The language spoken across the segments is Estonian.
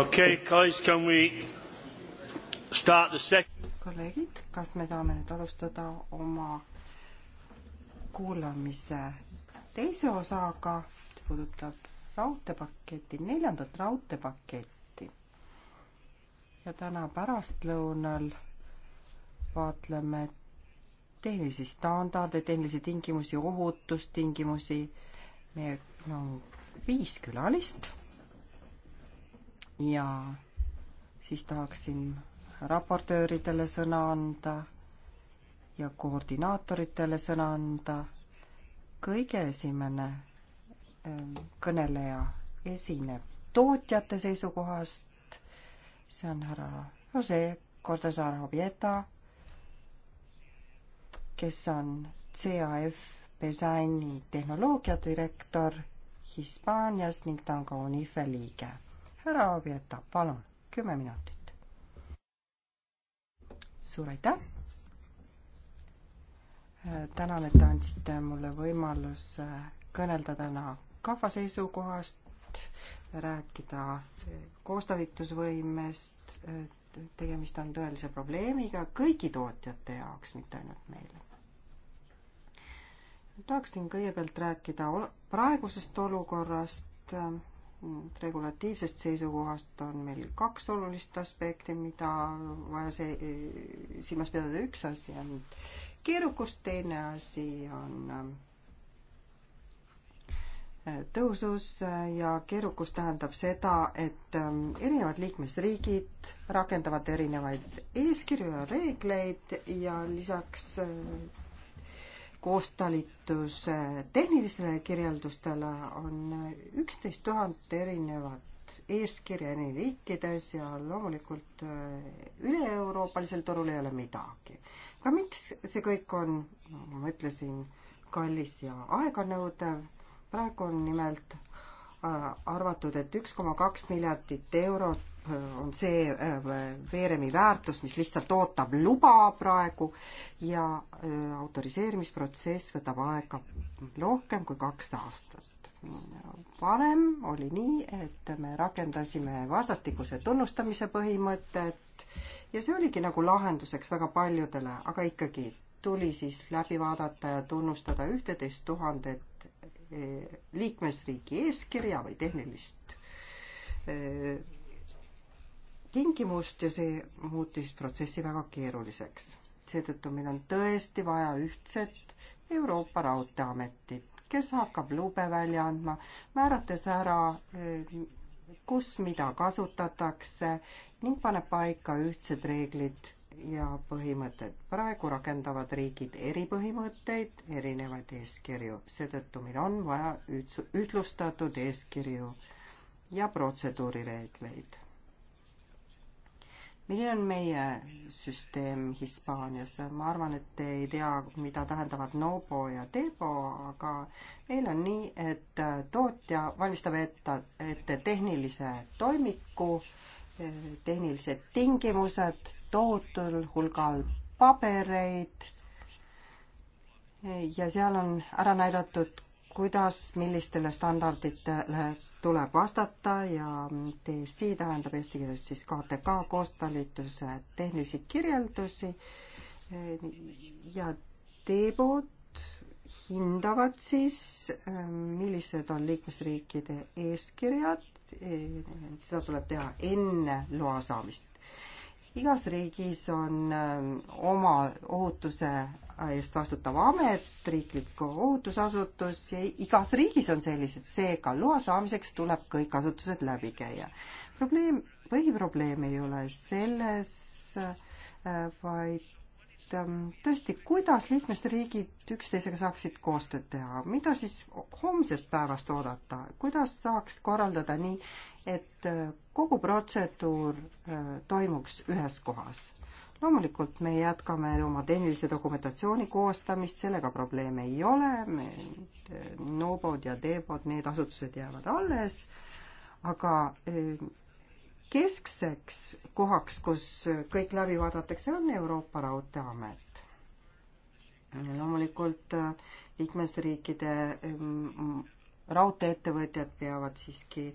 okei okay,, guys, can we start the sec-? kolleegid, kas me saame nüüd alustada oma kuulamise teise osaga, mis puudutab raudteepaketi, neljandat raudteepaketti. ja täna pärastlõunal vaatleme tehnilisi standarde, tehnilisi tingimusi, ohutustingimusi. meil on no, viis külalist ja siis tahaksin raportööridele sõna anda ja koordinaatoritele sõna anda. kõige esimene ähm, kõneleja esineb tootjate seisukohast, see on härra Jose Cortazar Obieta, kes on CAF Besaini tehnoloogia direktor Hispaanias ning ta on ka UNIFE liige härra Abieta, palun, kümme minutit. suur aitäh! tänan, et te andsite mulle võimaluse kõnelda täna kahva seisukohast, rääkida koostalitusvõimest, tegemist on tõelise probleemiga kõigi tootjate jaoks, mitte ainult meile. tahaksin kõigepealt rääkida praegusest olukorrast Mm, regulatiivsest seisukohast on meil kaks olulist aspekti, mida vaja see, eh, silmas pidada. üks asi on keerukus, teine asi on eh, tõusus eh, ja keerukus tähendab seda, et erinevad liikmesriigid rakendavad erinevaid eeskirju ja reegleid ja lisaks koostalituse tehnilistele kirjeldustele on üksteist tuhat erinevat eeskirja eri riikides ja loomulikult äh, üle-euroopalisel turul ei ole midagi. aga miks see kõik on, nagu ma ütlesin, kallis ja aeganõudev, praegu on nimelt äh, arvatud, et üks koma kaks miljardit eurot on see äh, veeremi väärtus, mis lihtsalt ootab luba praegu ja äh, autoriseerimisprotsess võtab aega rohkem kui kaks aastat. varem oli nii, et me rakendasime vastastikuse tunnustamise põhimõtet ja see oligi nagu lahenduseks väga paljudele, aga ikkagi tuli siis läbi vaadata ja tunnustada ühteteist tuhandet äh, liikmesriigi eeskirja või tehnilist tingimust ja see muutis protsessi väga keeruliseks. seetõttu meil on tõesti vaja ühtset Euroopa Raudteeametit, kes hakkab lube välja andma, määrates ära, eh, kus mida kasutatakse ning paneb paika ühtsed reeglid ja põhimõtted. praegu rakendavad riigid eripõhimõtteid, erinevaid eeskirju, seetõttu meil on vaja ühtlustatud eeskirju ja protseduurireegleid milline on meie süsteem Hispaanias? ma arvan, et te ei tea, mida tähendavad nobo ja debo, aga meil on nii, et äh, tootja valmistab ette, ette tehnilise toimiku, äh, tehnilised tingimused, tohutul hulgal pabereid ja seal on ära näidatud, kuidas, millistele standarditele tuleb vastata ja DSI tähendab eesti keeles siis KTK koostalituse tehnilisi kirjeldusi ja teebod hindavad siis, millised on liikmesriikide eeskirjad, seda tuleb teha enne loa saamist. igas riigis on oma ohutuse eest vastutav amet, riiklik ohutusasutus ja igas riigis on sellised, seega loa saamiseks tuleb kõik asutused läbi käia. probleem, põhiprobleem ei ole selles, äh, vaid ähm, tõesti, kuidas liikmesriigid üksteisega saaksid koostööd teha, mida siis homsest päevast oodata, kuidas saaks korraldada nii, et äh, kogu protseduur äh, toimuks ühes kohas loomulikult me jätkame oma tehnilise dokumentatsiooni koostamist, sellega probleeme ei ole, me Nobod ja Debod, need asutused jäävad alles, aga eh, keskseks kohaks, kus kõik läbi vaadatakse, on Euroopa Raudteeamet. loomulikult eh, liikmesriikide eh, raudteeettevõtjad peavad siiski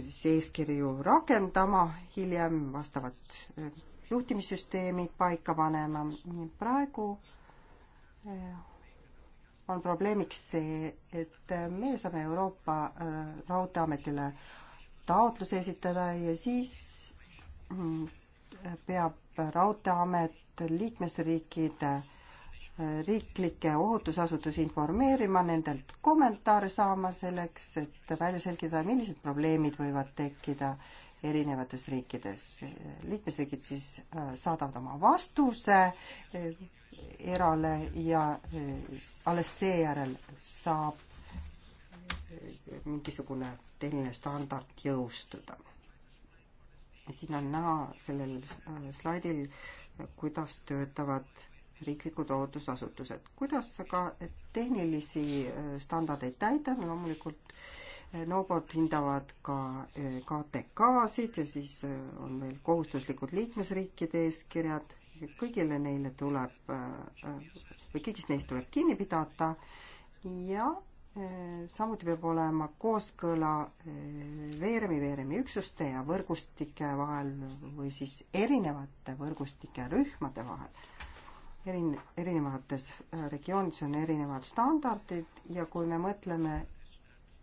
siis eeskirju rakendama hiljem, vastavat eh, juhtimissüsteemid paika panema. praegu eh, on probleemiks see, et eh, meie saame Euroopa Raudteeametile taotluse esitada ja siis mm, peab Raudteeamet liikmesriikide äh, riiklikke ohutusasutusi informeerima, nendelt kommentaare saama selleks, et välja selgitada, millised probleemid võivad tekkida erinevates riikides. liikmesriigid siis äh, saadavad oma vastuse äh, erale ja äh, alles seejärel saab mingisugune tehniline standard jõustuda. siin on näha sellel slaidil, kuidas töötavad riiklikud ohutusasutused. kuidas aga tehnilisi äh, standardeid täida, no loomulikult äh, NOBOD hindavad ka äh, KTK-sid ja siis on veel kohustuslikud liikmesriikide eeskirjad, kõigile neile tuleb või kõigist neist tuleb kinni pidada ja samuti peab olema kooskõla veeremi, veeremi üksuste ja võrgustike vahel või siis erinevate võrgustike rühmade vahel erin-, erinevates äh, regioonides on erinevad standardid ja kui me mõtleme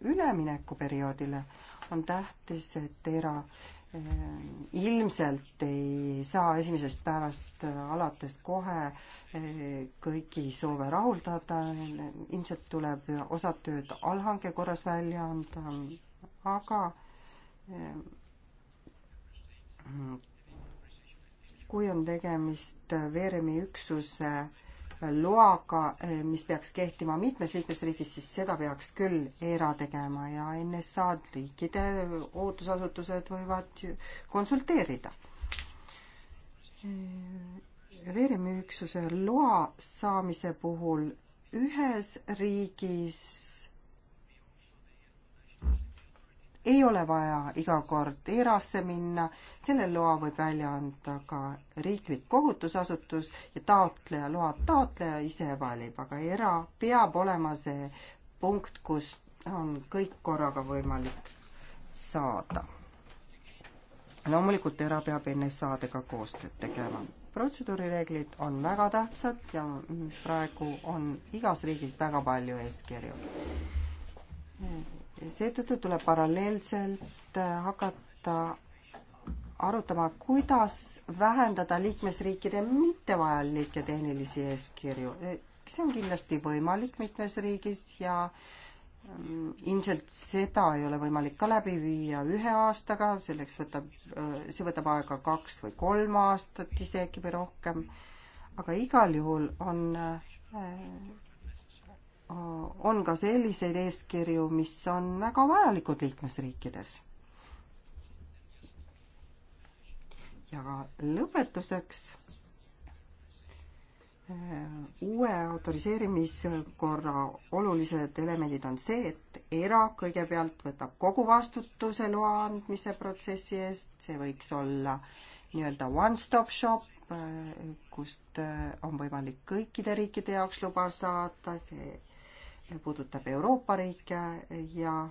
üleminekuperioodile, on tähtis, et era äh, ilmselt ei saa esimesest päevast äh, alates kohe kõiki soove rahuldada, ilmselt tuleb osad tööd allhanke korras välja anda, aga kui on tegemist veeremi üksuse loaga, mis peaks kehtima mitmes liikmesriigis, siis seda peaks küll ERA tegema ja NSA-d, riikide ootusasutused võivad konsulteerida. veeremi üksuse loa saamise puhul ühes riigis ei ole vaja iga kord erasse minna, selle loa võib välja anda ka riiklik ohutusasutus ja taotleja, loa taotleja ise valib, aga era peab olema see punkt, kus on kõik korraga võimalik saada. loomulikult era peab enne saadega koostööd tegema. protseduurireeglid on väga tähtsad ja praegu on igas riigis väga palju eeskirju seetõttu tuleb paralleelselt äh, hakata arutama, kuidas vähendada liikmesriikide mittevajalikke tehnilisi eeskirju. E, see on kindlasti võimalik mitmes riigis ja mm, ilmselt seda ei ole võimalik ka läbi viia ühe aastaga, selleks võtab, äh, see võtab aega kaks või kolm aastat isegi või rohkem. aga igal juhul on äh, on ka selliseid eeskirju, mis on väga vajalikud liikmesriikides. ja lõpetuseks äh, uue autoriseerimiskorra olulised elemendid on see, et ERA kõigepealt võtab kogu vastutuse loa andmise protsessi eest, see võiks olla nii-öelda one-stop shop, äh, kust äh, on võimalik kõikide riikide jaoks luba saada, see puudutab Euroopa riike ja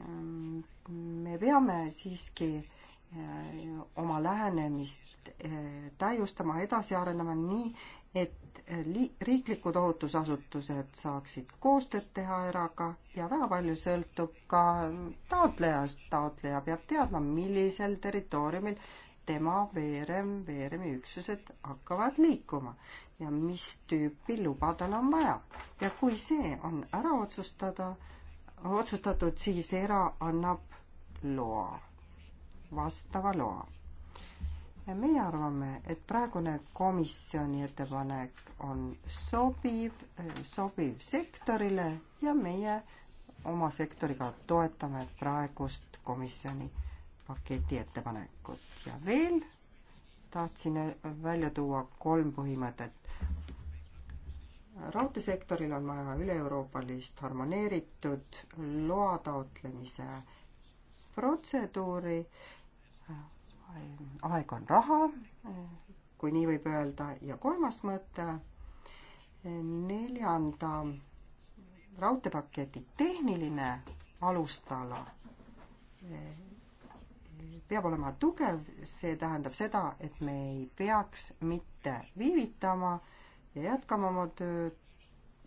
ähm, me peame siiski äh, oma lähenemist äh, täiustama, edasi arendama nii, et äh, riiklikud ohutusasutused saaksid koostööd teha eraga ja väga palju sõltub ka taotlejast. taotleja peab teadma, millisel territooriumil tema veerem, veeremi üksused hakkavad liikuma ja mis tüüpi luba tal on vaja. ja kui see on ära otsustada, otsustatud, siis ERA annab loa, vastava loa. ja meie arvame, et praegune komisjoni ettepanek on sobiv, sobiv sektorile ja meie oma sektoriga toetame praegust komisjoni paketi ettepanekut ja veel tahtsin välja tuua kolm põhimõtet. raudteesektoril on vaja üle-euroopalist harmoneeritud loa taotlemise protseduuri. aeg on raha, kui nii võib öelda, ja kolmas mõte, neljanda raudteepaketi tehniline alustala peab olema tugev, see tähendab seda, et me ei peaks mitte viivitama ja jätkama oma tööd,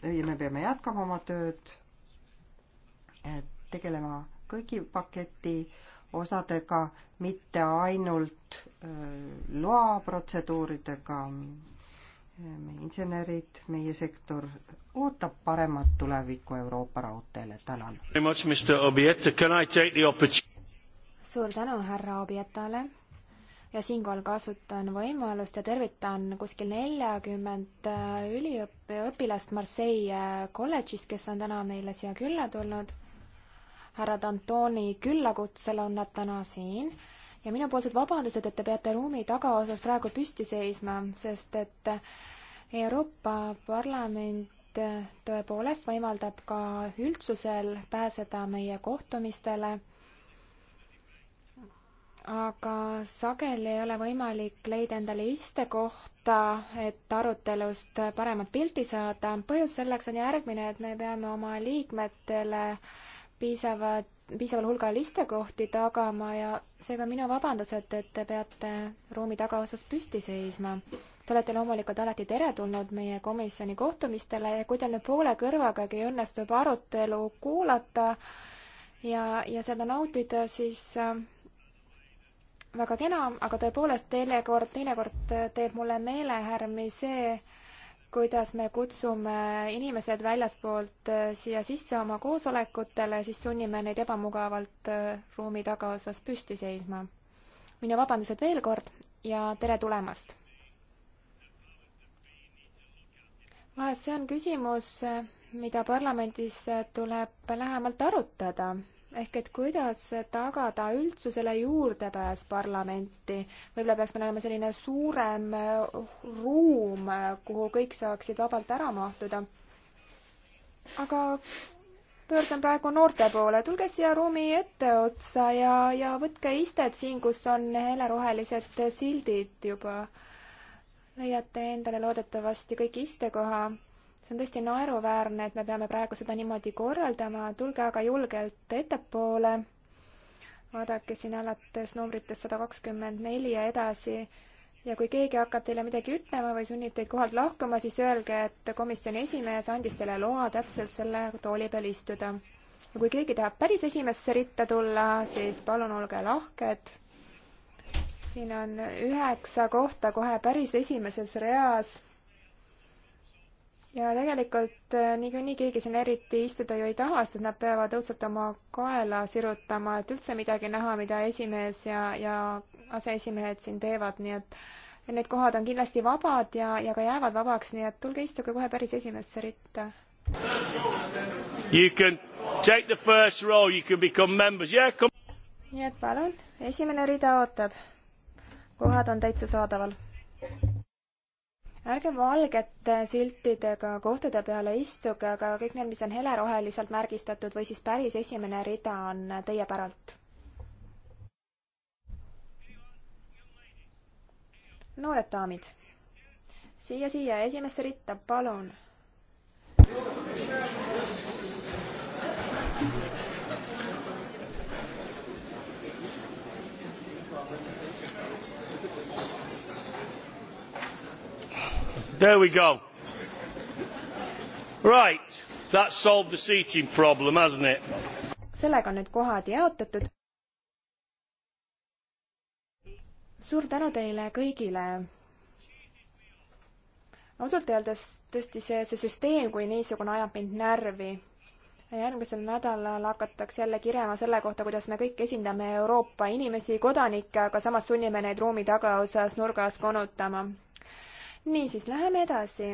või me peame jätkama oma tööd, eh, tegelema kõigi paketi osadega, mitte ainult eh, loaprotseduuridega. Eh, meie insenerid, meie sektor ootab paremat tulevikku Euroopa raudteele, tänan suur tänu härra Obietale ja siinkohal kasutan võimalust ja tervitan kuskil neljakümmet äh, üliõpilast Marseille äh, kolledžist, kes on täna meile siia külla tulnud. härra Dantoni küllakutsel on nad täna siin ja minupoolsed vabandused, et te peate ruumi tagaosas praegu püsti seisma, sest et äh, Euroopa Parlament tõepoolest võimaldab ka üldsusel pääseda meie kohtumistele aga sageli ei ole võimalik leida endale istekohta, et arutelust paremat pilti saada. põhjus selleks on järgmine, et me peame oma liikmetele piisavad, piisaval hulgal istekohti tagama ja seega minu vabandused, et te peate ruumi tagaosas püsti seisma. Te olete loomulikult alati teretulnud meie komisjoni kohtumistele ja kui teil nüüd poole kõrvagagi õnnestub arutelu kuulata ja, ja seda nautida, siis äh, väga kena, aga tõepoolest teinekord, teinekord teeb mulle meelehärmi see, kuidas me kutsume inimesed väljaspoolt äh, siia sisse oma koosolekutele, siis sunnime neid ebamugavalt äh, ruumi tagaosas püsti seisma. minu vabandused veel kord ja tere tulemast! see on küsimus, äh, mida parlamendis tuleb lähemalt arutada ehk et kuidas tagada üldsusele juurdepääs parlamenti. võib-olla peaks meil olema selline suurem eh, ruum, kuhu kõik saaksid vabalt ära mahtuda. aga pöördun praegu noorte poole, tulge siia ruumi etteotsa ja, ja võtke istet siin, kus on helerohelised sildid juba. leiate endale loodetavasti kõik istekoha see on tõesti naeruväärne, et me peame praegu seda niimoodi korraldama, tulge aga julgelt ettepoole. vaadake siin alates numbritest sada kakskümmend neli ja edasi ja kui keegi hakkab teile midagi ütlema või sunnib teid kohalt lahkuma, siis öelge, et komisjoni esimees andis teile loa täpselt selle tooli peal istuda. ja kui keegi tahab päris esimesse ritta tulla, siis palun olge lahked. siin on üheksa kohta kohe päris esimeses reas ja tegelikult äh, niikuinii keegi siin eriti istuda ju ei taha, sest nad peavad õudselt oma kaela sirutama, et üldse midagi näha, mida esimees ja, ja aseesimehed siin teevad, nii et need kohad on kindlasti vabad ja, ja ka jäävad vabaks, nii et tulge istuge kohe päris esimesse ritta. Yeah, nii et palun, esimene rida ootab. kohad on täitsa saadaval ärge valgete siltidega kohtade peale istuge, aga kõik need, mis on heleroheliselt märgistatud või siis päris esimene rida on teie päralt. noored daamid, siia, siia esimesse ritta, palun. There we go. Right, that solved the seating problem, hasn't it? sellega on nüüd kohad jaotatud. suur tänu teile kõigile. ausalt öeldes tõesti see, see süsteem kui niisugune ajab mind närvi. järgmisel nädalal hakatakse jälle kirjama selle kohta, kuidas me kõik esindame Euroopa inimesi, kodanikke, aga samas sunnime neid ruumi tagaosas nurgas konutama niisiis, läheme edasi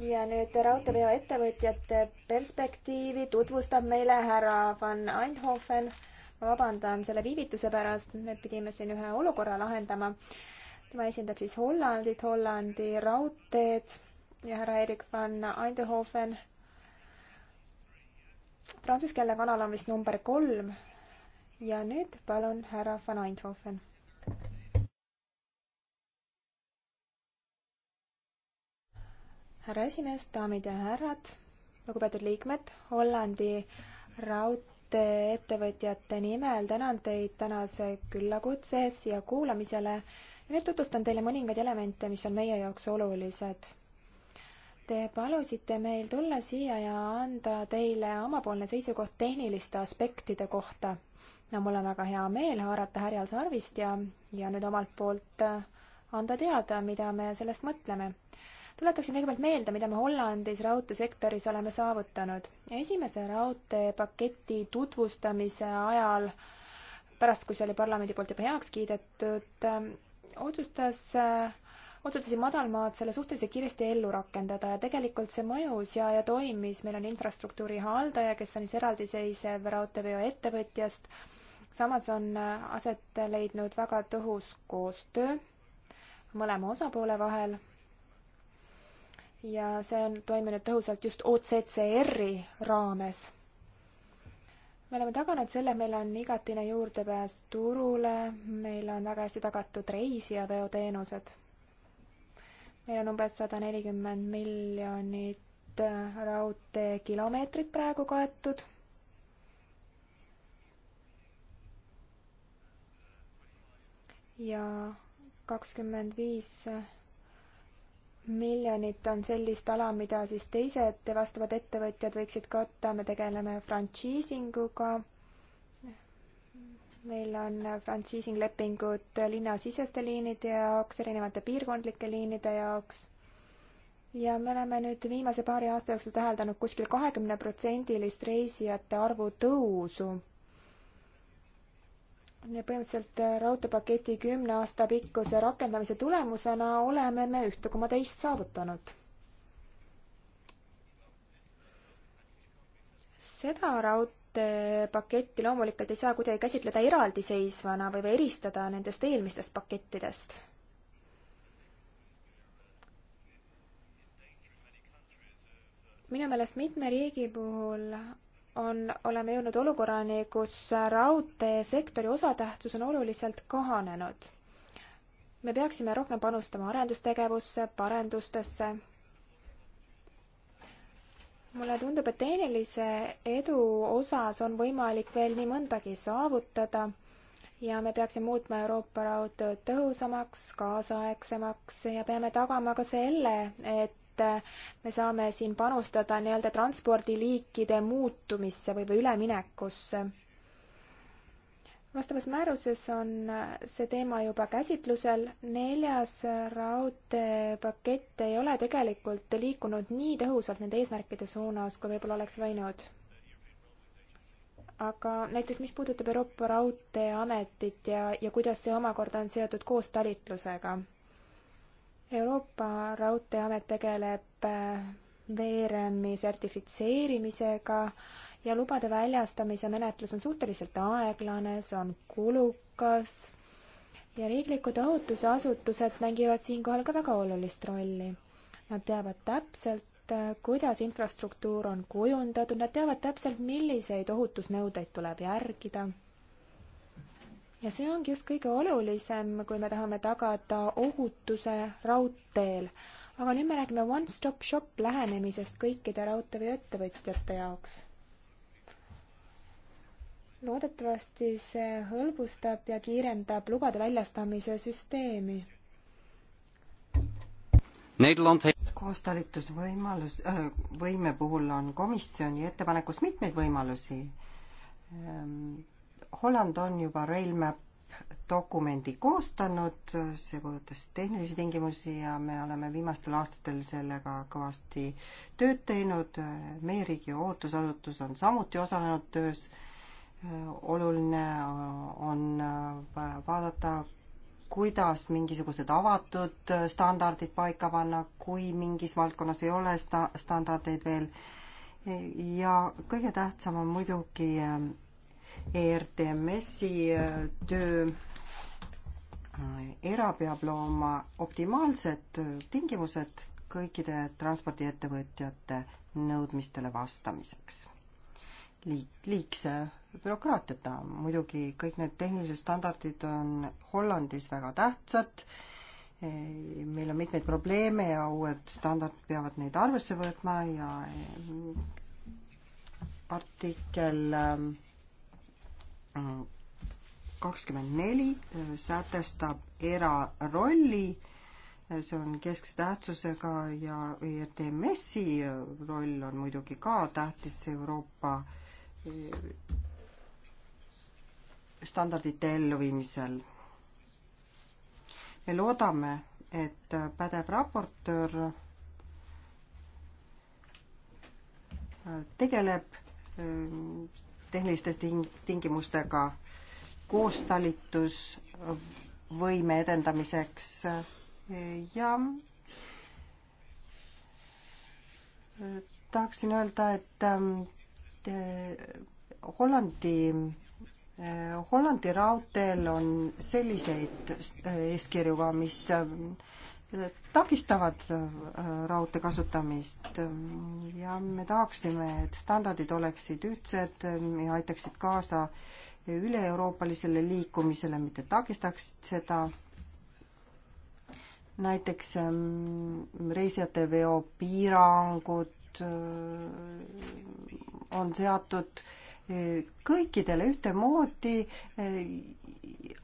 ja nüüd raudteeveoettevõtjate perspektiivi tutvustab meile härra Van Eindhoven. ma vabandan selle viivituse pärast, me pidime siin ühe olukorra lahendama. tema esindab siis Hollandit, Hollandi raudteed ja härra Erik Van Eindhoven. prantsuskeelne kanal on vist number kolm. ja nüüd palun härra Van Eindhoven härra esimees, daamid ja härrad, lugupeetud liikmed, Hollandi raudteeettevõtjate nimel tänan teid tänase küllakutse eest siia kuulamisele ja nüüd tutvustan teile mõningaid elemente, mis on meie jaoks olulised Te palusite meil tulla siia ja anda teile omapoolne seisukoht tehniliste aspektide kohta. no mul on väga hea meel haarata härjal sarvist ja, ja nüüd omalt poolt anda teada, mida me sellest mõtleme tuletaksin kõigepealt meelde, mida me Hollandis raudteesektoris oleme saavutanud. esimese raudteepaketi tutvustamise ajal, pärast kui see oli parlamendi poolt juba heaks kiidetud, otsustas otsustasid madalmaad selle suhteliselt kiiresti ellu rakendada ja tegelikult see mõjus ja, ja toimis. meil on infrastruktuuri haldaja, kes on siis eraldiseisev raudteeveoettevõtjast. samas on aset leidnud väga tõhus koostöö mõlema osapoole vahel ja see on toiminud tõhusalt just OCCR-i raames. me oleme taganud selle, et meil on igatine juurdepääs turule, meil on väga hästi tagatud reisijaveoteenused. meil on umbes sada nelikümmend miljonit äh, raudteekilomeetrit praegu kaetud ja kakskümmend viis miljonit on sellist ala, mida siis teised vastavad ettevõtjad võiksid katta, me tegeleme frantsiisinguga, meil on frantsiisinglepingud linnasiseste liinide jaoks, erinevate piirkondlike liinide jaoks ja me oleme nüüd viimase paari aasta jooksul täheldanud kuskil kahekümneprotsendilist reisijate arvu tõusu põhimõtteliselt äh, raudteepaketi kümne aasta pikkuse rakendamise tulemusena oleme me ühte koma teist saavutanud. seda raudteepaketti loomulikult ei saa kuidagi käsitleda eraldiseisvana või, või eristada nendest eelmistest pakettidest minu meelest mitme riigi puhul on, oleme jõudnud olukorrani, kus raudteesektori osatähtsus on oluliselt kahanenud. me peaksime rohkem panustama arendustegevusse, parendustesse. mulle tundub, et tehnilise edu osas on võimalik veel nii mõndagi saavutada ja me peaksime muutma Euroopa raudteed tõhusamaks, kaasaegsemaks ja peame tagama ka selle, et et me saame siin panustada nii-öelda transpordiliikide muutumisse või, või üleminekusse. vastavas määruses on see teema juba käsitlusel, neljas raudteepakett ei ole tegelikult liikunud nii tõhusalt nende eesmärkide suunas, kui võib-olla oleks võinud aga näiteks mis puudutab Euroopa Raudteeametit ja, ja kuidas see omakorda on seotud koostalitlusega? Euroopa Raudteeamet tegeleb äh, veeremi sertifitseerimisega ja lubade väljastamise menetlus on suhteliselt aeglane, see on kulukas ja riiklikud ohutusasutused mängivad siinkohal ka väga olulist rolli. Nad teavad täpselt, äh, kuidas infrastruktuur on kujundatud, nad teavad täpselt, milliseid ohutusnõudeid tuleb järgida ja see ongi just kõige olulisem, kui me tahame tagada ohutuse raudteel. aga nüüd me räägime one-stop shop lähenemisest kõikide raudteeveoettevõtjate jaoks. loodetavasti see hõlbustab ja kiirendab lubade väljastamise süsteemi. Nederland koostalitusvõimalus, äh, võime puhul on komisjoni ettepanekus mitmeid võimalusi ehm, Holland on juba RailMap dokumendi koostanud, see puudutas tehnilisi tingimusi ja me oleme viimastel aastatel sellega kõvasti tööd teinud. meie riigi ootusasutus on samuti osalenud töös. oluline on vaadata, kuidas mingisugused avatud standardid paika panna, kui mingis valdkonnas ei ole sta-, standardeid veel. ja kõige tähtsam on muidugi ERTMS-i äh, töö äh, era peab looma optimaalsed äh, tingimused kõikide transpordiettevõtjate nõudmistele vastamiseks. liik, liigse bürokraatiata muidugi kõik need tehnilised standardid on Hollandis väga tähtsad, e, meil on mitmeid probleeme ja uued standardid peavad neid arvesse võtma ja e, artikkel ähm, kakskümmend neli äh, sätestab erarolli, äh, see on keskse tähtsusega ja ERTMS-i äh, roll on muidugi ka tähtis Euroopa standardite elluviimisel. me loodame, et pädev raportöör tegeleb tehniliste ting-, tingimustega koostalitus võime edendamiseks ja tahaksin öelda, et ähm, Hollandi, äh, Hollandi raudteel on selliseid äh, eeskirju ka, mis äh, takistavad äh, raudtee kasutamist ja me tahaksime, et standardid oleksid ühtsed äh, ja aitaksid kaasa üle-euroopalisele liikumisele, mitte takistaksid seda. näiteks ähm, reisijateveo piirangud äh, on seatud kõikidele ühtemoodi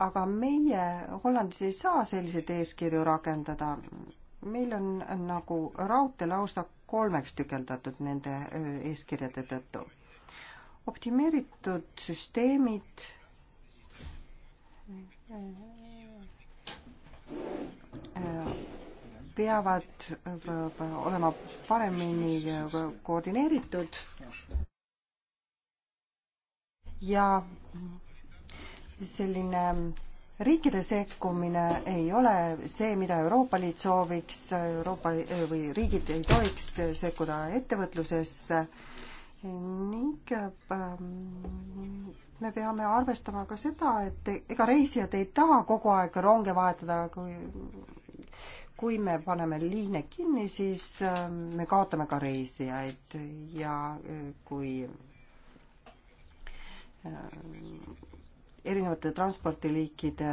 aga meie Hollandis ei saa selliseid eeskirju rakendada. meil on nagu raudtee lausa kolmeks tükeldatud nende eeskirjade tõttu. optimeeritud süsteemid peavad olema paremini koordineeritud ja selline mm, riikide sekkumine ei ole see, mida Euroopa Liit sooviks, Euroopa eh, või riigid ei tohiks sekkuda ettevõtlusesse ning mm, me peame arvestama ka seda, et ega reisijad ei taha kogu aeg ronge vahetada, kui kui me paneme liine kinni, siis mm, me kaotame ka reisijaid ja eh, kui eh, erinevate transpordiliikide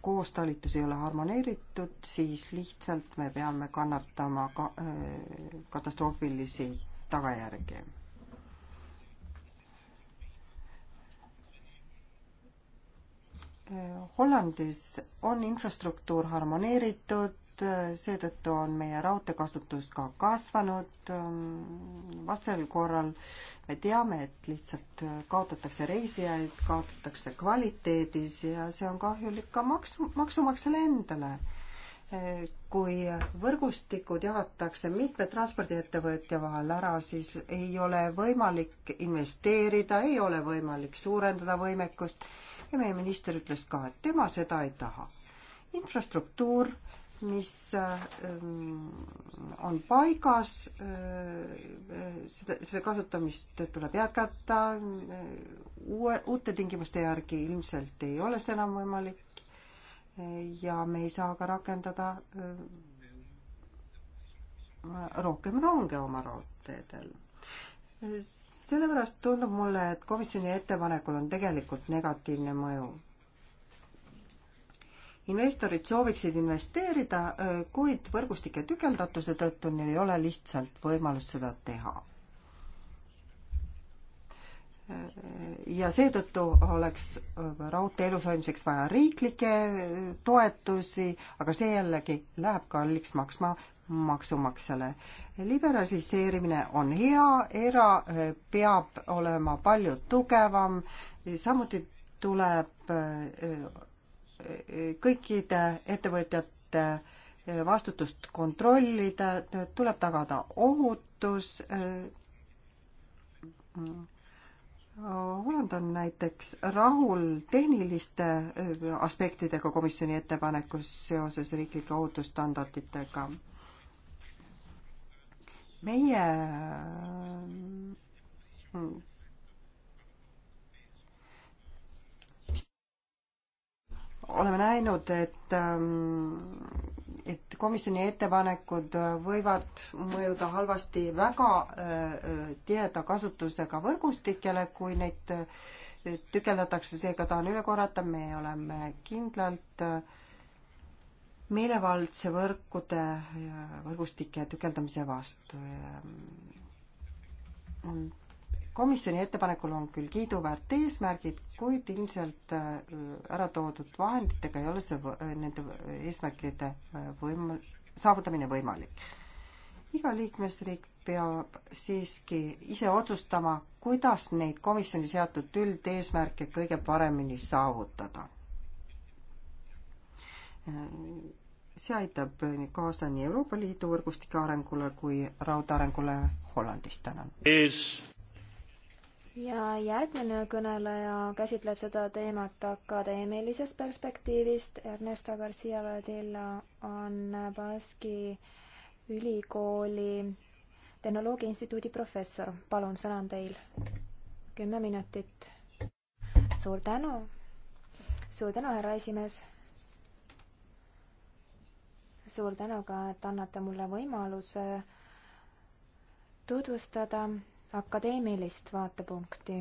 koostalitus ei ole harmoneeritud, siis lihtsalt me peame kannatama ka, äh, katastroofilisi tagajärgi äh, Hollandis on infrastruktuur harmoneeritud, Äh, seetõttu on meie raudteekasutus ka kasvanud. Ähm, vastasel korral me teame, et lihtsalt äh, kaotatakse reisijaid, kaotatakse kvaliteedis ja see on kahjulik ka maksu, maksumaksjale endale. Äh, kui võrgustikud jagatakse mitme transpordiettevõtja vahel ära, siis ei ole võimalik investeerida, ei ole võimalik suurendada võimekust ja meie minister ütles ka, et tema seda ei taha infrastruktuur mis ähm, on paigas, äh, seda, selle kasutamist tuleb jätkata, äh, uue, uute tingimuste järgi ilmselt ei ole see enam võimalik äh, ja me ei saa ka rakendada rohkem ronge oma raudteedel. sellepärast tundub mulle, et komisjoni ettepanekul on tegelikult negatiivne mõju investorid sooviksid investeerida, kuid võrgustike tükeldatuse tõttu neil ei ole lihtsalt võimalust seda teha. ja seetõttu oleks raudtee elushoidmiseks vaja riiklikke toetusi, aga see jällegi läheb kalliks maksma maksumaksjale. liberaliseerimine on hea, era peab olema palju tugevam, samuti tuleb kõikide ettevõtjate vastutust kontrollida, tuleb tagada ohutus. Holland on näiteks rahul tehniliste aspektidega komisjoni ettepanekus seoses riiklike ohutusstandarditega. meie oleme näinud, et ähm, et komisjoni ettepanekud võivad mõjuda halvasti väga äh, äh, tiheda kasutusega võrgustikele, kui neid äh, tükeldatakse, seega tahan üle korrata, me oleme kindlalt meelevaldse võrkude, võrgustike tükeldamise vastu. Mm, on komisjoni ettepanekul on küll kiiduväärt eesmärgid, kuid ilmselt äh, ära toodud vahenditega ei ole see, äh, nende eesmärkide äh, võim-, saavutamine võimalik. iga liikmesriik peab siiski ise otsustama, kuidas neid komisjoni seatud üldeesmärke kõige paremini saavutada. see aitab kaasa nii Euroopa Liidu võrgustike arengule kui raudarengule Hollandis, tänan. is ja järgmine kõneleja käsitleb seda teemat akadeemilisest perspektiivist. Ernesto Garcia Vadilla on Baski ülikooli tehnoloogia instituudi professor. palun, sõna on teil. kümme minutit. suur tänu. suur tänu, härra esimees. suur tänu ka, et annate mulle võimaluse tutvustada akadeemilist vaatepunkti.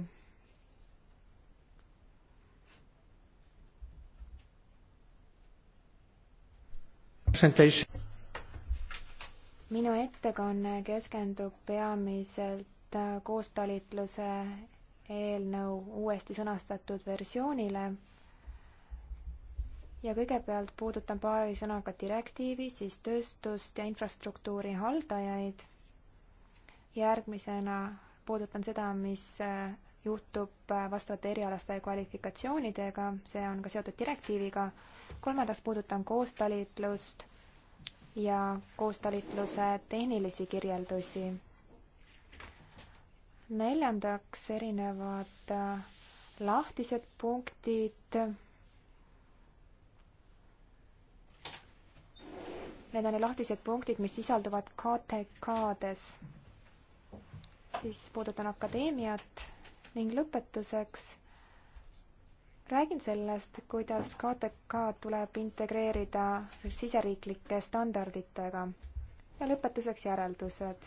minu ettekanne keskendub peamiselt koostalitluse eelnõu uuesti sõnastatud versioonile ja kõigepealt puudutan paari sõnaga direktiivi, siis tööstust ja infrastruktuuri haldajaid järgmisena puudutan seda, mis äh, juhtub äh, vastavate erialaste kvalifikatsioonidega, see on ka seotud direktiiviga. kolmandaks puudutan koostalitlust ja koostalitluse tehnilisi kirjeldusi. neljandaks erinevad äh, lahtised punktid. Need on need lahtised punktid, mis sisalduvad KTK-des siis puudutan akadeemiat ning lõpetuseks räägin sellest, kuidas KTK tuleb integreerida siseriiklike standarditega. ja lõpetuseks järeldused.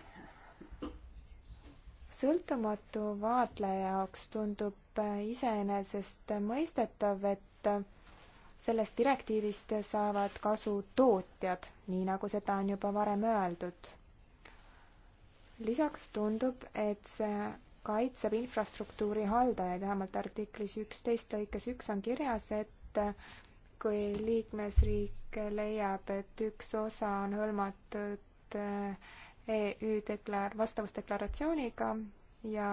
sõltumatu vaatleja jaoks tundub iseenesestmõistetav, et sellest direktiivist saavad kasu tootjad, nii nagu seda on juba varem öeldud lisaks tundub, et see kaitseb infrastruktuuri haldajaid, vähemalt artiklis üksteist lõikes üks on kirjas, et kui liikmesriik leiab, et üks osa on hõlmatud EÜ deklar-, vastavusdeklaratsiooniga ja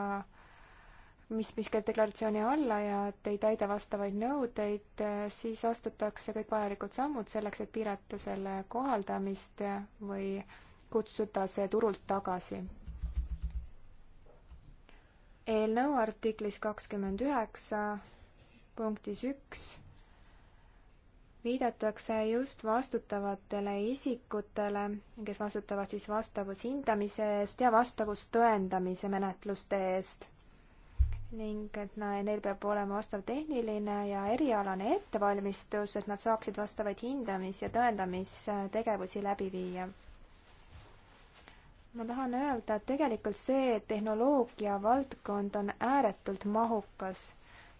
mis, mis käib deklaratsiooni alla ja et ei täida vastavaid nõudeid, siis astutakse kõik vajalikud sammud selleks, et piirata selle kohaldamist või äh, kutsuda see turult tagasi. eelnõu artiklis kakskümmend üheksa punktis üks viidatakse just vastutavatele isikutele, kes vastutavad siis vastavushindamise eest ja vastavustõendamise menetluste eest. ning et neil peab olema vastav tehniline ja erialane ettevalmistus, et nad saaksid vastavaid hindamis- ja tõendamistegevusi läbi viia ma tahan öelda, et tegelikult see tehnoloogia valdkond on ääretult mahukas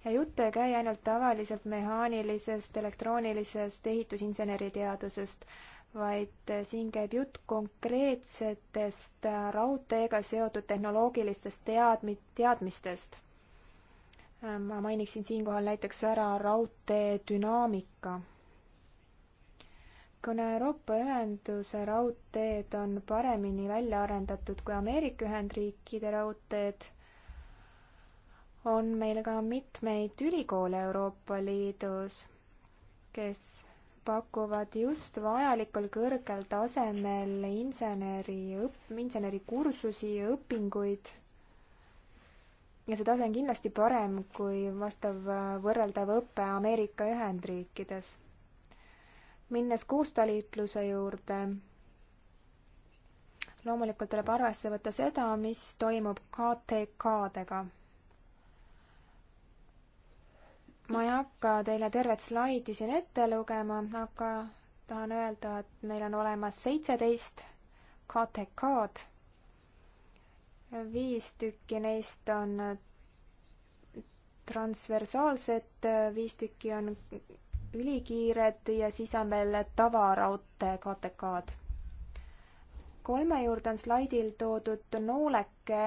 ja jutt ei käi ainult tavaliselt mehaanilisest, elektroonilisest ehitusinseneriteadusest, vaid siin käib jutt konkreetsetest raudteega seotud tehnoloogilistest teadmi-, teadmistest. ma mainiksin siinkohal näiteks ära raudtee dünaamika kuna Euroopa Ühenduse raudteed on paremini välja arendatud kui Ameerika Ühendriikide raudteed, on meil ka mitmeid ülikoole Euroopa Liidus, kes pakuvad just vajalikul kõrgel tasemel inseneri õpp-, insenerikursusi ja õpinguid. ja see tase on kindlasti parem kui vastav võrreldav õpe Ameerika Ühendriikides minnes koostalitluse juurde, loomulikult tuleb arvesse võtta seda, mis toimub KTK-dega. ma ei hakka teile tervet slaidi siin ette lugema, aga tahan öelda, et meil on olemas seitseteist KTK-d. viis tükki neist on transversaalsed, viis tükki on ülikiired ja siis on veel tavaraudtee KTK-d. kolme juurde on slaidil toodud nooleke.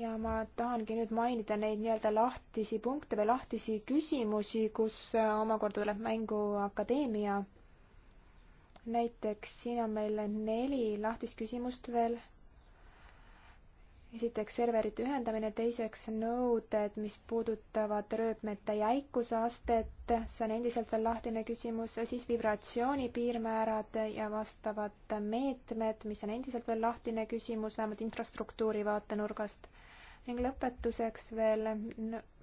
ja ma tahangi nüüd mainida neid nii-öelda lahtisi punkte või lahtisi küsimusi, kus omakorda tuleb mängu akadeemia. näiteks siin on meil neli lahtist küsimust veel esiteks serverite ühendamine, teiseks nõuded, mis puudutavad rööpmete jäikuse astet, see on endiselt veel lahtine küsimus, siis vibratsiooni piirmäärad ja vastavad meetmed, mis on endiselt veel lahtine küsimus, vähemalt infrastruktuuri vaatenurgast. ning lõpetuseks veel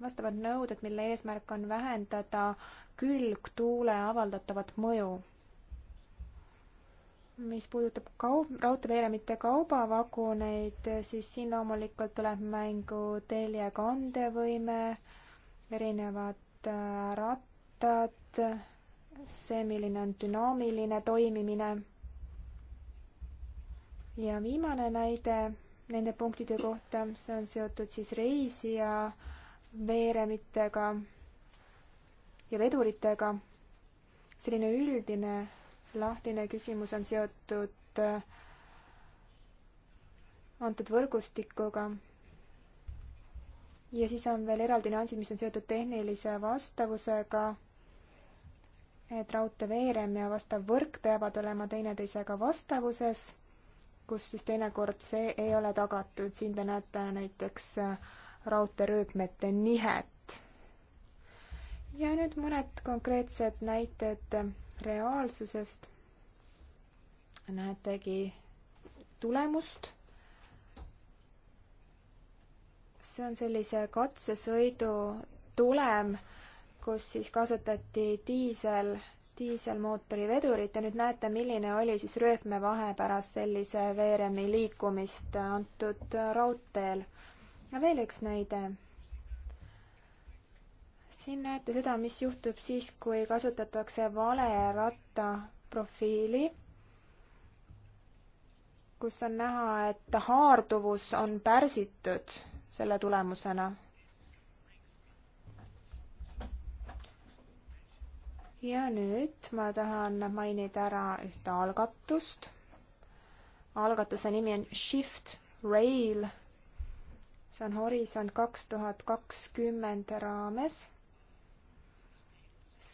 vastavad nõuded, mille eesmärk on vähendada külgtuule avaldatavat mõju mis puudutab kaup, raudteeveeremite kaubavaguneid, siis siin loomulikult tuleb mängu telje kandevõime, erinevad äh, rattad, see, milline on dünaamiline toimimine. ja viimane näide nende punktide kohta, see on seotud siis reisija veeremitega ja veduritega. selline üldine lahtine küsimus on seotud äh, antud võrgustikuga. ja siis on veel eraldi nüansid, mis on seotud tehnilise vastavusega, et raudtee veerem ja vastav võrk peavad olema teineteisega vastavuses, kus siis teinekord see ei ole tagatud, siin te näete näiteks äh, raudteerööpmete nihet. ja nüüd mõned konkreetsed näited reaalsusest näetegi tulemust. see on sellise katsesõidu tulem, kus siis kasutati diisel, diiselmootori vedurit ja nüüd näete, milline oli siis rööpme vahe pärast sellise veeremi liikumist antud raudteel. ja veel üks näide siin näete seda, mis juhtub siis, kui kasutatakse vale rattaprofiili, kus on näha, et haarduvus on pärsitud selle tulemusena ja nüüd ma tahan mainida ära ühte algatust. algatuse nimi on Shift Rail. see on Horisont kaks tuhat kakskümmend raames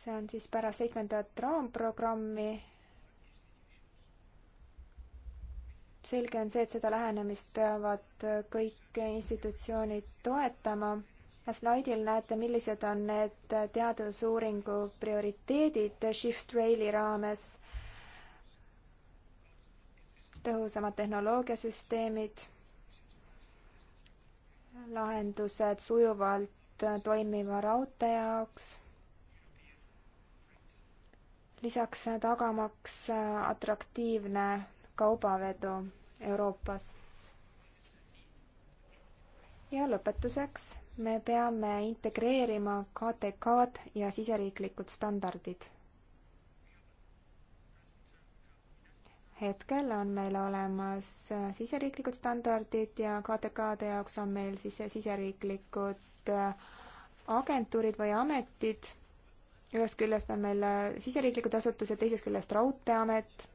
see on siis pärast seitsmendat raamprogrammi. selge on see, et seda lähenemist peavad kõik institutsioonid toetama. slaidil näete, millised on need teadusuuringu prioriteedid Shift Raili raames. tõhusamad tehnoloogiasüsteemid, lahendused sujuvalt toimiva raudtee jaoks lisaks tagamaks atraktiivne kaubavedu Euroopas. ja lõpetuseks me peame integreerima KTK-d ja siseriiklikud standardid. hetkel on meil olemas siseriiklikud standardid ja KTK-de jaoks on meil siis siseriiklikud agentuurid või ametid ühest küljest on meil äh, siseriiklikud asutused, teisest küljest Raudteeamet.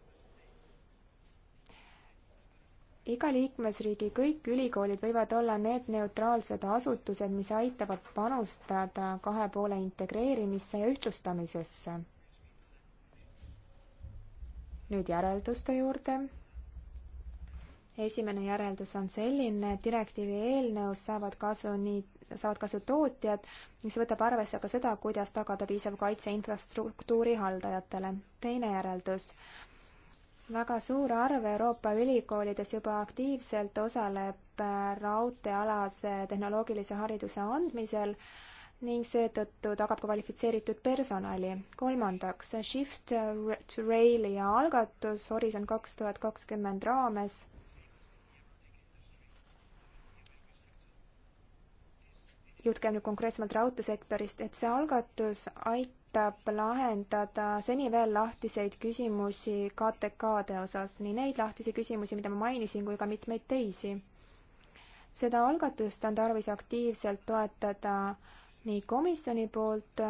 iga liikmesriigi kõik ülikoolid võivad olla need neutraalsed asutused, mis aitavad panustada kahe poole integreerimisse ja ühtlustamisesse. nüüd järelduste juurde. esimene järeldus on selline, direktiivi eelnõus saavad kasu nii saavad kasu tootjad, mis võtab arvesse ka seda, kuidas tagada piisav kaitse infrastruktuuri haldajatele. teine järeldus. väga suur arv Euroopa ülikoolides juba aktiivselt osaleb äh, raudteealase tehnoloogilise hariduse andmisel ning seetõttu tagab kvalifitseeritud personali. kolmandaks, Shift to Raili algatus Horisont kaks tuhat kakskümmend raames jutt käib nüüd konkreetsemalt raudteesektorist, et see algatus aitab lahendada seni veel lahtiseid küsimusi KTK-de osas, nii neid lahtisi küsimusi, mida ma mainisin, kui ka mitmeid teisi. seda algatust on tarvis aktiivselt toetada nii komisjoni poolt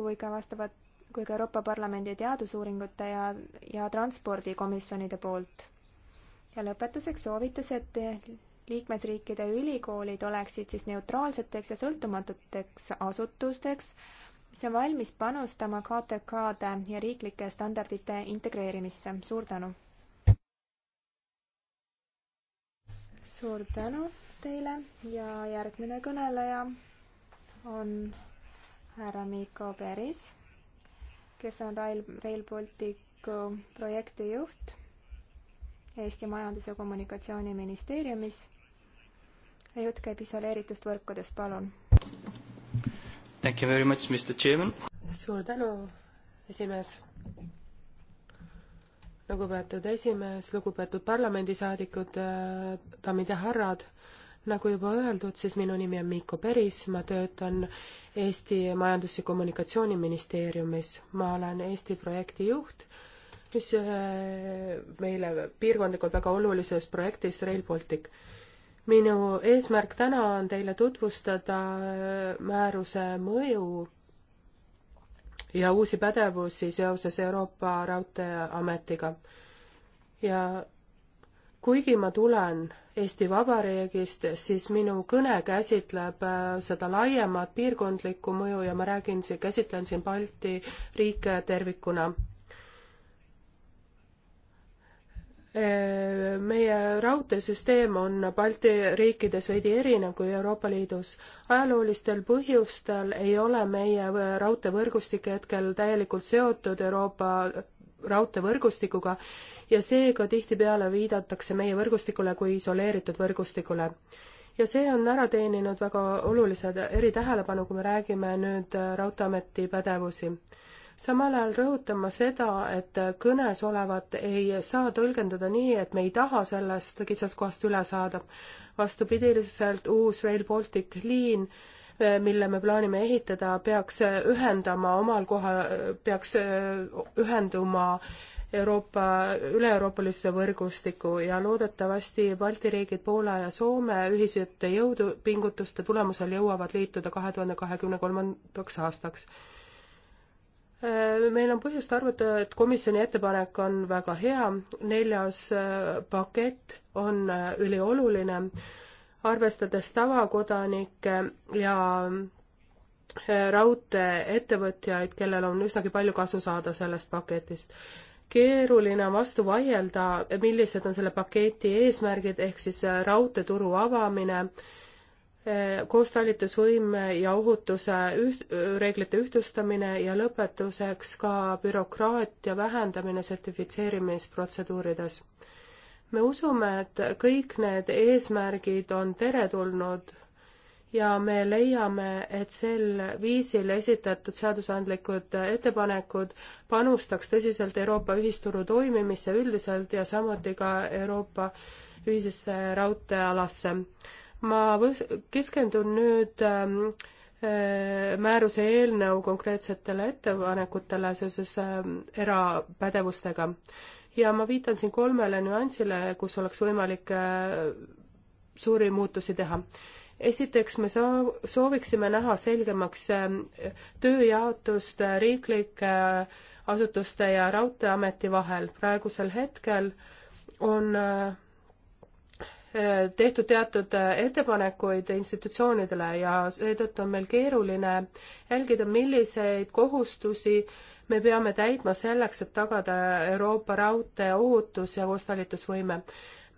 kui ka vastavat, kui ka Euroopa Parlamendi teadusuuringute ja, ja transpordikomisjonide poolt. ja lõpetuseks soovitus, et liikmesriikide ülikoolid oleksid siis neutraalseteks ja sõltumatuteks asutusteks, mis on valmis panustama KTK-de ja riiklike standardite integreerimisse. suur tänu! suur tänu teile ja järgmine kõneleja on härra Mikko Peris, kes on Rail, Rail Balticu projektijuht Eesti Majandus- ja Kommunikatsiooniministeeriumis jutt käib isoleeritust võrkudest, palun. Thank you very much, Mr Chairman. suur tänu, esimees. lugupeetud esimees, lugupeetud parlamendisaadikud, daamid ja härrad nagu juba öeldud, siis minu nimi on Miiko Peris, ma töötan Eesti Majandus- ja Kommunikatsiooniministeeriumis. ma olen Eesti projekti juht, mis eh, meile piirkondlikult väga olulises projektis Rail Baltic minu eesmärk täna on teile tutvustada äh, määruse mõju ja uusi pädevusi seoses Euroopa Raudteeametiga. ja kuigi ma tulen Eesti Vabariigist, siis minu kõne käsitleb äh, seda laiemat piirkondlikku mõju ja ma räägin siin, käsitlen siin Balti riike tervikuna. meie raudteesüsteem on Balti riikides veidi erinev kui Euroopa Liidus. ajaloolistel põhjustel ei ole meie raudteevõrgustik hetkel täielikult seotud Euroopa raudteevõrgustikuga ja seega tihtipeale viidatakse meie võrgustikule kui isoleeritud võrgustikule. ja see on ära teeninud väga olulise eritähelepanu, kui me räägime nüüd Raudteeameti pädevusi samal ajal rõhutan ma seda, et kõnes olevat ei saa tõlgendada nii, et me ei taha sellest kitsaskohast üle saada. vastupidiselt uus Rail Baltic liin, eh, mille me plaanime ehitada, peaks ühendama omal koha, peaks eh, ühenduma Euroopa, üle-euroopalisse võrgustikku ja loodetavasti Balti riigid, Poola ja Soome ühisete jõudu, pingutuste tulemusel jõuavad liituda kahe tuhande kahekümne kolmandaks aastaks Äh, meil on põhjust arvata, et komisjoni ettepanek on väga hea, neljas äh, pakett on äh, ülioluline, arvestades tavakodanikke ja raudteeettevõtjaid, kellel on üsnagi palju kasu saada sellest paketist. keeruline on vastu vaielda, millised on selle paketi eesmärgid, ehk siis raudteeturu avamine äh, koostalitusvõime ja ohutuse üht-, reeglite ühtlustamine ja lõpetuseks ka bürokraatia vähendamine sertifitseerimisprotseduurides. me usume, et kõik need eesmärgid on teretulnud ja me leiame, et sel viisil esitatud seadusandlikud ettepanekud panustaks tõsiselt Euroopa ühisturu toimimisse üldiselt ja samuti ka Euroopa ühisesse raudteealasse ma keskendun nüüd ähm, äh, määruse eelnõu konkreetsetele ettepanekutele seoses ähm, erapädevustega. ja ma viitan siin kolmele nüansile, kus oleks võimalik äh, suuri muutusi teha. esiteks me soo-, sooviksime näha selgemaks ähm, tööjaotust äh, riiklike asutuste ja Raudteeameti vahel. praegusel hetkel on tehtud teatud ettepanekuid institutsioonidele ja seetõttu on meil keeruline jälgida, milliseid kohustusi me peame täitma selleks, et tagada Euroopa raudtee ohutus ja koostalitusvõime.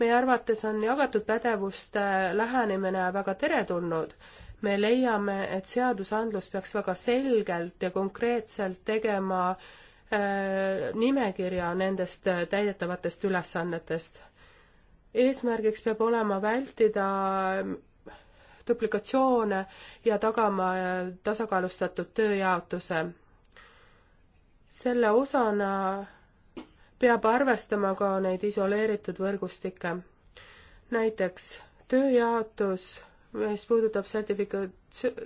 meie arvates on jagatud pädevuste lähenemine väga teretulnud. me leiame, et seadusandlus peaks väga selgelt ja konkreetselt tegema äh, nimekirja nendest täidetavatest ülesannetest eesmärgiks peab olema vältida duplikatsioone ja tagama tasakaalustatud tööjaotuse. selle osana peab arvestama ka neid isoleeritud võrgustikke. näiteks tööjaotus, mis puudutab sertifika-,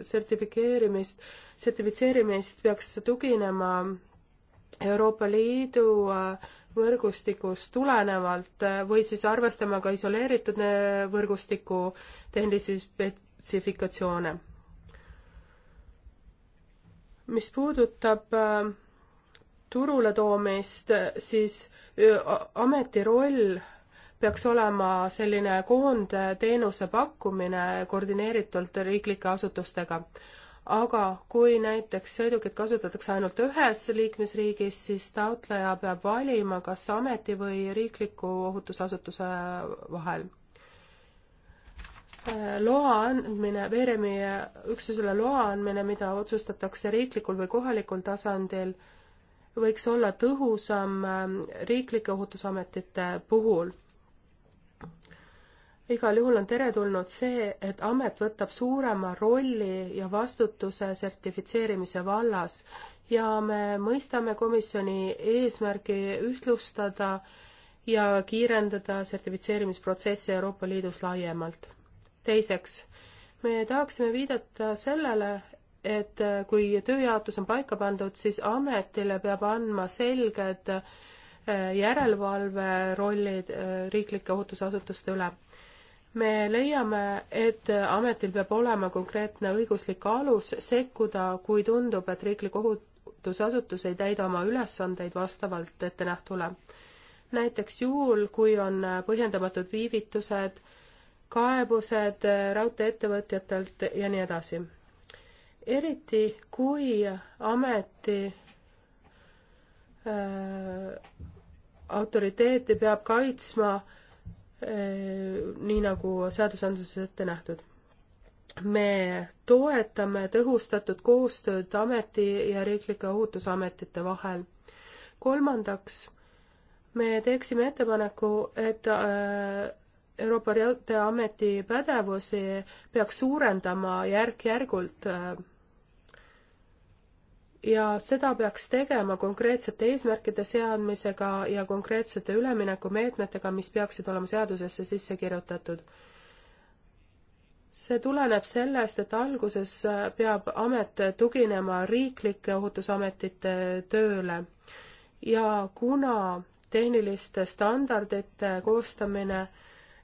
sertifikeerimist, sertifitseerimist, peaks tuginema Euroopa Liidu äh, võrgustikust tulenevalt või siis arvestama ka isoleeritud võrgustiku tehnilisi spetsifikatsioone. mis puudutab äh, turule toomist, siis ameti roll peaks olema selline koondteenuse pakkumine koordineeritult riiklike asutustega aga kui näiteks sõidukit kasutatakse ainult ühes liikmesriigis, siis taotleja peab valima kas ameti või riikliku ohutusasutuse vahel. loa andmine, veeremi üksusele loa andmine, mida otsustatakse riiklikul või kohalikul tasandil, võiks olla tõhusam äh, riiklike ohutusametite puhul igal juhul on teretulnud see, et amet võtab suurema rolli ja vastutuse sertifitseerimise vallas ja me mõistame komisjoni eesmärgi ühtlustada ja kiirendada sertifitseerimisprotsessi Euroopa Liidus laiemalt. teiseks, me tahaksime viidata sellele, et kui tööjaotus on paika pandud, siis ametile peab andma selged eh, järelevalverollid eh, riiklike ohutusasutuste üle me leiame, et ametil peab olema konkreetne õiguslik alus sekkuda, kui tundub, et riiklik ohutusasutus ei täida oma ülesandeid vastavalt ettenähtule. näiteks juhul, kui on põhjendamatud viivitused, kaebused raudtee-ettevõtjatelt ja nii edasi. eriti, kui ameti äh, autoriteeti peab kaitsma äh, nii nagu seadusandluses ette nähtud. me toetame tõhustatud koostööd ameti ja riiklike ohutusametite vahel. kolmandaks, me teeksime ettepaneku, et äh, Euroopa Raudteeameti pädevusi peaks suurendama järk-järgult äh, ja seda peaks tegema konkreetsete eesmärkide seadmisega ja konkreetsete üleminekumeetmetega, mis peaksid olema seadusesse sisse kirjutatud. see tuleneb sellest, et alguses peab amet tuginema riiklike ohutusametite tööle ja kuna tehniliste standardite koostamine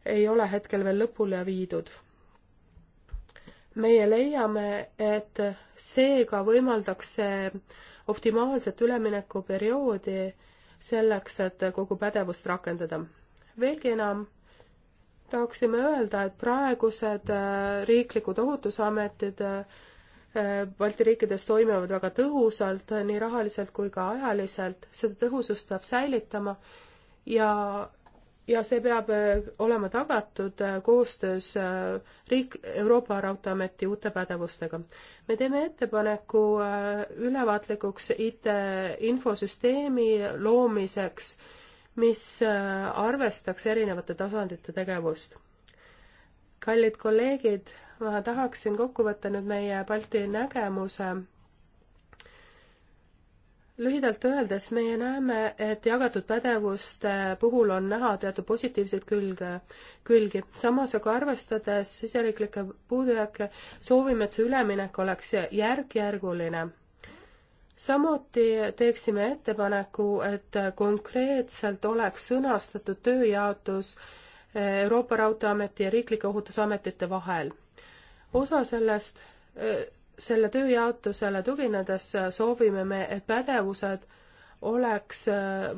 ei ole hetkel veel lõpule viidud meie leiame, et seega võimaldakse optimaalset üleminekuperioodi selleks, et kogu pädevust rakendada. veelgi enam, tahaksime öelda, et praegused äh, riiklikud ohutusametid äh, Balti riikides toimivad väga tõhusalt, nii rahaliselt kui ka ajaliselt, seda tõhusust peab säilitama ja ja see peab äh, olema tagatud äh, koostöös äh, riik, Euroopa Raudteeameti uute pädevustega. me teeme ettepaneku ülevaatlikuks IT-infosüsteemi loomiseks, mis arvestaks erinevate tasandite tegevust. kallid kolleegid, ma tahaksin kokku võtta nüüd meie Balti nägemuse lühidalt öeldes meie näeme, et jagatud pädevuste puhul on näha teatud positiivseid külge, külgi. samas aga arvestades siseriiklikke puudujääke, soovime, et see üleminek oleks järk-järguline. samuti teeksime ettepaneku, et konkreetselt oleks sõnastatud tööjaotus Euroopa Raudteeameti ja Riiklike Ohutusametite vahel. osa sellest selle tööjaotusele tuginedes soovime me, et pädevused oleks,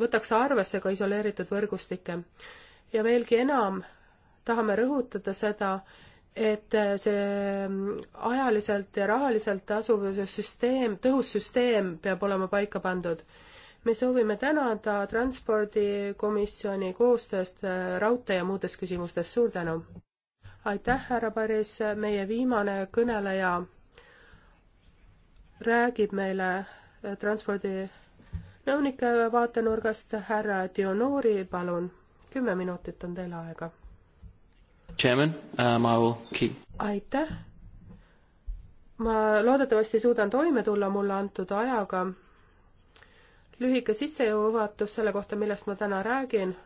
võtaks arvesse ka isoleeritud võrgustikke. ja veelgi enam, tahame rõhutada seda, et see ajaliselt ja rahaliselt tasuvuse süsteem, tõhus süsteem peab olema paika pandud. me soovime tänada Transpordikomisjoni koostööst raudtee ja muudes küsimustes, suur tänu! aitäh, härra Paris, meie viimane kõneleja räägib meile äh, transpordinõunike vaatenurgast härra Dionori, palun, kümme minutit on teil aega. Chairman um,, I will keep. aitäh. ma loodetavasti suudan toime tulla mulle antud ajaga. lühike sissejuhatus selle kohta, millest ma täna räägin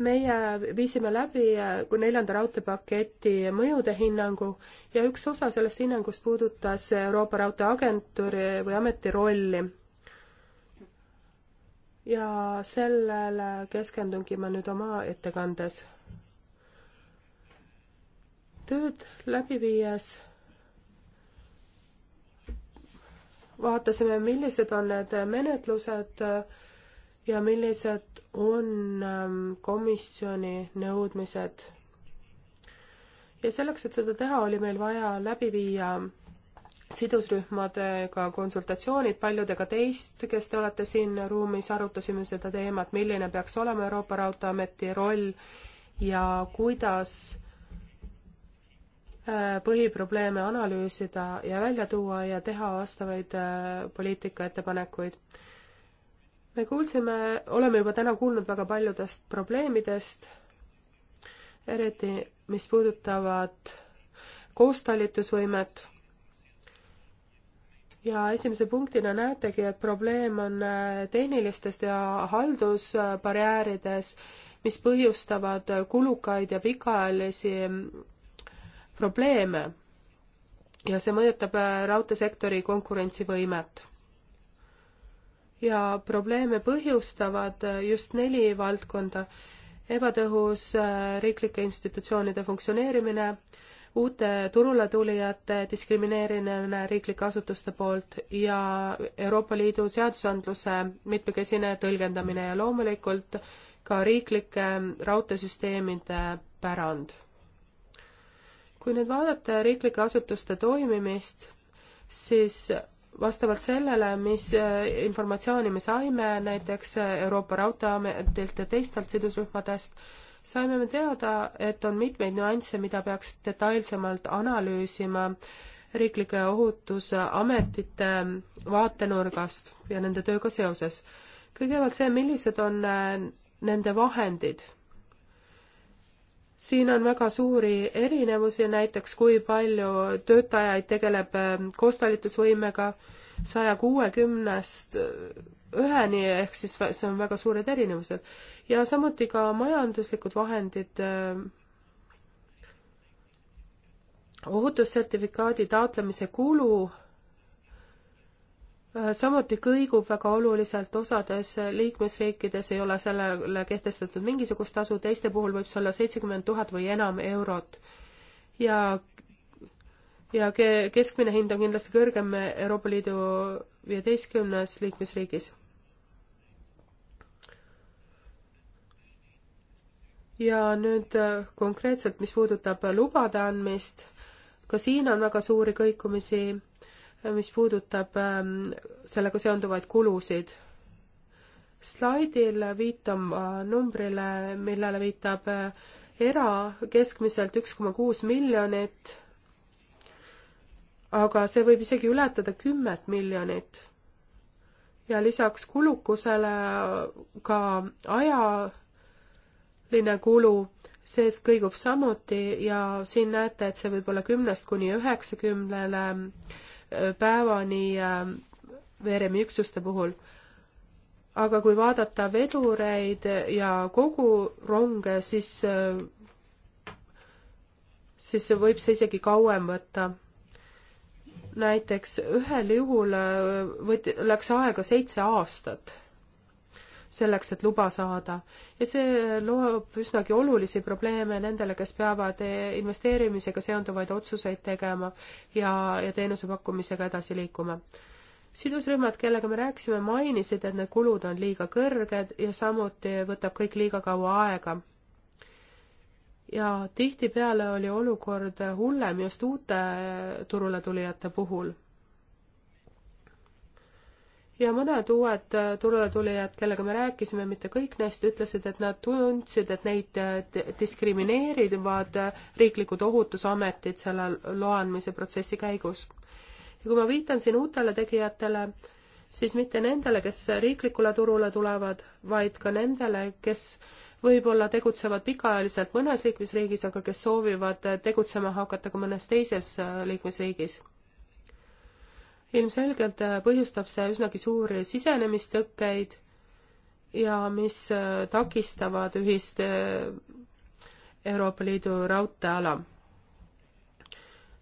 meie viisime läbi äh, neljanda raudteepaketi mõjude hinnangu ja üks osa sellest hinnangust puudutas Euroopa Raudteeagentuuri või ameti rolli. ja sellele keskendungi ma nüüd oma ettekandes. tööd läbi viies vaatasime, millised on need menetlused, ja millised on ähm, komisjoni nõudmised. ja selleks, et seda teha, oli meil vaja läbi viia sidusrühmadega konsultatsioonid paljudega teist, kes te olete siin ruumis, arutasime seda teemat, milline peaks olema Euroopa Raudteeameti roll ja kuidas äh, põhiprobleeme analüüsida ja välja tuua ja teha vastavaid äh, poliitikaettepanekuid me kuulsime, oleme juba täna kuulnud väga paljudest probleemidest, eriti mis puudutavad koostalitusvõimet. ja esimese punktina näetegi, et probleem on äh, tehnilistes ja haldusbarjäärides, mis põhjustavad kulukaid ja pikaajalisi mm, probleeme. ja see mõjutab äh, raudteesektori konkurentsivõimet ja probleeme põhjustavad äh, just neli valdkonda. ebatõhus äh, riiklike institutsioonide funktsioneerimine, uute turule tulijate diskrimineerimine riiklike asutuste poolt ja Euroopa Liidu seadusandluse mitmekesine tõlgendamine ja loomulikult ka riiklike äh, raudteesüsteemide pärand. kui nüüd vaadata riiklike asutuste toimimist, siis vastavalt sellele, mis äh, informatsiooni me saime näiteks Euroopa Raudteeametilt ja teistelt sidusrühmadest, saime me teada, et on mitmeid nüansse, mida peaks detailsemalt analüüsima riiklike ohutusametite vaatenurgast ja nende tööga seoses. kõigepealt see, millised on äh, nende vahendid siin on väga suuri erinevusi, näiteks kui palju töötajaid tegeleb ähm, koostalitusvõimega saja kuuekümnest äh, üheni, ehk siis see on väga suured erinevused. ja samuti ka majanduslikud vahendid, ähm, ohutussertifikaadi taotlemise kulu samuti kõigub väga oluliselt, osades liikmesriikides ei ole sellele kehtestatud mingisugust tasu, teiste puhul võib see olla seitsekümmend tuhat või enam eurot. ja, ja keskmine hind on kindlasti kõrgem Euroopa Liidu viieteistkümnes liikmesriigis. ja nüüd äh, konkreetselt, mis puudutab lubade andmist, ka siin on väga suuri kõikumisi mis puudutab ähm, sellega seonduvaid kulusid. slaidil viitama äh, numbrile, millele viitab äh, era keskmiselt üks koma kuus miljonit, aga see võib isegi ületada kümmet miljonit. ja lisaks kulukusele äh, ka ajaline kulu sees kõigub samuti ja siin näete, et see võib olla kümnest kuni üheksakümnele päevani äh, veeremi üksuste puhul. aga kui vaadata vedureid ja kogu ronge, siis, äh, siis võib see isegi kauem võtta. näiteks ühel juhul äh, võt-, läks aega seitse aastat selleks, et luba saada. ja see loob üsnagi olulisi probleeme nendele, kes peavad investeerimisega seonduvaid otsuseid tegema ja, ja teenuse pakkumisega edasi liikuma sidusrühmad, kellega me rääkisime, mainisid, et need kulud on liiga kõrged ja samuti võtab kõik liiga kaua aega. ja tihtipeale oli olukord hullem just uute turule tulijate puhul ja mõned uued äh, turuletulijad, kellega me rääkisime, mitte kõik neist, ütlesid, et nad tundsid, et neid äh, diskrimineerivad äh, riiklikud ohutusametid selle loa andmise protsessi käigus. ja kui ma viitan siin uutele tegijatele, siis mitte nendele, kes riiklikule turule tulevad, vaid ka nendele, kes võib-olla tegutsevad pikaajaliselt mõnes liikmesriigis, aga kes soovivad tegutsema hakata ka mõnes teises liikmesriigis ilmselgelt äh, põhjustab see üsnagi suuri sisenemistõkkeid ja mis äh, takistavad ühist äh, Euroopa Liidu raudteeala.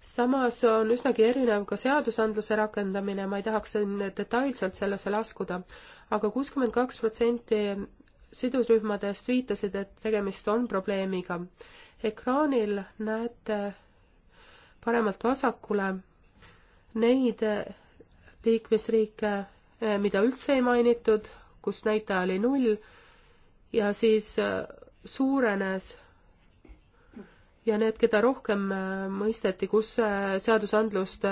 samas on üsnagi erinev ka seadusandluse rakendamine, ma ei tahaks siin detailselt sellesse laskuda aga, aga kuuskümmend kaks protsenti sidusrühmadest viitasid, et tegemist on probleemiga. ekraanil näete paremalt vasakule neid äh, liikmesriike, äh, mida üldse ei mainitud, kus näitaja oli null ja siis äh, suurenes ja need, keda rohkem mõisteti, kus seadusandlust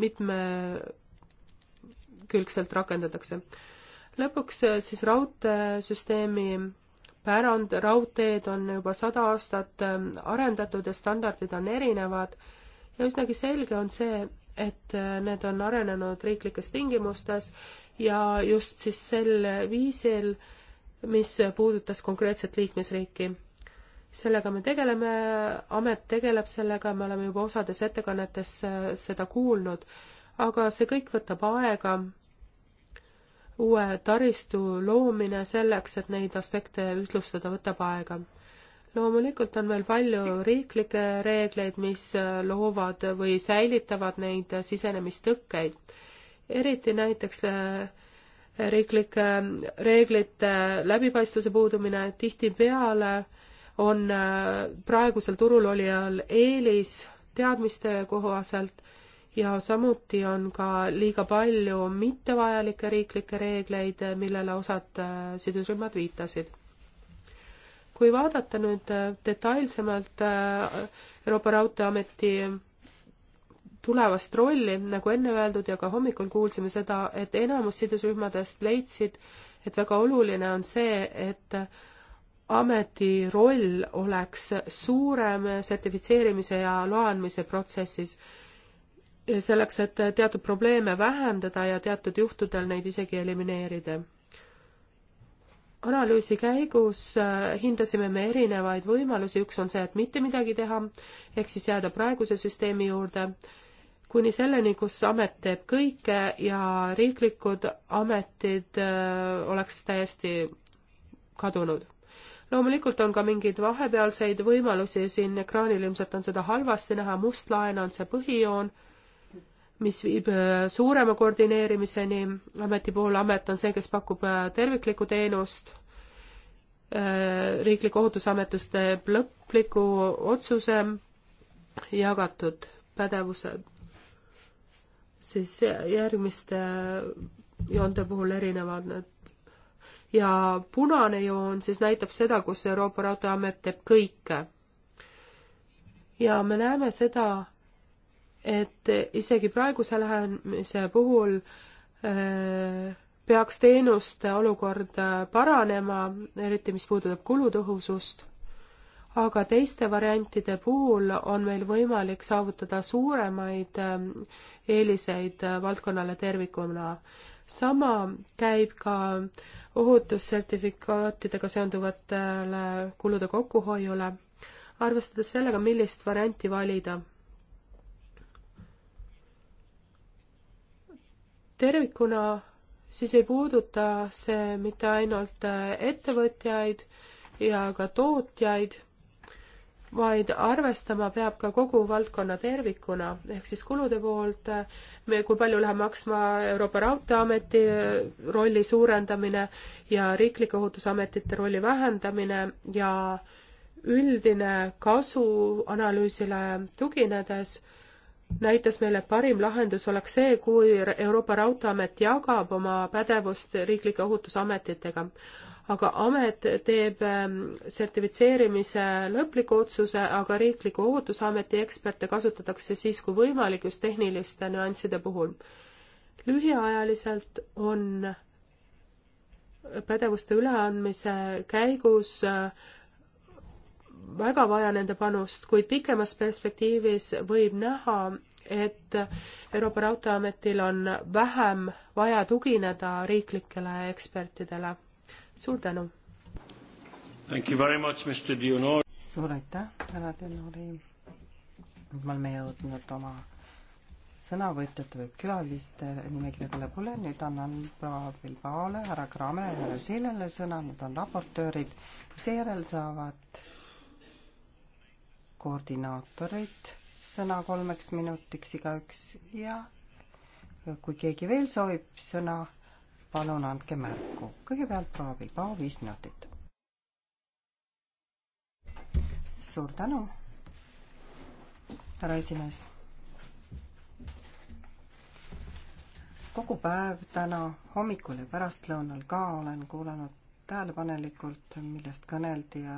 mitmekülgselt rakendatakse. lõpuks siis raudteesüsteemi pärand, raudteed on juba sada aastat arendatud ja standardid on erinevad ja üsnagi selge on see, et äh, need on arenenud riiklikes tingimustes ja just siis sel viisil, mis puudutas konkreetset liikmesriiki. sellega me tegeleme, amet tegeleb sellega, me oleme juba osades ettekannetes äh, seda kuulnud, aga see kõik võtab aega, uue taristu loomine selleks, et neid aspekte ühtlustada, võtab aega loomulikult on veel palju riiklikke reegleid, mis äh, loovad või säilitavad neid äh, sisenemistõkkeid. eriti näiteks äh, riiklike reeglite läbipaistvuse puudumine tihtipeale on praegusel turul olijal eelis teadmiste kohaselt ja samuti on ka liiga palju mittevajalikke riiklikke reegleid, millele osad sidusrühmad viitasid kui vaadata nüüd äh, detailsemalt äh, Euroopa Raudteeameti tulevast rolli, nagu enne öeldud ja ka hommikul kuulsime seda, et enamus sidusrühmadest leidsid, et väga oluline on see, et ameti roll oleks suurem sertifitseerimise ja loa andmise protsessis. selleks, et teatud probleeme vähendada ja teatud juhtudel neid isegi elimineerida analüüsi käigus äh, hindasime me erinevaid võimalusi, üks on see, et mitte midagi teha, ehk siis jääda praeguse süsteemi juurde, kuni selleni, kus amet teeb kõike ja riiklikud ametid äh, oleks täiesti kadunud. loomulikult on ka mingeid vahepealseid võimalusi, siin ekraanil ilmselt on seda halvasti näha, must laen on see põhijoon mis viib äh, suurema koordineerimiseni. ameti puhul amet on see, kes pakub äh, terviklikku teenust. Äh, riiklik ohutusamet just teeb lõpliku otsuse, jagatud pädevused siis järgmiste joonte puhul erinevad need. ja punane joon siis näitab seda, kus Euroopa Raudteeamet teeb kõike. ja me näeme seda, et isegi praeguse lähenemise puhul äh, peaks teenuste olukord paranema, eriti mis puudutab kulutõhusust, aga teiste variantide puhul on meil võimalik saavutada suuremaid äh, eeliseid valdkonnale tervikuna. sama käib ka ohutussertifikaatidega seonduvatele kulude kokkuhoiule, arvestades sellega, millist varianti valida tervikuna, siis ei puuduta see mitte ainult äh, ettevõtjaid ja ka tootjaid, vaid arvestama peab ka kogu valdkonna tervikuna, ehk siis kulude poolt, äh, me, kui palju läheb maksma Euroopa Raudteeameti äh, rolli suurendamine ja riiklike ohutusametite rolli vähendamine ja üldine kasu analüüsile tuginedes näitas meile, parim lahendus oleks see, kui Euroopa Raudteeamet jagab oma pädevust riiklike ohutusametitega. aga amet teeb ähm, sertifitseerimise lõpliku otsuse, aga riikliku ohutusameti eksperte kasutatakse siis, kui võimalik, just tehniliste nüansside puhul. lühiajaliselt on pädevuste üleandmise käigus äh, väga vaja nende panust, kuid pikemas perspektiivis võib näha, et Euroopa Raudteeametil on vähem vaja tugineda riiklikele ekspertidele. suur tänu! suur aitäh, härra Denori! nüüd me oleme jõudnud oma sõnavõtjate või külaliste nimekirjadele pole, nüüd annan proua Bilbaole, härra Kraamele, härra Sillele sõna, nad on raportöörid, seejärel saavad koordinaatoreid sõna kolmeks minutiks igaüks ja kui keegi veel soovib sõna, palun andke märku. kõigepealt proua Bilbao, viis minutit. suur tänu, härra esimees. kogu päev täna hommikul ja pärastlõunal ka olen kuulanud tähelepanelikult, millest kõneldi ja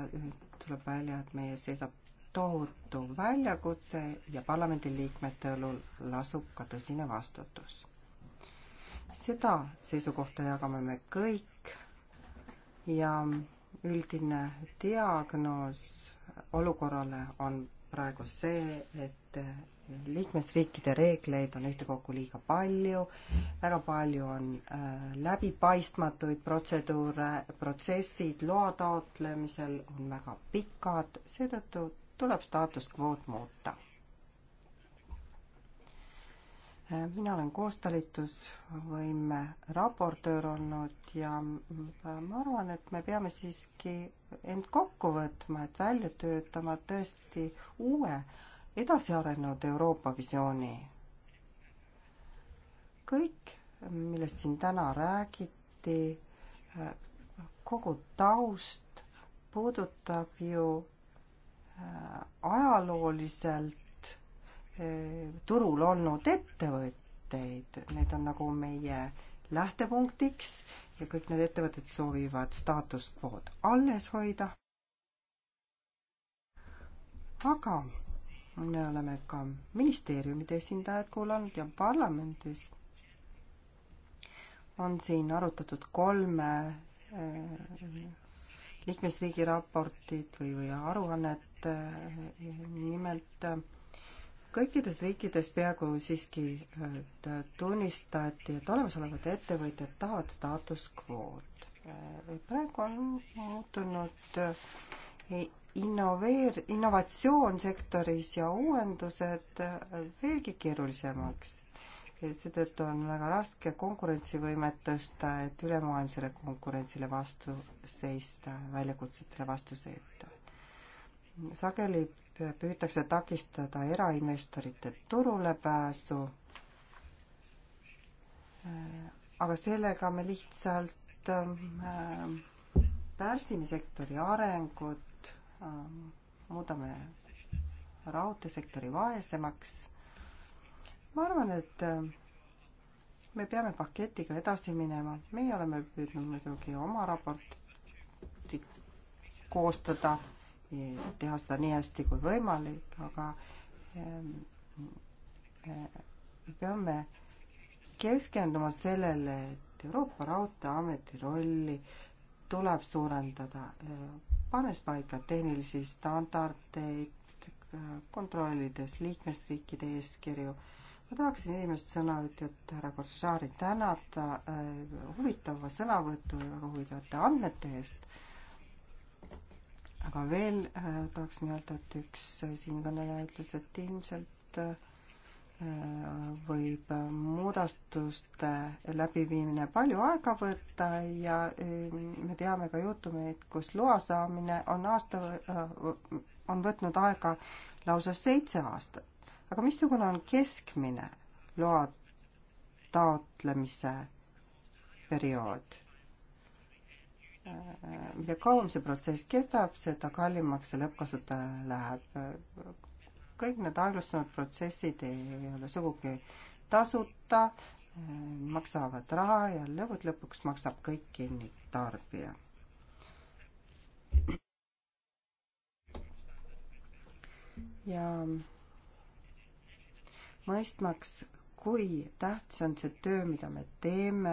tuleb välja, et meie seisab tohutu väljakutse ja parlamendiliikmete õlul lasub ka tõsine vastutus. seda seisukohta jagame me kõik ja üldine diagnoos olukorrale on praegu see, et liikmesriikide reegleid on ühtekokku liiga palju, väga palju on äh, läbipaistmatuid protseduure, protsessid loa taotlemisel on väga pikad, seetõttu tuleb staatus kvoot muuta. mina olen koostalitusvõime raportöör olnud ja ma arvan, et me peame siiski end kokku võtma, et välja töötama tõesti uue edasiarenenud Euroopa visiooni. kõik, millest siin täna räägiti, kogu taust puudutab ju Äh, ajalooliselt äh, turul olnud ettevõtteid, need on nagu meie lähtepunktiks ja kõik need ettevõtted soovivad staatus quo'd alles hoida. aga me oleme ka ministeeriumide esindajad kuulanud ja parlamendis on siin arutatud kolme äh, liikmesriigi raportit või, või aruannet. nimelt kõikides riikides peaaegu siiski äh, tunnistati, et olemasolevad ettevõtjad tahavad staatus quo'd. Äh, praegu on muutunud äh, innoveer-, innovatsioon sektoris ja uuendused veelgi keerulisemaks ja seetõttu on väga raske konkurentsivõimet tõsta, et ülemaailmsele konkurentsile vastu seista, väljakutsetele vastu seista. sageli püütakse takistada erainvestorite turule pääsu, aga sellega me lihtsalt ähm, pärsime sektori arengut, ähm, muudame raudteesektori vaesemaks ma arvan, et äh, me peame paketiga edasi minema, meie oleme püüdnud muidugi oma raporti koostada, teha seda nii hästi kui võimalik, aga me äh, äh, peame keskenduma sellele, et Euroopa Raudteeameti rolli tuleb suurendada, pannes paika tehnilisi standardeid, kontrollides liikmesriikide eeskirju ma tahaksin esimest sõnavõtjat härra Korsari tänada äh, huvitava sõnavõtu ja väga huvitavate andmete eest. aga veel äh, tahaksin öelda, et üks äh, siinkõneleja ütles, et ilmselt äh, võib muudatuste läbiviimine palju aega võtta ja äh, me teame ka juhtumeid, kus loa saamine on aasta, äh, on võtnud aega lausa seitse aastat aga missugune on keskmine loa taotlemise periood? mida kauem see protsess kestab, seda kallimaks see lõppkasutajale läheb. kõik need aeglustunud protsessid ei ole sugugi tasuta, maksavad raha ja lõppude lõpuks maksab kõik kinni tarbija ja mõistmaks, kui tähtis on see töö, mida me teeme,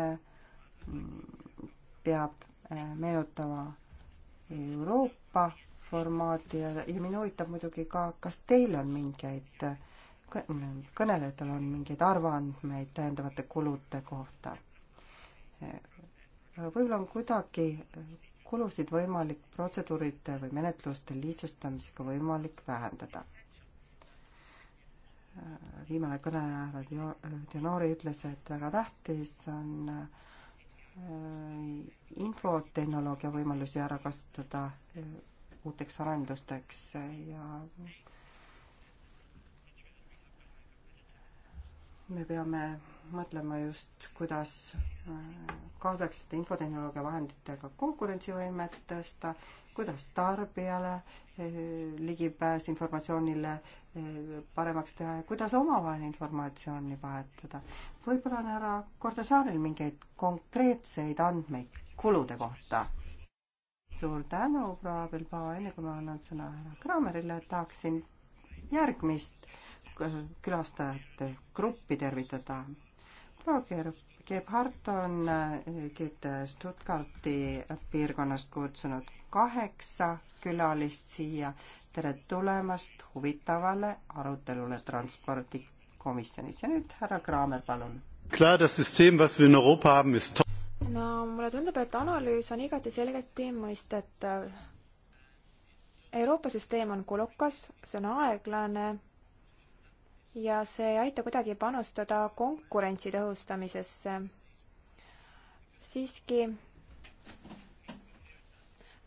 peab äh, meenutama Euroopa formaati ja, ja mind huvitab muidugi ka, kas teil on mingeid, kõnelejatel on mingeid arvandmeid täiendavate kulude kohta? Äh, võib-olla on kuidagi kulusid võimalik protseduuride või menetluste lihtsustamisega võimalik vähendada viimane kõneleja härra Dionori ütles, et väga tähtis on äh, infotehnoloogia võimalusi ära kasutada äh, uuteks arendusteks ja me peame mõtlema just, kuidas äh, kaasaegsete infotehnoloogia vahenditega konkurentsivõimet tõsta, kuidas tarbijale ligipääs informatsioonile paremaks teha ja kuidas omavahel informatsiooni vahetada. võib-olla on härra Kordasaarel mingeid konkreetseid andmeid kulude kohta? suur tänu, proua Bilbao, enne kui ma annan sõna härra Kraamerile, tahaksin järgmist külastajate gruppi tervitada. proua Kerb Gebhardt on Gid Stuttgarti piirkonnast kutsunud kaheksa külalist siia tere tulemast huvitavale arutelule transpordikomisjonis ja nüüd härra Kraamer, palun. no mulle tundub, et analüüs on igati selgelt mõistetav. Euroopa süsteem on kulukas, see on aeglane ja see ei aita kuidagi panustada konkurentsi tõhustamisesse. siiski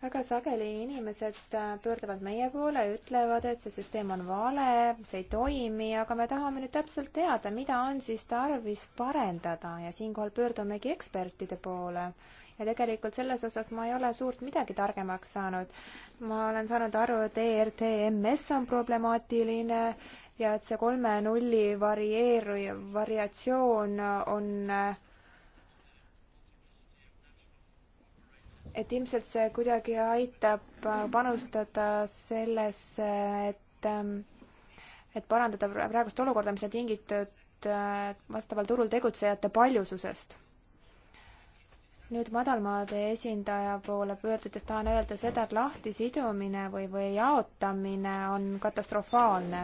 väga sageli inimesed äh, pöörduvad meie poole, ütlevad, et see süsteem on vale, see ei toimi, aga me tahame nüüd täpselt teada, mida on siis tarvis parendada ja siinkohal pöördumegi ekspertide poole ja tegelikult selles osas ma ei ole suurt midagi targemaks saanud. ma olen saanud aru, et ERTMS on problemaatiline ja et see kolme nulli varieeru-, variatsioon on äh, et ilmselt see kuidagi aitab äh, panustada sellesse, et ähm, et parandada praegust olukorda, mis on tingitud äh, vastaval turul tegutsejate paljususest. nüüd madalmaade esindaja poole pöördudes tahan öelda seda, et lahtisidumine või, või jaotamine on katastrofaalne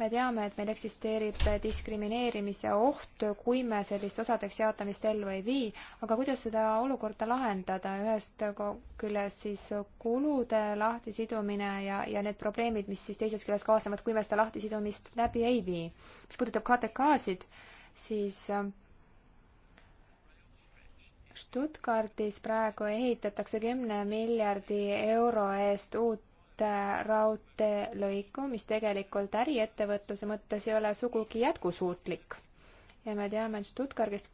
me teame, et meil eksisteerib diskrimineerimise oht, kui me sellist osadeks jaotamist ellu ei vii, aga kuidas seda olukorda lahendada, ühest küljest siis kulude lahtisidumine ja, ja need probleemid, mis siis teisest küljest kaasnevad, kui me seda lahtisidumist läbi ei vii. mis puudutab KTK-sid, siis äh, Stuttgardis praegu ehitatakse kümne miljardi euro eest uut uut äh, raudteelõiku, mis tegelikult äriettevõtluse mõttes ei ole sugugi jätkusuutlik. ja me teame, et Stuttgardis,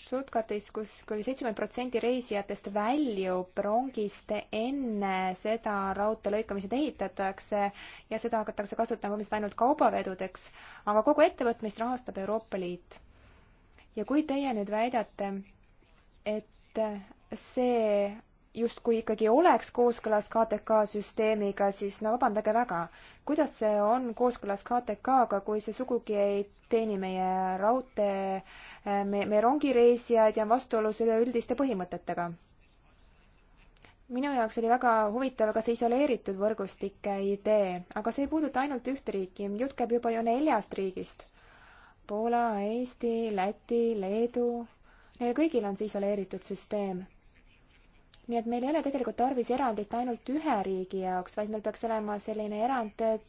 Stuttgardis, kus küll seitsekümmend protsenti reisijatest väljub rongist enne seda raudteelõiku, mis nüüd ehitatakse ja seda hakatakse kasutama ilmselt ainult kaubavedudeks, aga kogu ettevõtmist rahastab Euroopa Liit. ja kui teie nüüd väidate, et see justkui ikkagi oleks kooskõlas KTK süsteemiga, siis no vabandage väga, kuidas see on kooskõlas KTK-ga, kui see sugugi ei teeni meie raudtee, meie, meie rongireisijaid ja on vastuolus üleüldiste põhimõtetega? minu jaoks oli väga huvitav ka see isoleeritud võrgustike idee, aga see ei puuduta ainult ühte riiki, jutt käib juba ju neljast riigist. Poola, Eesti, Läti, Leedu, neil kõigil on see isoleeritud süsteem nii et meil ei ole tegelikult tarvis erandit ainult ühe riigi jaoks, vaid meil peaks olema selline erand äh,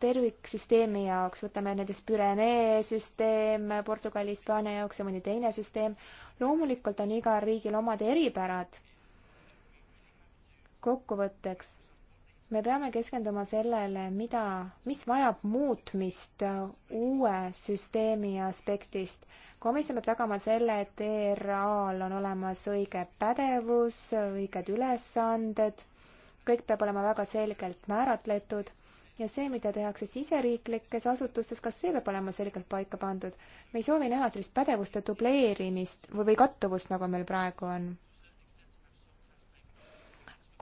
terviksüsteemi jaoks, võtame näiteks Pürenee süsteem Portugali, Hispaania jaoks ja mõni teine süsteem. loomulikult on igal riigil omad eripärad. kokkuvõtteks, me peame keskenduma sellele, mida, mis vajab muutmist äh, uue süsteemi aspektist komisjon peab tagama selle, et ERA-l on olemas õige pädevus, õiged ülesanded, kõik peab olema väga selgelt määratletud ja see, mida tehakse siseriiklikes asutustes, kas see peab olema selgelt paika pandud? me ei soovi näha sellist pädevuste dubleerimist või, või kattuvust, nagu meil praegu on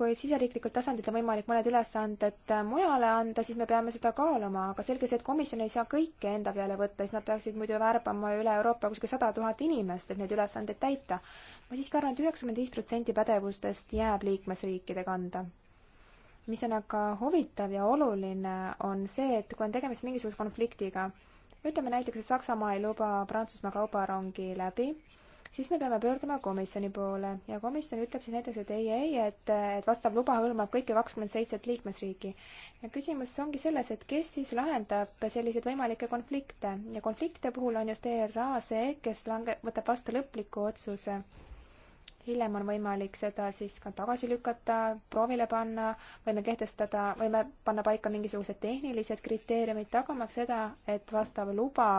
kui siseriiklikult tasandilt on võimalik mõned ülesanded äh, mujale anda, siis me peame seda kaaluma, aga selge see, et komisjon ei saa kõike enda peale võtta, siis nad peaksid muidu värbama üle Euroopa kuskil sada tuhat inimest, et neid ülesandeid täita. ma siiski arvan et, et üheksakümmend viis protsenti pädevustest jääb liikmesriikide kanda mis on aga huvitav ja oluline, on see, et kui on tegemist mingisuguse konfliktiga, ütleme näiteks, et Saksamaa ei luba Prantsusmaa kaubarongi läbi siis me peame pöörduma komisjoni poole ja komisjon ütleb siis näiteks, et ei, ei, et, et vastav luba hõlmab kõiki kakskümmend seitset liikmesriiki. ja küsimus ongi selles, et kes siis lahendab selliseid võimalikke konflikte ja konfliktide puhul on just ERA see, kes lange-, võtab vastu lõpliku otsuse hiljem on võimalik seda siis ka tagasi lükata, proovile panna, võime kehtestada, võime panna paika mingisugused tehnilised kriteeriumid, tagamaks seda, et vastav luba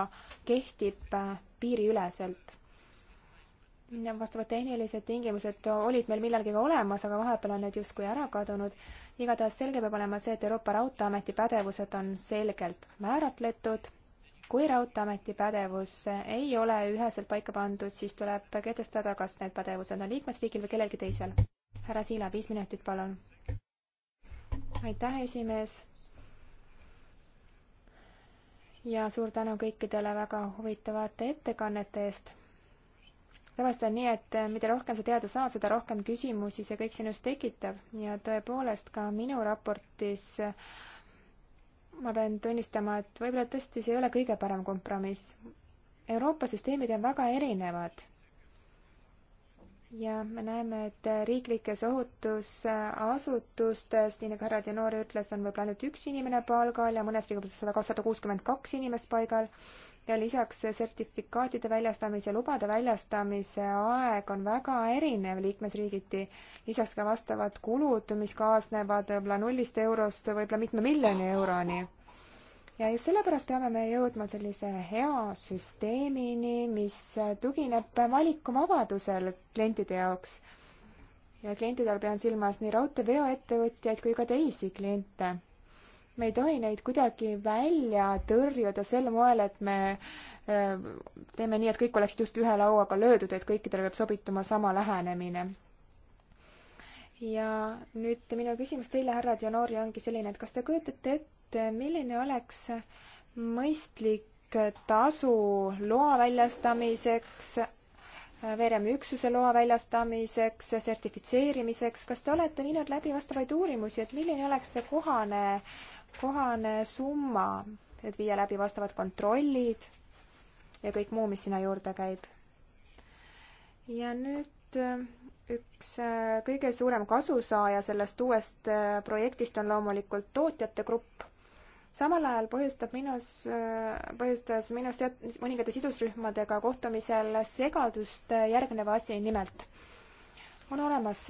kehtib äh, piiriüleselt vastavad tehnilised tingimused olid meil millalgi ka olemas, aga vahepeal on need justkui ära kadunud. igatahes selge peab olema see, et Euroopa Raudteeameti pädevused on selgelt määratletud. kui Raudteeameti pädevus ei ole üheselt paika pandud, siis tuleb kehtestada, kas need pädevused on liikmesriigil või kellelgi teisel. härra Siila, viis minutit, palun. aitäh, esimees ja suur tänu kõikidele väga huvitavate ettekannete eest tavaliselt on nii, et äh, mida rohkem sa teada saad, seda rohkem küsimusi see kõik sinus tekitab ja tõepoolest ka minu raportis äh, ma pean tunnistama, et võib-olla tõesti see ei ole kõige parem kompromiss. Euroopa süsteemid on väga erinevad. ja me näeme, et riiklikes ohutusasutustes, nii nagu härra Dianori ütles, on võib-olla ainult üks inimene palgal ja mõnes riigis sada, sada kuuskümmend kaks inimest paigal ja lisaks sertifikaatide väljastamise, lubade väljastamise aeg on väga erinev liikmesriigiti. lisaks ka vastavad kulud, mis kaasnevad võib-olla nullist eurost võib-olla mitme miljoni euroni. ja just sellepärast peame me jõudma sellise hea süsteemini, mis tugineb valikuvabadusel klientide jaoks. ja klientidel pean silmas nii raudteeveoettevõtjaid kui ka teisi kliente me ei tohi neid kuidagi välja tõrjuda sel moel, et me äh, teeme nii, et kõik oleksid just ühe lauaga löödud, et kõikidele peab sobituma sama lähenemine. ja nüüd minu küsimus teile, härra Dionori, ongi selline, et kas te kujutate ette, milline oleks mõistlik tasu loa väljastamiseks veeremi üksuse loa väljastamiseks, sertifitseerimiseks, kas te olete viinud läbi vastavaid uurimusi, et milline oleks see kohane kohane summa, et viia läbi vastavad kontrollid ja kõik muu, mis sinna juurde käib. ja nüüd äh, üks äh, kõige suurem kasusaaja sellest uuest äh, projektist on loomulikult tootjate grupp. samal ajal põhjustab minus, põhjustas minus teat-, mõningate sidusrühmadega kohtumisel segadust järgneva asi nimelt. on olemas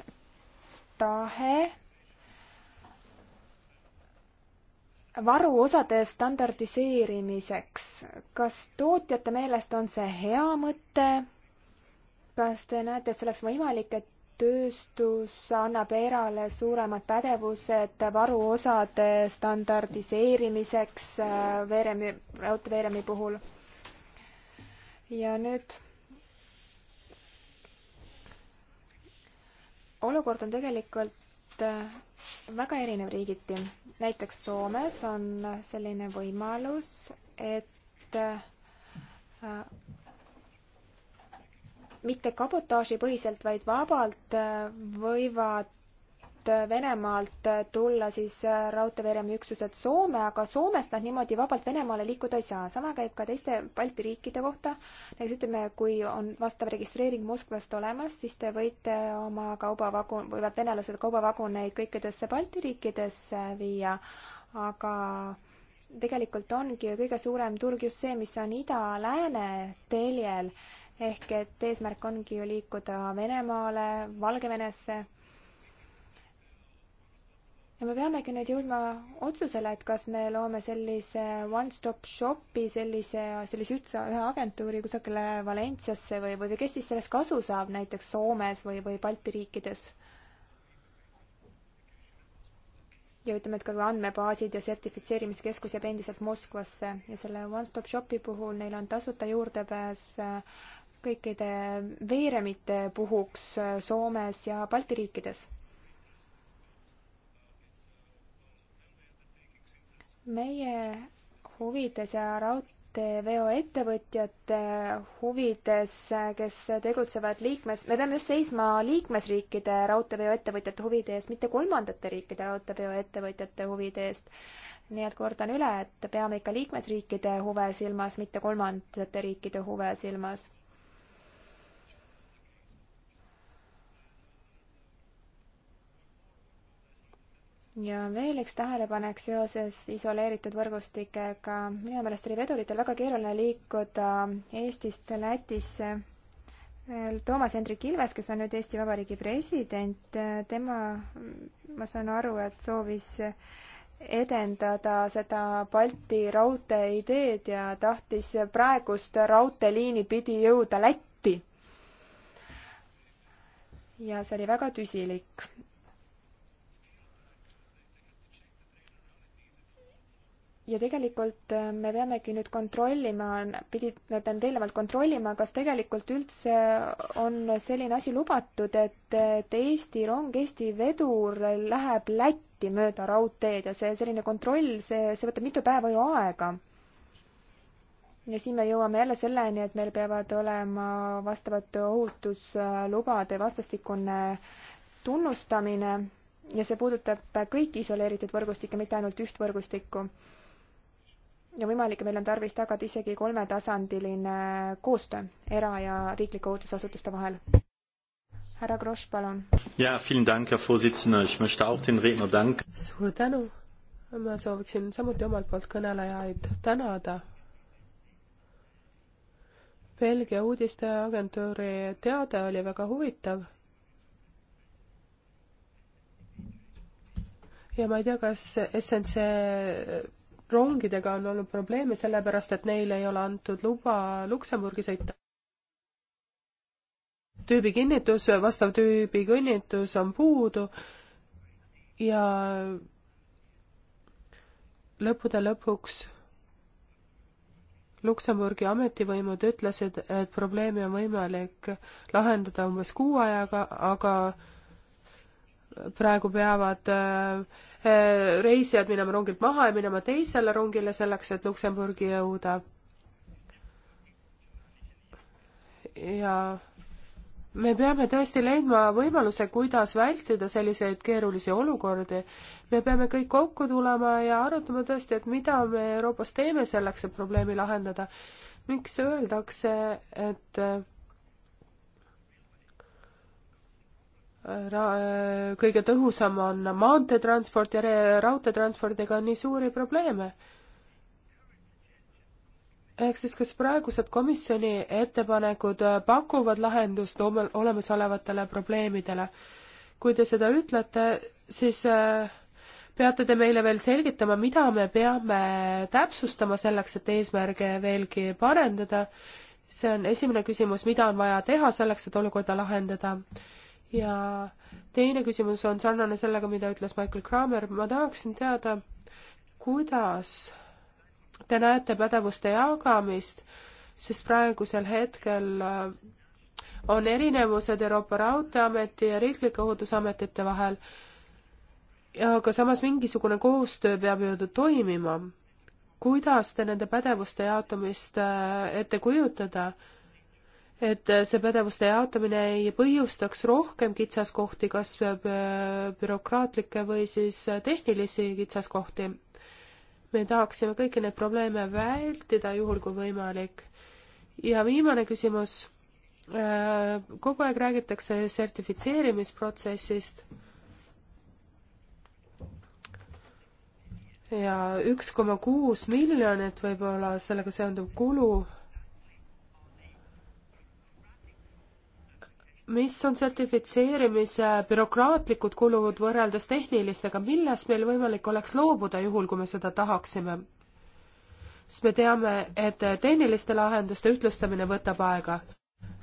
tahe varuosade standardiseerimiseks. kas tootjate meelest on see hea mõte? kas te näete, et see oleks võimalik, et tööstus annab erale suuremad pädevused varuosade standardiseerimiseks äh, veeremi, raudteeveeremi puhul? ja nüüd olukord on tegelikult Äh, väga erinev riigiti. näiteks Soomes on selline võimalus, et äh, mitte kabotaažipõhiselt, vaid vabalt äh, võivad võivad Venemaalt tulla siis äh, raudteeveeremi üksused Soome, aga Soomest nad niimoodi vabalt Venemaale liikuda ei saa. sama käib ka teiste Balti riikide kohta. näiteks ütleme, kui on vastav registreering Moskvast olemas, siis te võite oma kaubavagun, võivad venelased kaubavaguneid kõikidesse Balti riikidesse viia, aga tegelikult ongi ju kõige suurem turg just see, mis on ida-lääne teljel ehk et eesmärk ongi ju liikuda Venemaale, Valgevenesse ja me peamegi nüüd jõudma otsusele, et kas me loome sellise one-stop shopi, sellise, sellise ühtse, ühe agentuuri kusagile Valentsiasse või, või kes siis sellest kasu saab, näiteks Soomes või, või Balti riikides ja ütleme, et ka andmebaasid ja sertifitseerimiskeskus jääb endiselt Moskvasse ja selle One Stop Shopi puhul neil on tasuta juurdepääs äh, kõikide veeremite puhuks äh, Soomes ja Balti riikides. meie huvides ja raudteeveoettevõtjate huvides, kes tegutsevad liikmes, me peame just seisma liikmesriikide raudteeveoettevõtjate huvide eest, mitte kolmandate riikide raudteeveoettevõtjate huvide eest. nii et kordan üle, et peame ikka liikmesriikide huve silmas, mitte kolmandate riikide huve silmas ja veel üks tähelepanek seoses isoleeritud võrgustikega. minu meelest oli veduritel väga keeruline liikuda Eestist Lätisse. Toomas Hendrik Ilves, kes on nüüd Eesti Vabariigi president, tema, ma saan aru, et soovis edendada seda Balti raudtee ideed ja tahtis praegust raudteeliini pidi jõuda Lätti. ja see oli väga tüsilik ja tegelikult äh, me peamegi nüüd kontrollima, pidid nad eelnevalt kontrollima, kas tegelikult üldse on selline asi lubatud, et, et Eesti rong, Eesti vedur läheb Lätti mööda raudteed ja see selline kontroll, see, see võtab mitu päeva ju aega. ja siin me jõuame jälle selleni, et meil peavad olema vastavad ohutuslubade vastastikune tunnustamine ja see puudutab kõiki isoleeritud võrgustikke, mitte ainult üht võrgustikku ja võimalik, meil on tarvis tagada isegi kolmetasandiline koostöö era- ja riiklike ohutusasutuste vahel. härra Grosch, palun. jaa, suur tänu. ma sooviksin samuti omalt poolt kõnelejaid tänada. Belgia uudisteagentuuri teade oli väga huvitav ja ma ei tea, kas SNC rongidega on olnud probleeme, sellepärast et neile ei ole antud luba Luksemburgi sõita. tüübikinnitus, vastav tüübikinnitus on puudu ja lõppude lõpuks Luksemburgi ametivõimud ütlesid, et probleemi on võimalik lahendada umbes kuu ajaga, aga praegu peavad äh, äh, reisijad minema rongilt maha ja minema teisele rongile selleks, et Luksemburgi jõuda. ja me peame tõesti leidma võimaluse, kuidas vältida selliseid keerulisi olukordi. me peame kõik kokku tulema ja arutama tõesti, et mida me Euroopas teeme selleks, et probleemi lahendada. miks öeldakse, et äh, ra-, kõige tõhusam on maanteetransport ja raudteetranspordiga on nii suuri probleeme. ehk siis, kas praegused komisjoni ettepanekud pakuvad lahendust olemasolevatele probleemidele? kui te seda ütlete, siis äh, peate te meile veel selgitama, mida me peame täpsustama selleks, et eesmärge veelgi parendada. see on esimene küsimus, mida on vaja teha selleks, et olukorda lahendada ja teine küsimus on sarnane sellega, mida ütles Michael Kramer, ma tahaksin teada, kuidas te näete pädevuste jagamist, sest praegusel hetkel äh, on erinevused Euroopa Raudteeameti ja Riiklike Ohutusametite vahel, aga samas mingisugune koostöö peab ju toimima. kuidas te nende pädevuste jaotamist äh, ette kujutada? et see pädevuste jaotamine ei põhjustaks rohkem kitsaskohti, kas bürokraatlikke või siis tehnilisi kitsaskohti. me tahaksime kõiki neid probleeme vältida, juhul kui võimalik. ja viimane küsimus. kogu aeg räägitakse sertifitseerimisprotsessist. ja üks koma kuus miljonit võib-olla sellega seonduv kulu mis on sertifitseerimise bürokraatlikud kulud võrreldes tehnilistega, millest meil võimalik oleks loobuda, juhul kui me seda tahaksime? sest me teame, et tehniliste lahenduste ühtlustamine võtab aega.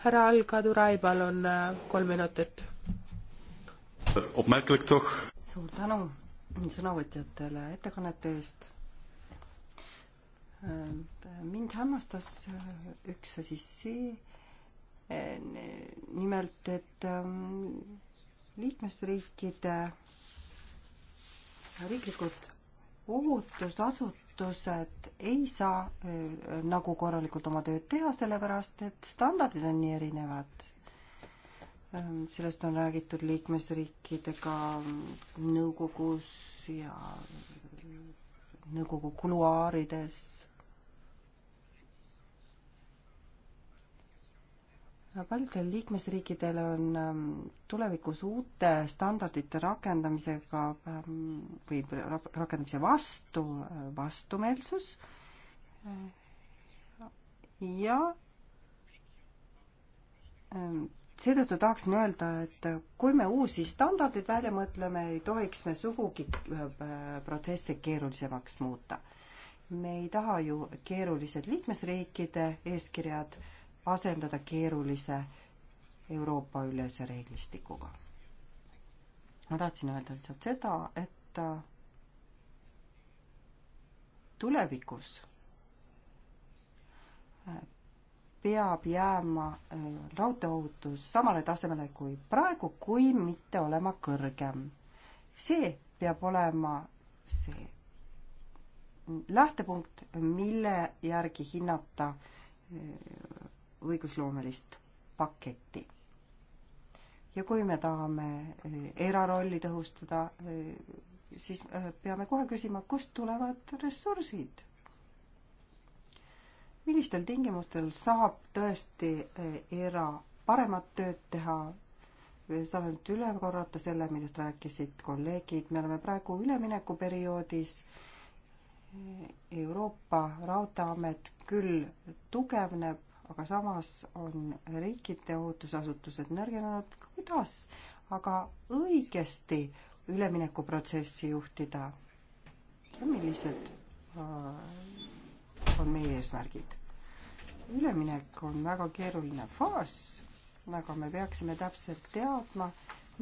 härra Al-Kadu Raibal on kolm minutit. suur tänu sõnavõtjatele ettekannete eest. mind hämmastas üks asi see, nimelt, et ähm, liikmesriikide riiklikud ohutusasutused ei saa äh, nagu korralikult oma tööd teha, sellepärast et standardid on nii erinevad. Ähm, sellest on räägitud liikmesriikidega ähm, nõukogus ja äh, nõukogu kuluaarides paljudel liikmesriikidel on ähm, tulevikus uute standardite rakendamisega ähm, või rakendamise vastu äh, vastumeelsus ja ähm, seetõttu tahaksin öelda, et kui me uusi standardeid välja mõtleme, ei tohiks me sugugi äh, protsesse keerulisemaks muuta. me ei taha ju keerulised liikmesriikide eeskirjad äh, asendada keerulise Euroopa-ülese reeglistikuga. ma tahtsin öelda lihtsalt seda, et äh, tulevikus äh, peab jääma äh, raudteeohutus samale tasemele kui praegu, kui mitte olema kõrgem. see peab olema see lähtepunkt, mille järgi hinnata õigusloomelist paketti. ja kui me tahame äh, erarolli tõhustada, äh, siis äh, peame kohe küsima, kust tulevad ressursid. millistel tingimustel saab tõesti era paremat tööd teha, saan nüüd üle korrata selle, millest rääkisid kolleegid, me oleme praegu üleminekuperioodis. Euroopa Raudteeamet küll tugevneb, aga samas on riikide ohutusasutused nõrgenenud, kuidas aga õigesti üleminekuprotsessi juhtida? ja millised äh, on meie eesmärgid? üleminek on väga keeruline faas, aga me peaksime täpselt teadma,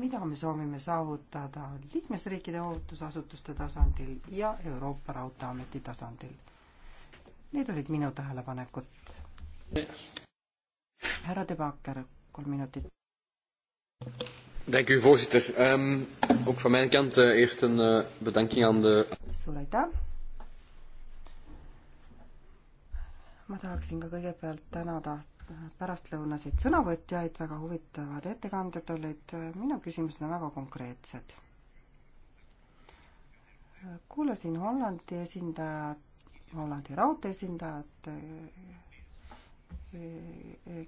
mida me soovime saavutada liikmesriikide ohutusasutuste tasandil ja Euroopa Raudteeameti tasandil. Need olid minu tähelepanekud härra De Backer, kolm minutit. Dank u voorzitter. Um, ook van mijn kant uh, eerst een uh, bedanking aan de. suur aitäh. ma tahaksin ka kõigepealt tänada pärastlõunaseid sõnavõtjaid, väga huvitavad ettekanded olid, minu küsimused on väga konkreetsed. kuulasin Hollandi esindajat, Hollandi raudtee esindajat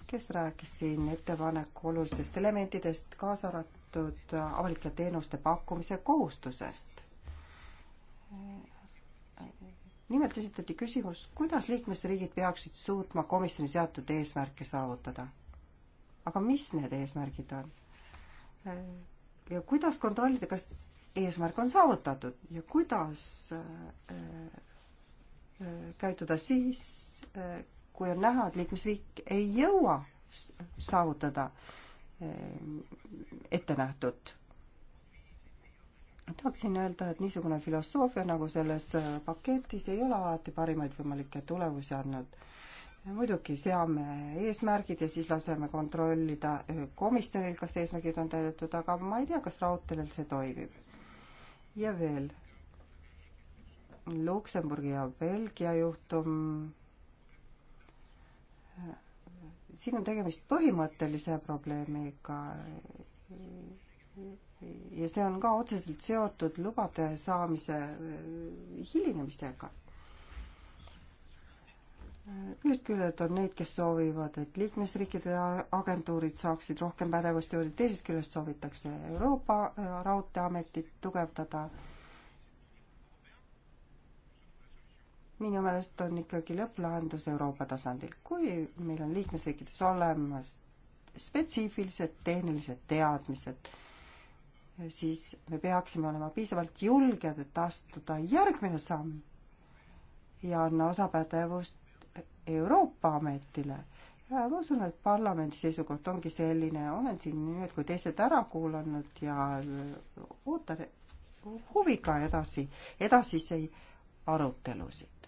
kes rääkis siin ettepaneku olulistest elementidest, kaasa arvatud avalike teenuste pakkumise kohustusest. nimelt esitati küsimus, kuidas liikmesriigid peaksid suutma komisjoni seatud eesmärke saavutada. aga mis need eesmärgid on? ja kuidas kontrollida, kas eesmärk on saavutatud ja kuidas äh, äh, käituda siis, äh, kui on näha, et liikmesriik ei jõua saavutada eh, ettenähtut. tahaksin öelda, et niisugune filosoofia nagu selles eh, paketis ei ole alati parimaid võimalikke tulemusi andnud. muidugi seame eesmärgid ja siis laseme kontrollida eh, komisjonil, kas eesmärgid on täidetud, aga ma ei tea, kas raudteel see toimib. ja veel Luksemburgi ja Belgia juhtum siin on tegemist põhimõttelise probleemiga ja see on ka otseselt seotud lubade saamise hilinemisega. ühest küljest on neid, kes soovivad, et liikmesriikide agentuurid saaksid rohkem pädevust juurde, teisest küljest soovitakse Euroopa Raudteeametit tugevdada minu meelest on ikkagi lõpplahendus Euroopa tasandil. kui meil on liikmesriikides olemas spetsiifilised tehnilised teadmised, siis me peaksime olema piisavalt julged, et astuda järgmine samm ja anna osapädevust Euroopa Ametile. ma usun, et parlamendi seisukoht ongi selline, olen siin nüüd kui teised ära kuulanud ja ootan huviga edasi, edasisi arutelusid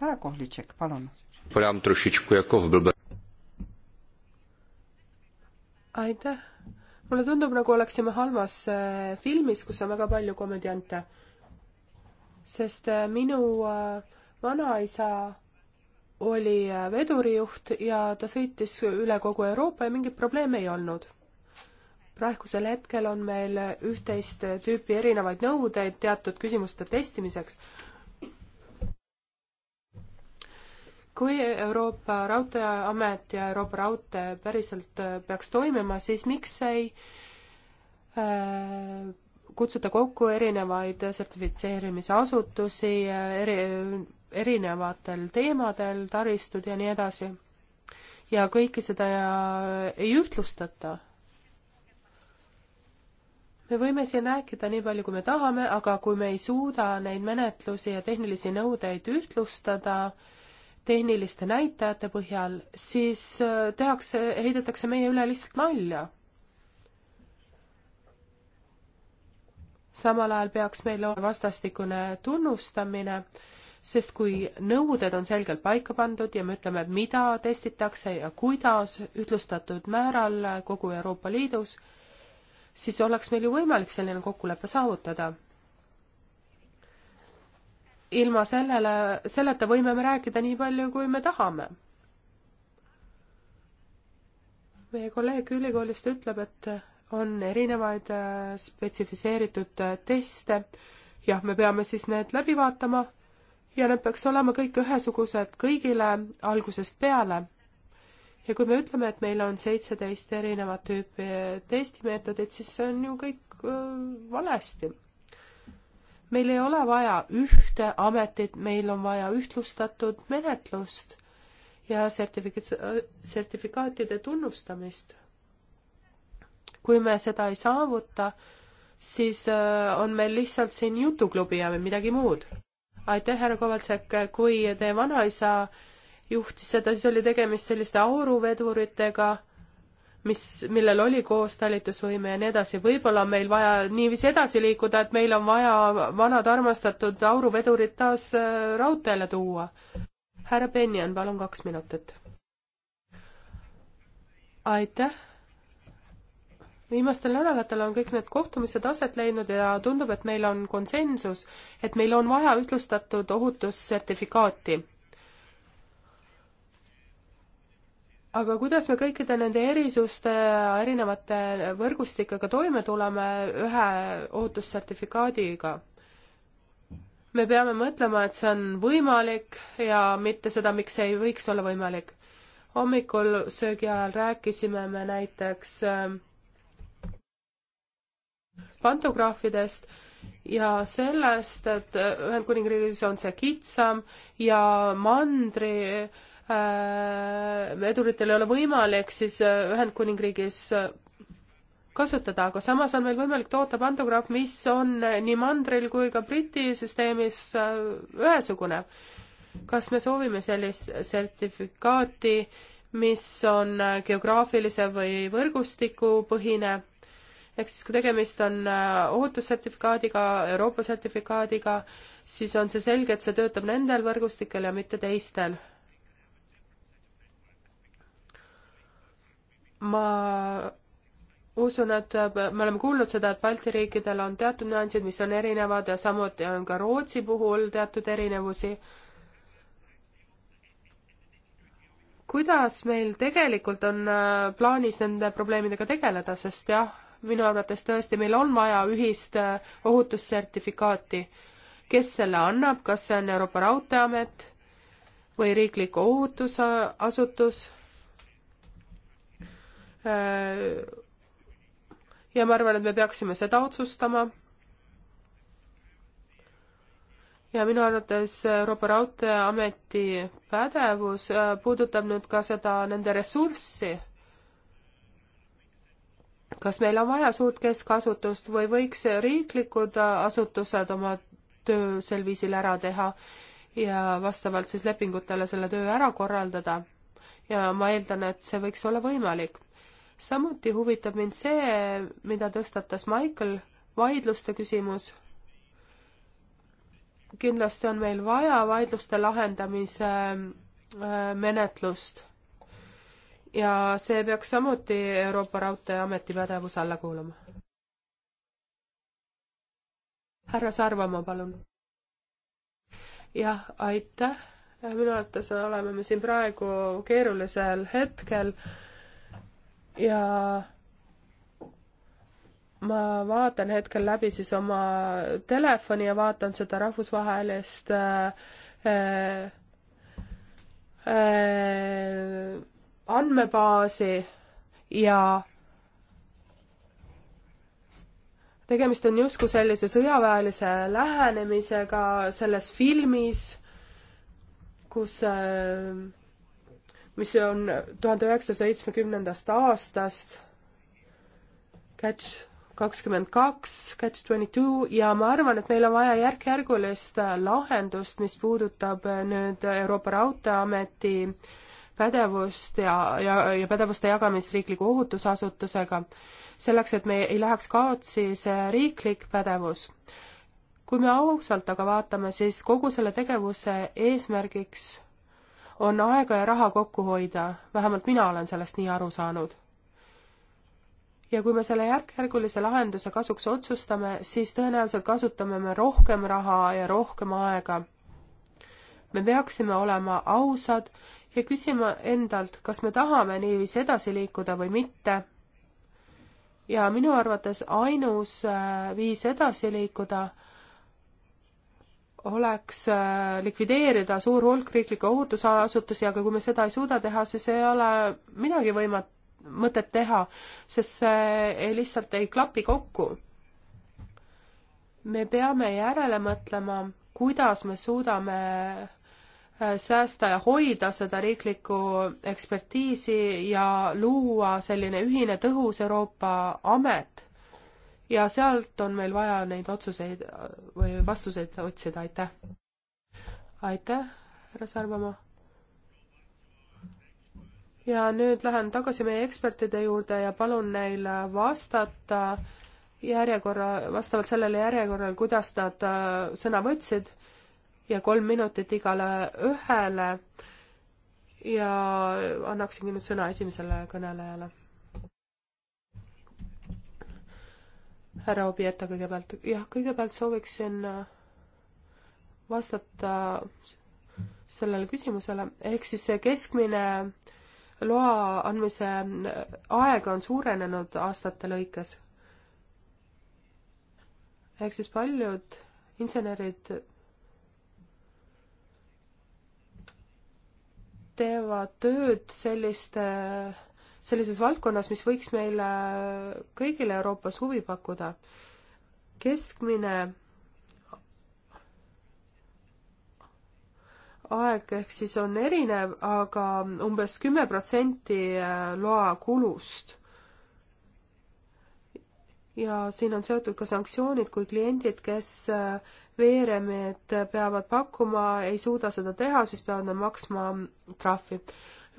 härra Kohlitšek, palun. aitäh. mulle tundub, nagu oleksime halvas äh, filmis, kus on väga palju komödiante. sest äh, minu äh, vanaisa oli vedurijuht ja ta sõitis üle kogu Euroopa ja mingit probleemi ei olnud. praegusel hetkel on meil üht-teist tüüpi erinevaid nõudeid teatud küsimuste testimiseks kui Euroopa Raudteeamet ja Euroopa Raudtee päriselt äh, peaks toimima, siis miks ei äh, kutsuda kokku erinevaid sertifitseerimisasutusi äh, eri, erinevatel teemadel, taristud ja nii edasi. ja kõike seda ei ühtlustata. me võime siin rääkida nii palju, kui me tahame, aga kui me ei suuda neid menetlusi ja tehnilisi nõudeid ühtlustada, tehniliste näitajate põhjal, siis äh, tehakse, heidetakse meie üle lihtsalt nalja. samal ajal peaks meil olema vastastikune tunnustamine, sest kui nõuded on selgelt paika pandud ja me ütleme, mida testitakse ja kuidas ühtlustatud määral kogu Euroopa Liidus, siis oleks meil ju võimalik selline kokkulepe saavutada ilma sellele, selleta võime me rääkida nii palju, kui me tahame. meie kolleeg ülikoolist ütleb, et on erinevaid äh, spetsifiseeritud äh, teste, jah, me peame siis need läbi vaatama ja need peaks olema kõik ühesugused kõigile algusest peale. ja kui me ütleme, et meil on seitseteist erinevat tüüpi testimeetodit, siis see on ju kõik äh, valesti meil ei ole vaja ühte ametit, meil on vaja ühtlustatud menetlust ja sertifika-, sertifikaatide tunnustamist. kui me seda ei saavuta, siis äh, on meil lihtsalt siin jutuklubi ja midagi muud. aitäh, härra Kovaltšek, kui teie vanaisa juhtis seda, siis oli tegemist selliste auruveduritega mis, millel oli koostalitusvõime ja nii edasi, võib-olla on meil vaja niiviisi edasi liikuda, et meil on vaja vanad armastatud auruvedurid taas äh, raudteele tuua. härra Benjan, palun kaks minutit. aitäh. viimastel nädalatel on kõik need kohtumised aset leidnud ja tundub, et meil on konsensus, et meil on vaja ühtlustatud ohutussertifikaati aga kuidas me kõikide nende erisuste, erinevate võrgustikega toime tuleme ühe ohutussertifikaadiga? me peame mõtlema, et see on võimalik ja mitte seda, miks see ei võiks olla võimalik. hommikul söögi ajal rääkisime me näiteks ähm, pantograafidest ja sellest, et Ühendkuningriigis on see kitsam ja mandri äh, veduritel äh, ei ole võimalik siis äh, Ühendkuningriigis äh, kasutada, aga samas on meil võimalik toota pantograaf, mis on nii mandril kui ka Briti süsteemis ühesugune. kas me soovime sellist sertifikaati, mis on geograafilise või võrgustikupõhine, ehk siis kui tegemist on ohutussertifikaadiga, Euroopa sertifikaadiga, siis on see selge, et see töötab nendel võrgustikel ja mitte teistel ma usun, et äh, me oleme kuulnud seda, et Balti riikidel on teatud nüansid, mis on erinevad ja samuti on ka Rootsi puhul teatud erinevusi. kuidas meil tegelikult on äh, plaanis nende probleemidega tegeleda, sest jah, minu arvates tõesti meil on vaja ühist äh, ohutussertifikaati. kes selle annab, kas see on Euroopa Raudteeamet või riiklik ohutusasutus? Äh, ja ma arvan, et me peaksime seda otsustama. ja minu arvates Euroopa Raudteeameti pädevus äh, puudutab nüüd ka seda nende ressurssi. kas meil on vaja suurt keskasutust või võiks riiklikud asutused oma töö sel viisil ära teha ja vastavalt siis lepingutele selle töö ära korraldada? ja ma eeldan, et see võiks olla võimalik samuti huvitab mind see, mida tõstatas Michael, vaidluste küsimus. kindlasti on meil vaja vaidluste lahendamise äh, menetlust ja see peaks samuti Euroopa Raudteeameti pädevuse alla kuuluma. härra Sarvamaa, palun. jah, aitäh. minu arvates oleme me siin praegu keerulisel hetkel ja ma vaatan hetkel läbi siis oma telefoni ja vaatan seda rahvusvahelist äh, äh, äh andmebaasi ja tegemist on justkui sellise sõjaväelise lähenemisega selles filmis, kus äh, mis on tuhande üheksasaja seitsmekümnendast aastast, Catch kakskümmend kaks, Catch twenty two ja ma arvan, et meil on vaja järk-järgulist äh, lahendust, mis puudutab äh, nüüd Euroopa Raudteeameti pädevust ja, ja, ja pädevuste jagamist riikliku ohutusasutusega, selleks et me ei läheks kaotsi see riiklik pädevus. kui me ausalt aga vaatame, siis kogu selle tegevuse eesmärgiks on aega ja raha kokku hoida, vähemalt mina olen sellest nii aru saanud. ja kui me selle järk-järgulise lahenduse kasuks otsustame, siis tõenäoliselt kasutame me rohkem raha ja rohkem aega. me peaksime olema ausad ja küsima endalt, kas me tahame niiviisi edasi liikuda või mitte. ja minu arvates ainus äh, viis edasi liikuda oleks äh, likvideerida suur hulk riiklikke ohutusasutusi, aga kui me seda ei suuda teha, siis ei ole midagi võima-, mõtet teha, sest see ei, lihtsalt ei klapi kokku. me peame järele mõtlema, kuidas me suudame äh, säästa ja hoida seda riiklikku ekspertiisi ja luua selline ühine tõhus Euroopa amet ja sealt on meil vaja neid otsuseid või vastuseid otsida, aitäh. aitäh, härra Sarvamaa. ja nüüd lähen tagasi meie ekspertide juurde ja palun neil vastata järjekorra, vastavalt sellele järjekorrale, kuidas nad äh, sõna võtsid ja kolm minutit igale ühele ja annaksingi nüüd sõna esimesele kõnelejale härra Obieta kõigepealt, jah, kõigepealt sooviksin äh, vastata sellele küsimusele, ehk siis see keskmine loa andmise äh, aeg on suurenenud aastate lõikes. ehk siis paljud insenerid teevad tööd selliste äh, sellises valdkonnas, mis võiks meile kõigile Euroopas huvi pakkuda. keskmine aeg ehk siis on erinev, aga umbes kümme protsenti loa kulust. ja siin on seotud ka sanktsioonid, kui kliendid, kes äh, veeremehed peavad pakkuma, ei suuda seda teha, siis peavad nad maksma trahvi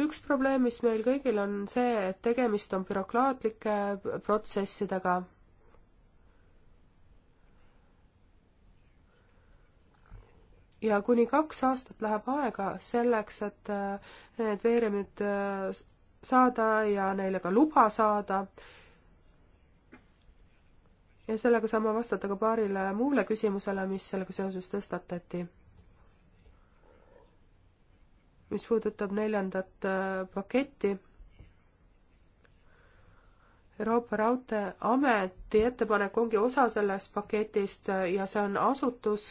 üks probleem, mis meil kõigil on see, et tegemist on bürokraatlike protsessidega. ja kuni kaks aastat läheb aega selleks, et äh, need veeremid äh, saada ja neile ka luba saada. ja sellega saame vastata ka paarile muule küsimusele, mis sellega seoses tõstatati mis puudutab neljandat äh, paketti. Euroopa Raudteeameti ettepanek ongi osa sellest paketist äh, ja see on asutus,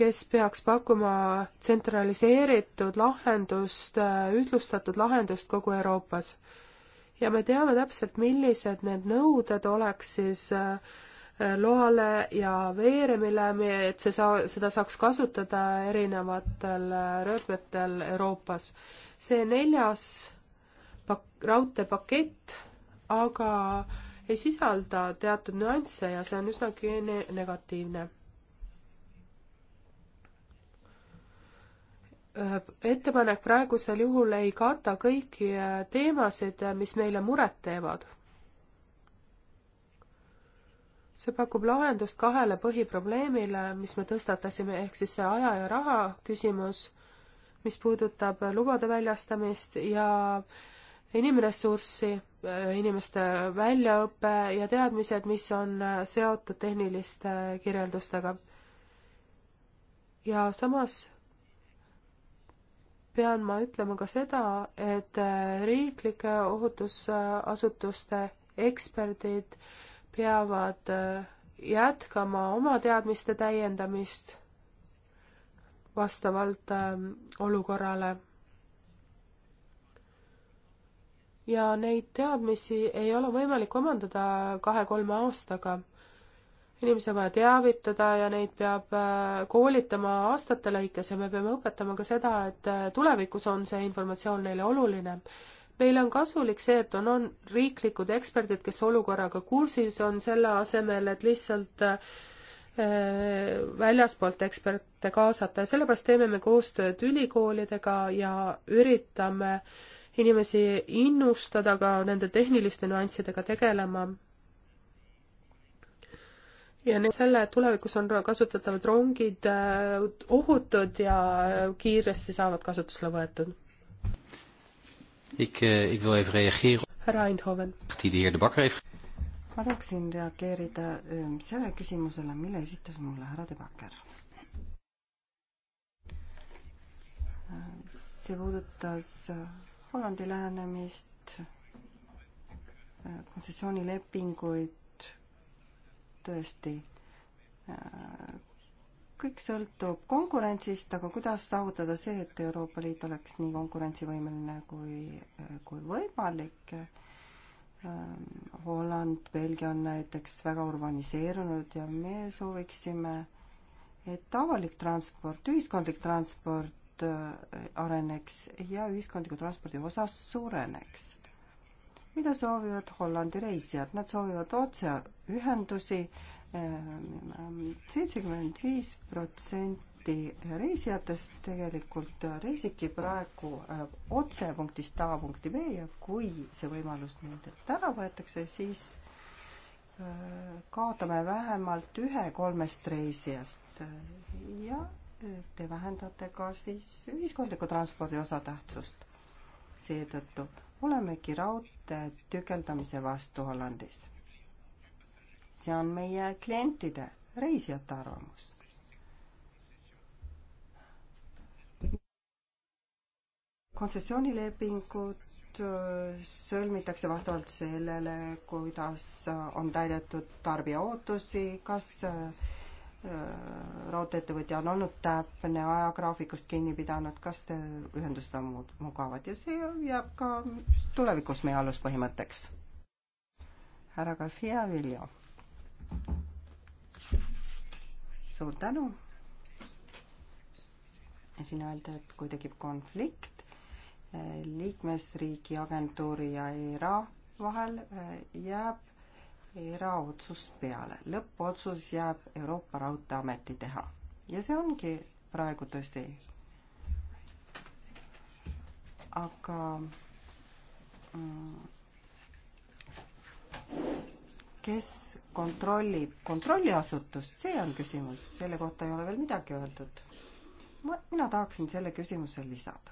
kes peaks pakkuma tsentraliseeritud lahendust, äh, ühtlustatud lahendust kogu Euroopas. ja me teame täpselt, millised need nõuded oleks siis äh, lohale ja veeremile, et see saa-, seda saaks kasutada erinevatel äh, rööpmetel Euroopas. see neljas pak-, raudteepakett aga ei sisalda teatud nüansse ja see on üsnagi ne-, negatiivne ettepanek praegusel juhul ei kata kõiki äh, teemasid, äh, mis meile muret teevad see pakub lahendust kahele põhiprobleemile, mis me tõstatasime, ehk siis see aja ja raha küsimus, mis puudutab lubade väljastamist ja inimressurssi, inimeste väljaõpe ja teadmised, mis on seotud tehniliste kirjeldustega. ja samas pean ma ütlema ka seda, et riiklike ohutusasutuste eksperdid äh, peavad äh, jätkama oma teadmiste täiendamist vastavalt äh, olukorrale. ja neid teadmisi ei ole võimalik omandada kahe-kolme aastaga inimesi on vaja teavitada ja neid peab äh, koolitama aastate lõikes ja me peame õpetama ka seda, et tulevikus on see informatsioon neile oluline meile on kasulik see, et on, on riiklikud eksperdid, kes olukorraga kursis on, selle asemel, et lihtsalt äh, väljaspoolt eksperte kaasata ja sellepärast teeme me koostööd ülikoolidega ja üritame inimesi innustada ka nende tehniliste nüanssidega tegelema. ja selle tulevikus on kasutatavad rongid äh, ohutud ja äh, kiiresti saavad kasutusele võetud Ik, eh, ik wil even reageren. härra Eindhoven. die heer De Bakker heeft. ma tahaksin reageerida ehm, selle küsimusele, mille esitas mulle härra De Bakker. see puudutas eh, Hollandi lähenemist, eh, kontsessioonilepinguid, tõesti kõik sõltub konkurentsist, aga kuidas saavutada see, et Euroopa Liit oleks nii konkurentsivõimeline kui, kui võimalik. Ähm, Holland, Belgia on näiteks väga urbaniseerunud ja me sooviksime, et avalik transport, ühiskondlik transport äh, areneks ja ühiskondliku transpordi osas suureneks. mida soovivad Hollandi reisijad, nad soovivad otse ühendusi. Ähm, seitsekümmend viis protsenti reisijatest tegelikult reisibki praegu äh, otse punktist A punkti B ja kui see võimalus nendelt ära võetakse, siis äh, kaotame vähemalt ühe kolmest reisijast ja te vähendate ka siis ühiskondliku transpordi osatähtsust. seetõttu olemegi raudtee tükeldamise vastu Hollandis see on meie klientide, reisijate arvamus. kontsessioonilepingud äh, sõlmitakse vastavalt sellele, kuidas on täidetud tarbija ootusi, kas äh, raudtee-ettevõtja on olnud täpne, ajagraafikust kinni pidanud, kas ühendused on mugavad ja see jääb ka tulevikus meie aluspõhimõtteks. härra Garcia Viljo suur tänu. ja siin öeldi, et kui tekib konflikt eh, liikmesriigi agentuuri ja ERA vahel, eh, jääb ERA otsus peale. lõppotsus jääb Euroopa Raudteeameti teha ja see ongi praegu tõsi. aga mm, kes kontrollib kontrolliasutust, see on küsimus, selle kohta ei ole veel midagi öeldud. ma, mina tahaksin selle küsimuse lisada.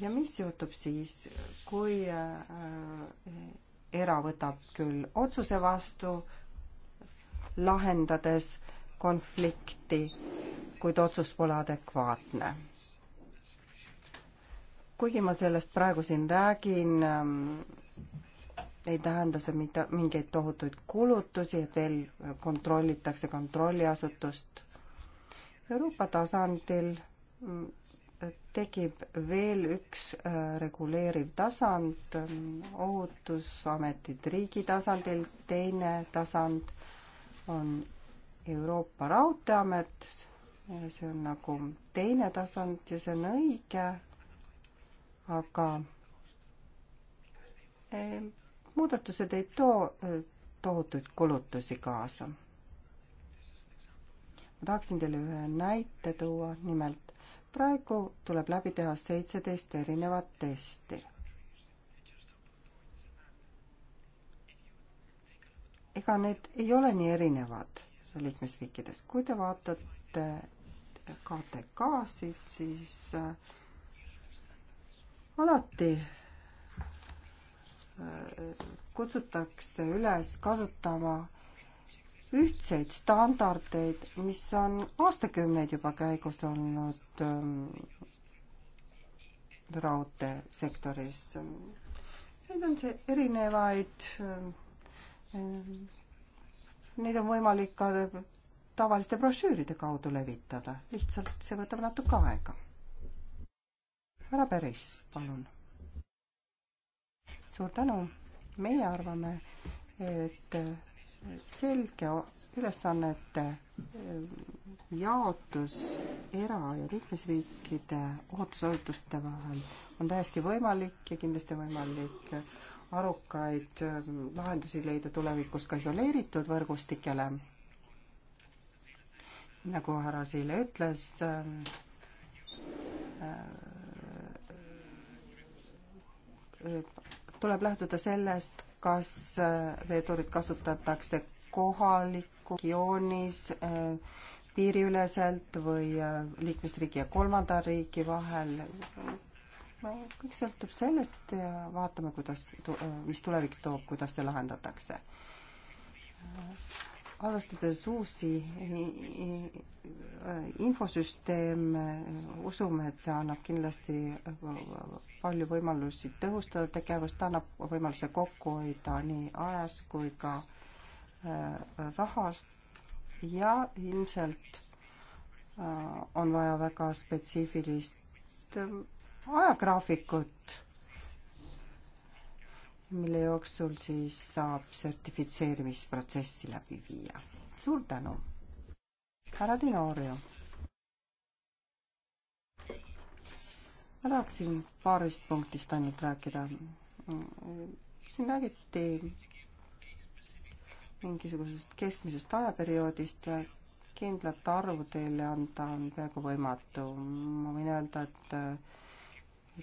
ja mis juhtub siis, kui äh, era võtab küll otsuse vastu, lahendades konflikti, kuid otsus pole adekvaatne kuigi ma sellest praegu siin räägin, ähm, ei tähenda see mida, mingeid tohutuid kulutusi, et veel kontrollitakse kontrolliasutust. Euroopa tasandil mm, tekib veel üks äh, reguleeriv tasand, mm, ohutusametid riigi tasandil, teine tasand on Euroopa Raudteeamet, see on nagu teine tasand ja see on õige, aga eh, muudatused ei too äh, tohutuid kulutusi kaasa. ma tahaksin teile ühe näite tuua, nimelt praegu tuleb läbi teha seitseteist erinevat testi. ega need ei ole nii erinevad liikmesriikides, kui te vaatate KTK-sid, siis äh, alati kutsutakse üles kasutama ühtseid standardeid, mis on aastakümneid juba käigus olnud ähm, raudteesektoris. Neid on see erinevaid, ähm, neid on võimalik ka tavaliste brošüüride kaudu levitada, lihtsalt see võtab natuke aega. härra Päris, palun suur tänu. meie arvame, et selge ülesannete eh, jaotus era- ja liikmesriikide ohutusasutuste vahel on täiesti võimalik ja kindlasti on võimalik arukaid eh, lahendusi leida tulevikus ka isoleeritud võrgustikele. nagu härra Siile ütles, eh, tuleb lähtuda sellest, kas äh, veeturit kasutatakse kohaliku regioonis äh, piiriüleselt või äh, liikmesriigi ja kolmanda riigi vahel. kõik sõltub sellest ja vaatame, kuidas, mis tulevik toob, kuidas see lahendatakse arvestades uusi infosüsteeme, usume, et see annab kindlasti palju võimalusi tõhustada tegevust, annab võimaluse kokku hoida nii ajas kui ka äh, rahast ja ilmselt äh, on vaja väga spetsiifilist äh, ajagraafikut mille jooksul siis saab sertifitseerimisprotsessi läbi viia. suur tänu, härra Dinorio. ma tahaksin paarist punktist ainult rääkida. siin räägiti mingisugusest keskmisest ajaperioodist, kindlat arvu teile anda on peaaegu võimatu. ma võin öelda, et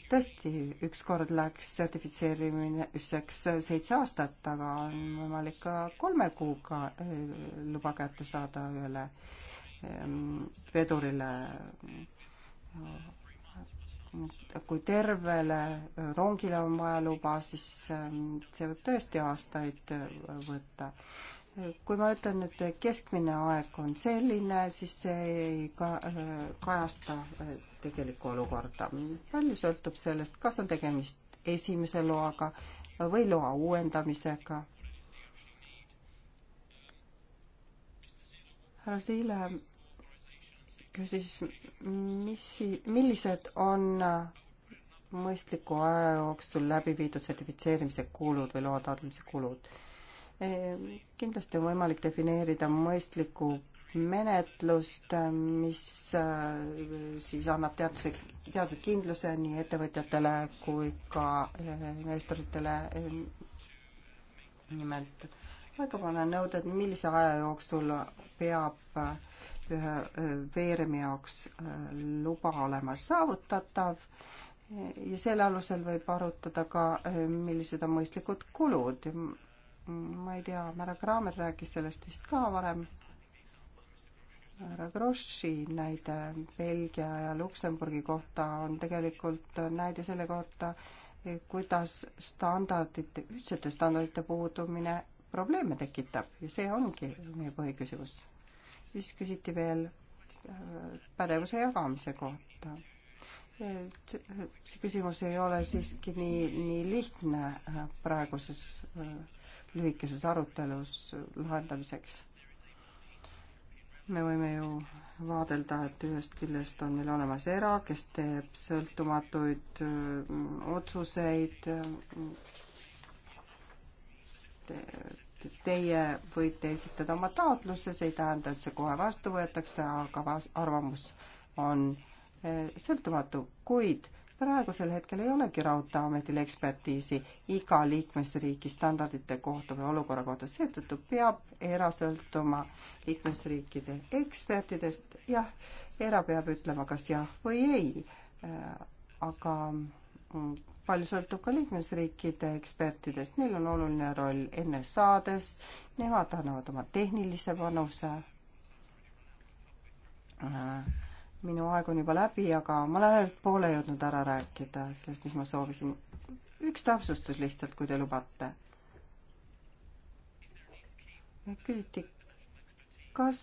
tõesti, ükskord läks sertifitseerimiseks seitse aastat, aga on võimalik ka kolme kuuga äh, luba kätte saada ühele ähm, vedurile. kui tervele rongile on vaja luba, siis ähm, see võib tõesti aastaid äh, võtta kui ma ütlen, et keskmine aeg on selline, siis see ei ka, äh, kajasta tegelikku olukorda. palju sõltub sellest, kas on tegemist esimese loaga või loa uuendamisega. härra Siile küsis, mis, millised on mõistliku aja jooksul läbi viidud sertifitseerimise kulud või loa taotlemise kulud. Eh, kindlasti on võimalik defineerida mõistliku menetlust, mis äh, siis annab teaduse, teatud kindluse nii ettevõtjatele kui ka äh, investoritele. Äh, nimelt paika panna nõuded, millise aja jooksul peab ühe veeremi jaoks luba olema saavutatav ja selle alusel võib arutada ka, millised on mõistlikud kulud. ma ei tea, härra Kraamer rääkis sellest vist ka varem härra Grossi näide Belgia ja Luksemburgi kohta on tegelikult näide selle kohta, kuidas standardite, ühtsete standardite puudumine probleeme tekitab ja see ongi meie põhiküsimus. siis küsiti veel äh, pädevuse jagamise kohta. see küsimus ei ole siiski nii, nii lihtne äh, praeguses äh, lühikeses arutelus lahendamiseks me võime ju vaadelda, et ühest küljest on meil olemas era, kes teeb sõltumatuid mm, otsuseid. Teie võite esitada oma taotluse, see ei tähenda, et see kohe vastu võetakse, aga arvamus on eh, sõltumatu, kuid praegusel hetkel ei olegi Raudteeametil ekspertiisi iga liikmesriigi standardite kohta või olukorra kohta, seetõttu peab ERA sõltuma liikmesriikide ekspertidest, jah, ERA peab ütlema kas jah või ei, äh, aga mm, palju sõltub ka liikmesriikide ekspertidest, neil on oluline roll NSA-des, nemad annavad oma tehnilise panuse äh minu aeg on juba läbi, aga ma olen ainult poole jõudnud ära rääkida sellest, mis ma soovisin. üks täpsustus lihtsalt, kui te lubate. küsiti, kas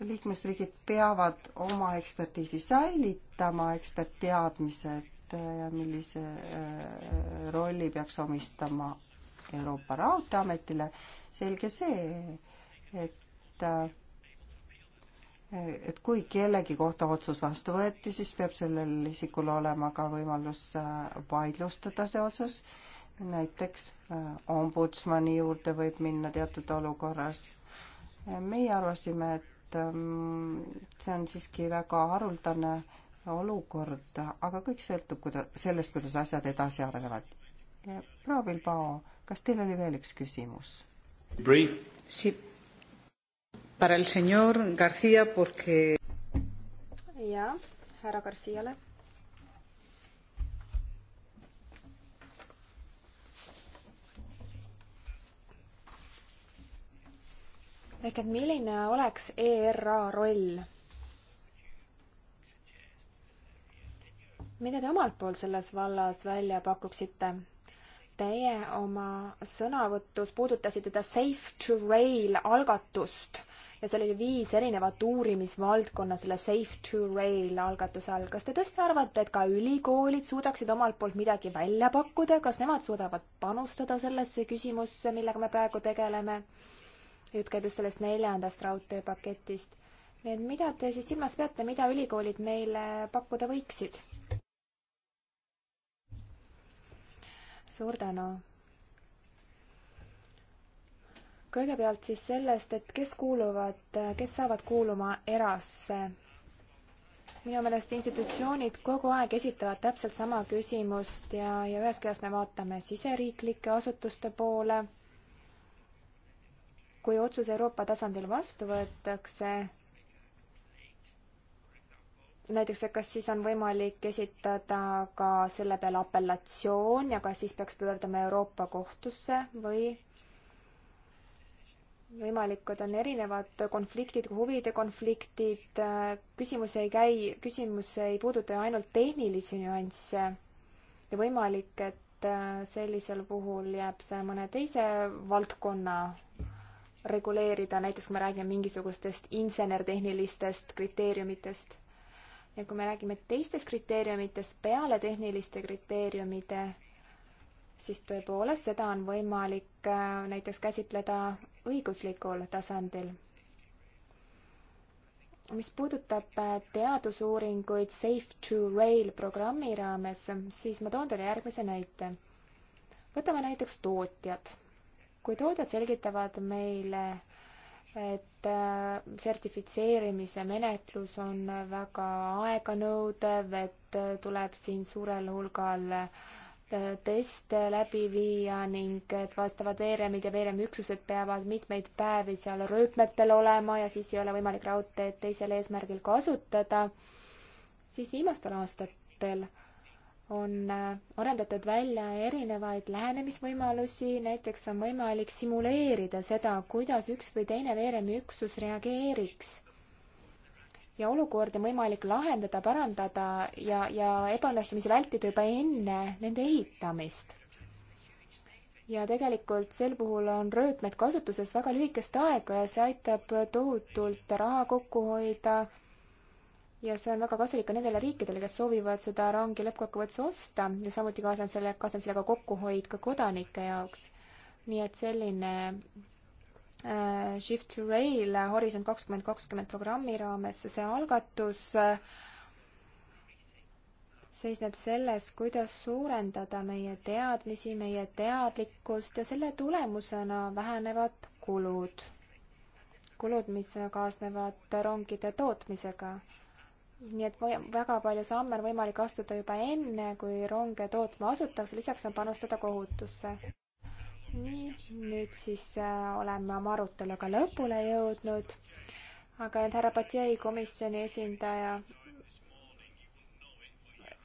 liikmesriigid peavad oma ekspertiisi säilitama, ekspertteadmised ja millise äh, rolli peaks omistama Euroopa Raudteeametile. selge see, et äh, et kui kellegi kohta otsus vastu võeti, siis peab sellel isikul olema ka võimalus äh, vaidlustada see otsus. näiteks äh, ombudsmani juurde võib minna teatud olukorras. Äh, meie arvasime, et ähm, see on siiski väga haruldane olukord, aga kõik sõltub kuida-, sellest, kuidas asjad edasi arenevad. proua Bilbao, kas teil oli veel üks küsimus? Brief para el señor García porque ja härra Garciale. ehk et milline oleks ERA roll? mida te omalt poolt selles vallas välja pakuksite? Teie oma sõnavõtus puudutasite seda Safe to Rail algatust ja seal oli viis erinevat uurimisvaldkonna selle Safe to Rail algatuse all. kas te tõesti arvate, et ka ülikoolid suudaksid omalt poolt midagi välja pakkuda, kas nemad suudavad panustada sellesse küsimusse, millega me praegu tegeleme? jutt käib just sellest neljandast raudteepaketist. nii et mida te siis silmas peate, mida ülikoolid meile pakkuda võiksid? suur tänu kõigepealt siis sellest, et kes kuuluvad, kes saavad kuuluma erasse. minu meelest institutsioonid kogu aeg esitavad täpselt sama küsimust ja, ja ühest küljest me vaatame siseriiklike asutuste poole. kui otsus Euroopa tasandil vastu võetakse, näiteks, et kas siis on võimalik esitada ka selle peale apellatsioon ja kas siis peaks pöörduma Euroopa Kohtusse või võimalikud on erinevad konfliktid, huvide konfliktid, küsimus ei käi, küsimus ei puuduta ainult tehnilisi nüansse ja võimalik, et äh, sellisel puhul jääb see mõne teise valdkonna reguleerida, näiteks kui me räägime mingisugustest insenertehnilistest kriteeriumitest. ja kui me räägime teistest kriteeriumitest peale tehniliste kriteeriumide, siis tõepoolest seda on võimalik äh, näiteks käsitleda õiguslikul tasandil. mis puudutab äh, teadusuuringuid Safe to Rail programmi raames, siis ma toon teile järgmise näite. võtame näiteks tootjad. kui tootjad selgitavad meile, et äh, sertifitseerimise menetlus on väga aeganõudev, et tuleb siin suurel hulgal äh, Äh, teste läbi viia ning et vastavad veeremid ja veeremiüksused peavad mitmeid päevi seal rööpmetel olema ja siis ei ole võimalik raudteed teisel eesmärgil kasutada, siis viimastel aastatel on äh, arendatud välja erinevaid lähenemisvõimalusi, näiteks on võimalik simuleerida seda, kuidas üks või teine veeremiüksus reageeriks ja olukordi on võimalik lahendada, parandada ja, ja ebaõnnestumisi vältida juba enne nende ehitamist ja tegelikult sel puhul on rööpmed kasutuses väga lühikest aega ja see aitab tohutult raha kokku hoida. ja see on väga kasulik ka nendele riikidele, kes soovivad seda rangi lõppkokkuvõttes osta ja samuti kaasneb selle, kaasneb sellega kokkuhoid ka kodanike jaoks. nii et selline Äh, Shift to Rail äh, Horisont kakskümmend kakskümmend programmi raames, see algatus äh, seisneb selles, kuidas suurendada meie teadmisi, meie teadlikkust ja selle tulemusena vähenevad kulud. kulud, mis kaasnevad rongide tootmisega. nii et väga palju samme on võimalik astuda juba enne, kui ronge tootma asutakse, lisaks on panustada kohutusse nii, nüüd siis äh, oleme oma aruteluga lõpule jõudnud. aga nüüd härra Patjei, komisjoni esindaja.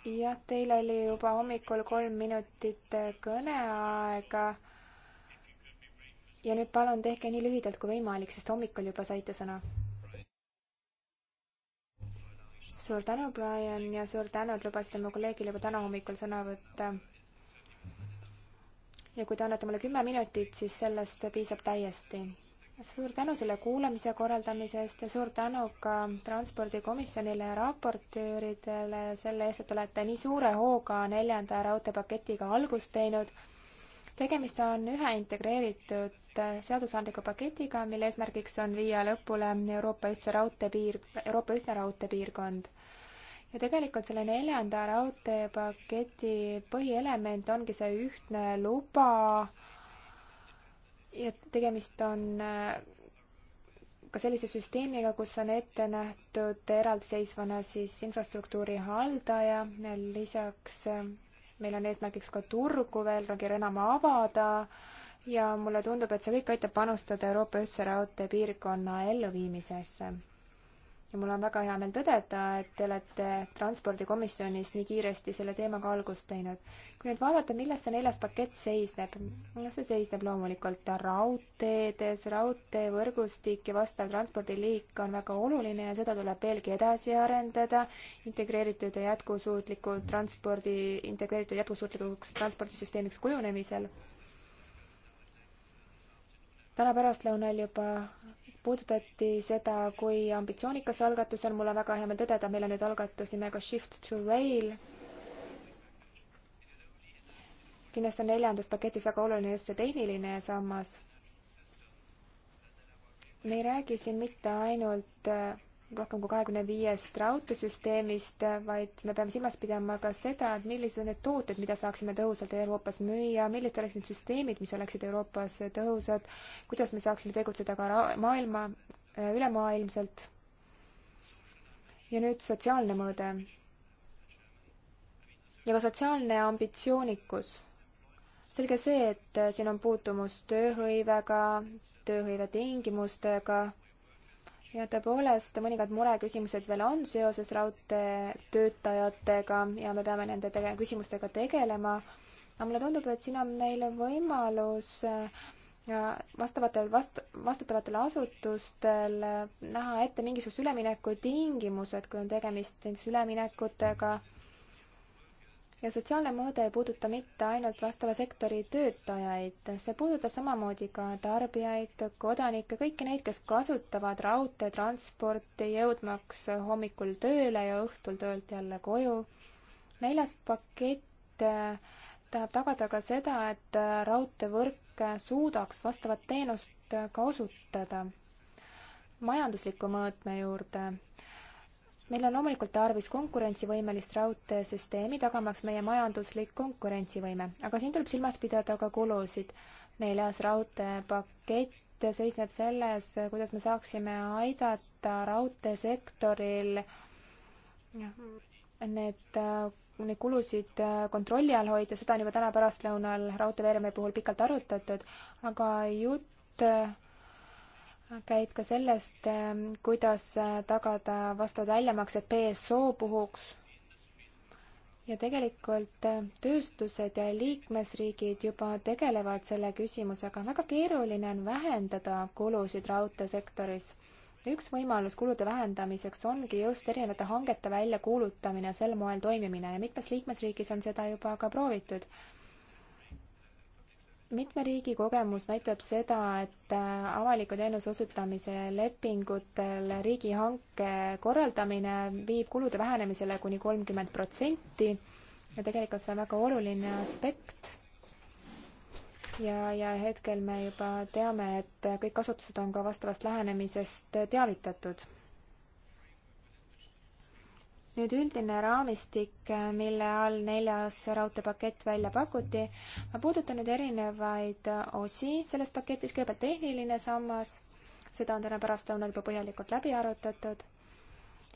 jah, teil oli juba hommikul kolm minutit äh, kõneaega. ja nüüd palun tehke nii lühidalt kui võimalik, sest hommikul juba saite sõna. suur tänu, Brian, ja suur tänu, et lubasite mu kolleegil juba täna hommikul sõna võtta ja kui te annate mulle kümme minutit, siis sellest piisab täiesti. suur tänu selle kuulamise korraldamise eest ja suur tänu ka Transpordikomisjonile ja raportööridele selle eest, et olete nii suure hooga neljanda raudteepaketiga algust teinud tegemist on ühe integreeritud seadusandliku paketiga, mille eesmärgiks on viia lõpule Euroopa ühtse raudteepiir, Euroopa ühtne raudteepiirkond ja tegelikult selle neljanda raudteepaketi põhielement ongi see ühtne luba ja tegemist on äh, ka sellise süsteemiga, kus on ette nähtud eraldiseisvana siis infrastruktuuri haldaja, lisaks äh, meil on eesmärgiks ka turgu veel veelgi enam avada ja mulle tundub, et see kõik aitab panustada Euroopa ühtse raudteepiirkonna elluviimisesse ja mul on väga hea meel tõdeda, et te olete transpordikomisjonis nii kiiresti selle teemaga algust teinud. kui nüüd vaadata, milles see neljas pakett seisneb, no see seisneb loomulikult raudteedes, raudteevõrgustik ja vastav transpordiliik on väga oluline ja seda tuleb veelgi edasi arendada, integreeritud ja jätkusuutliku transpordi, integreeritud jätkusuutlikuks transpordisüsteemiks kujunemisel. täna pärastlõunal juba puudutati seda kui ambitsioonikas algatus on, mul on väga hea meel tõdeda, et meil on nüüd algatus nimega nagu Shift to Rail. kindlasti on neljandas paketis väga oluline just see tehniline sammas. me ei räägi siin mitte ainult äh, rohkem kui kahekümne viiest raudteesüsteemist, vaid me peame silmas pidama ka seda, et millised on need tooted, mida saaksime tõhusalt Euroopas müüa, millised oleks need süsteemid, mis oleksid Euroopas tõhusad, kuidas me saaksime tegutseda ka maailma, äh, ülemaailmselt. ja nüüd sotsiaalne mõõde. ja ka sotsiaalne ambitsioonikus selge see, et äh, siin on puutumus tööhõivega, tööhõive tingimustega ja tõepoolest, mõningad mureküsimused veel on seoses raudteetöötajatega ja me peame nende tege-, küsimustega tegelema. aga mulle tundub, et siin on meil võimalus äh, vastavatel vast-, vastutavatel asutustel näha ette mingisugused üleminekutingimused, kui on tegemist näiteks üleminekutega äh, ja sotsiaalne mõõde ei puuduta mitte ainult vastava sektori töötajaid, see puudutab samamoodi ka tarbijaid, kodanikke, kõiki neid, kes kasutavad raudteetransporti, jõudmaks hommikul tööle ja õhtul töölt jälle koju. neljas pakett äh, tahab tagada ka seda, et äh, raudteevõrk äh, suudaks vastavat teenust ka osutada. majandusliku mõõtme juurde meil on loomulikult tarvis konkurentsivõimelist raudteesüsteemi, tagamaks meie majanduslik konkurentsivõime, aga siin tuleb silmas pidada ka kulusid. neljas raudteepakett seisneb selles, kuidas me saaksime aidata raudteesektoril need, neid kulusid kontrolli all hoida, seda on juba täna pärastlõunal raudteeveeremi puhul pikalt arutatud, aga jutt käib ka sellest, kuidas tagada vastavad väljamaksed BSO puhuks. ja tegelikult tööstused ja liikmesriigid juba tegelevad selle küsimusega. väga keeruline on vähendada kulusid raudteesektoris. üks võimalus kulude vähendamiseks ongi just erinevate hangete väljakuulutamine, sel moel toimimine ja mitmes liikmesriigis on seda juba ka proovitud mitme riigi kogemus näitab seda, et äh, avaliku teenuse osutamise lepingutel riigihanke korraldamine viib kulude vähenemisele kuni kolmkümmend protsenti ja tegelikult see on väga oluline aspekt. ja, ja hetkel me juba teame, et kõik asutused on ka vastavast lähenemisest teavitatud nüüd üldine raamistik, mille all neljas raudteepakett välja pakuti. ma puudutan nüüd erinevaid osi sellest paketist, kõigepealt tehniline sammas, seda on täna pärastlõunal juba põhjalikult läbi arutatud.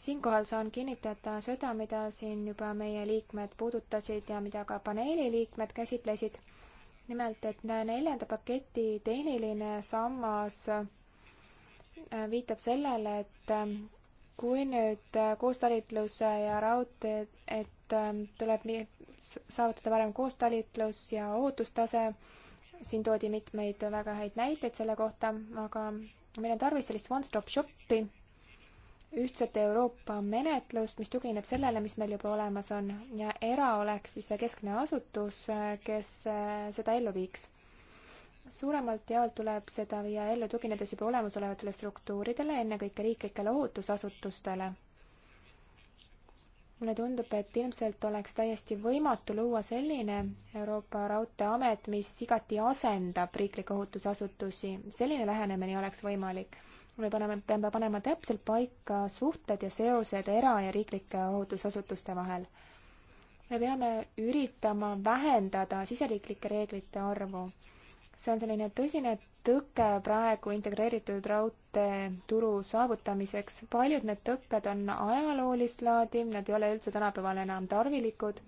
siinkohal saan kinnitada seda, mida siin juba meie liikmed puudutasid ja mida ka paneeli liikmed käsitlesid. nimelt, et neljanda paketi tehniline sammas viitab sellele, et kui nüüd äh, koostalitluse ja raudtee, et ähm, tuleb saavutada parem koostalitlus ja ohutustase, siin toodi mitmeid väga häid näiteid selle kohta, aga meil on tarvis sellist one-stop shop'i, ühtset Euroopa menetlust, mis tugineb sellele, mis meil juba olemas on ja ERA oleks siis see keskne asutus, äh, kes äh, seda ellu viiks suuremalt jaolt tuleb seda viia ellu tuginedes juba olemasolevatele struktuuridele, ennekõike riiklikele ohutusasutustele. mulle tundub, et ilmselt oleks täiesti võimatu luua selline Euroopa Raudteeamet, mis igati asendab riiklikke ohutusasutusi. selline lähenemine ei oleks võimalik. me paneme, peame panema täpselt paika suhted ja seosed era- ja riiklike ohutusasutuste vahel. me peame üritama vähendada siseriiklike reeglite arvu see on selline tõsine tõke praegu integreeritud raudteeturu saavutamiseks. paljud need tõkked on ajaloolist laadi, nad ei ole üldse tänapäeval enam tarvilikud.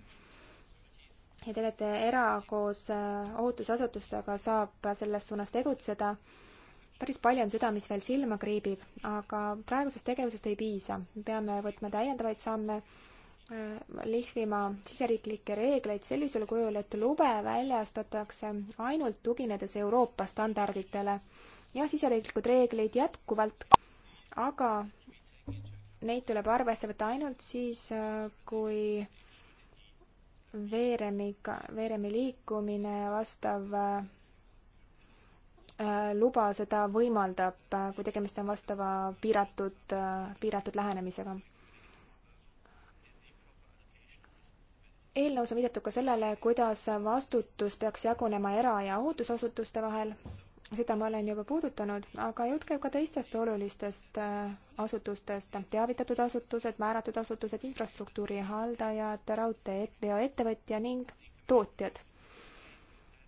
ja tegelikult ERA koos äh, ohutusasutustega saab selles suunas tegutseda. päris palju on seda, mis veel silma kriibib, aga praegusest tegevusest ei piisa. me peame võtma täiendavaid samme lihvima siseriiklikke reegleid sellisel kujul, et lube väljastatakse ainult tuginedes Euroopa standarditele ja siseriiklikud reeglid jätkuvalt, aga neid tuleb arvesse võtta ainult siis, kui veeremiga, veeremi liikumine vastav äh, luba seda võimaldab, äh, kui tegemist on vastava piiratud, äh, piiratud lähenemisega eelnõus on viidatud ka sellele, kuidas vastutus peaks jagunema era- ja ohutusasutuste vahel. seda ma olen juba puudutanud, aga jutt käib ka teistest olulistest äh, asutustest, teavitatud asutused, määratud asutused, infrastruktuuri haldajad, raudteeveoettevõtja ning tootjad.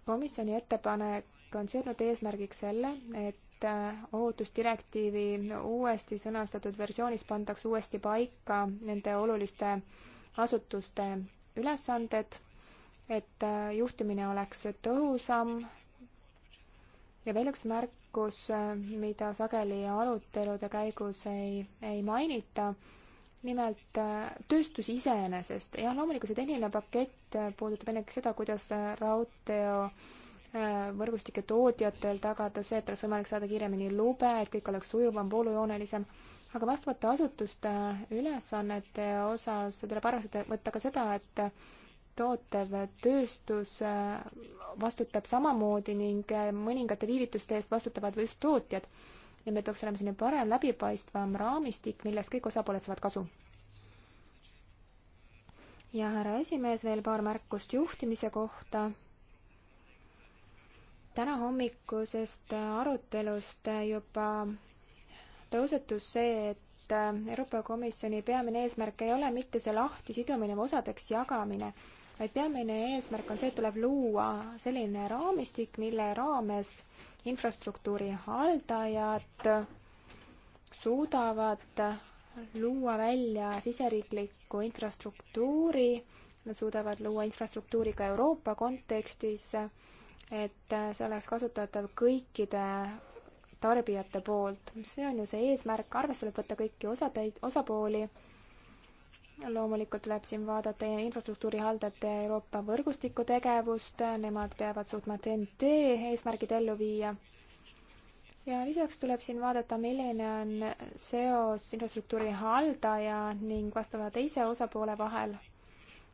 komisjoni ettepanek on seadnud eesmärgiks selle, et et äh, ohutusdirektiivi uuesti sõnastatud versioonis pandaks uuesti paika nende oluliste asutuste ülesanded, et äh, juhtimine oleks tõhusam. ja veel üks märkus, äh, mida sageli arutelude käigus ei, ei mainita nimelt äh, tööstus iseenesest, jah, loomulikult see tehniline pakett puudutab ennekõike seda, kuidas raudtee võrgustike tootjatel tagada see, et oleks võimalik saada kiiremini lube, et kõik oleks sujuvam, voolujoonelisem, aga vastavate asutuste ülesannete osas tuleb arvestada, võtta ka seda, et tootev tööstus äh, vastutab samamoodi ning äh, mõningate viivituste eest vastutavad just tootjad. ja meil peaks olema selline parem läbipaistvam raamistik, millest kõik osapooled saavad kasu. ja härra esimees, veel paar märkust juhtimise kohta täna hommikusest arutelust juba tõusetus see, et äh, Euroopa Komisjoni peamine eesmärk ei ole mitte see lahtisidumine või osadeks jagamine, vaid peamine eesmärk on see, et tuleb luua selline raamistik, mille raames infrastruktuuri haldajad suudavad luua välja siseriikliku infrastruktuuri, nad suudavad luua infrastruktuuri ka Euroopa kontekstis, et see oleks kasutatav kõikide tarbijate poolt. see on ju see eesmärk, arvesse tuleb võtta kõiki osatäit-, osapooli. loomulikult tuleb siin vaadata infrastruktuuri haldajate Euroopa võrgustiku tegevust, nemad peavad suutma TNT eesmärgid ellu viia. ja lisaks tuleb siin vaadata, milline on seos infrastruktuuri haldaja ning vastava teise osapoole vahel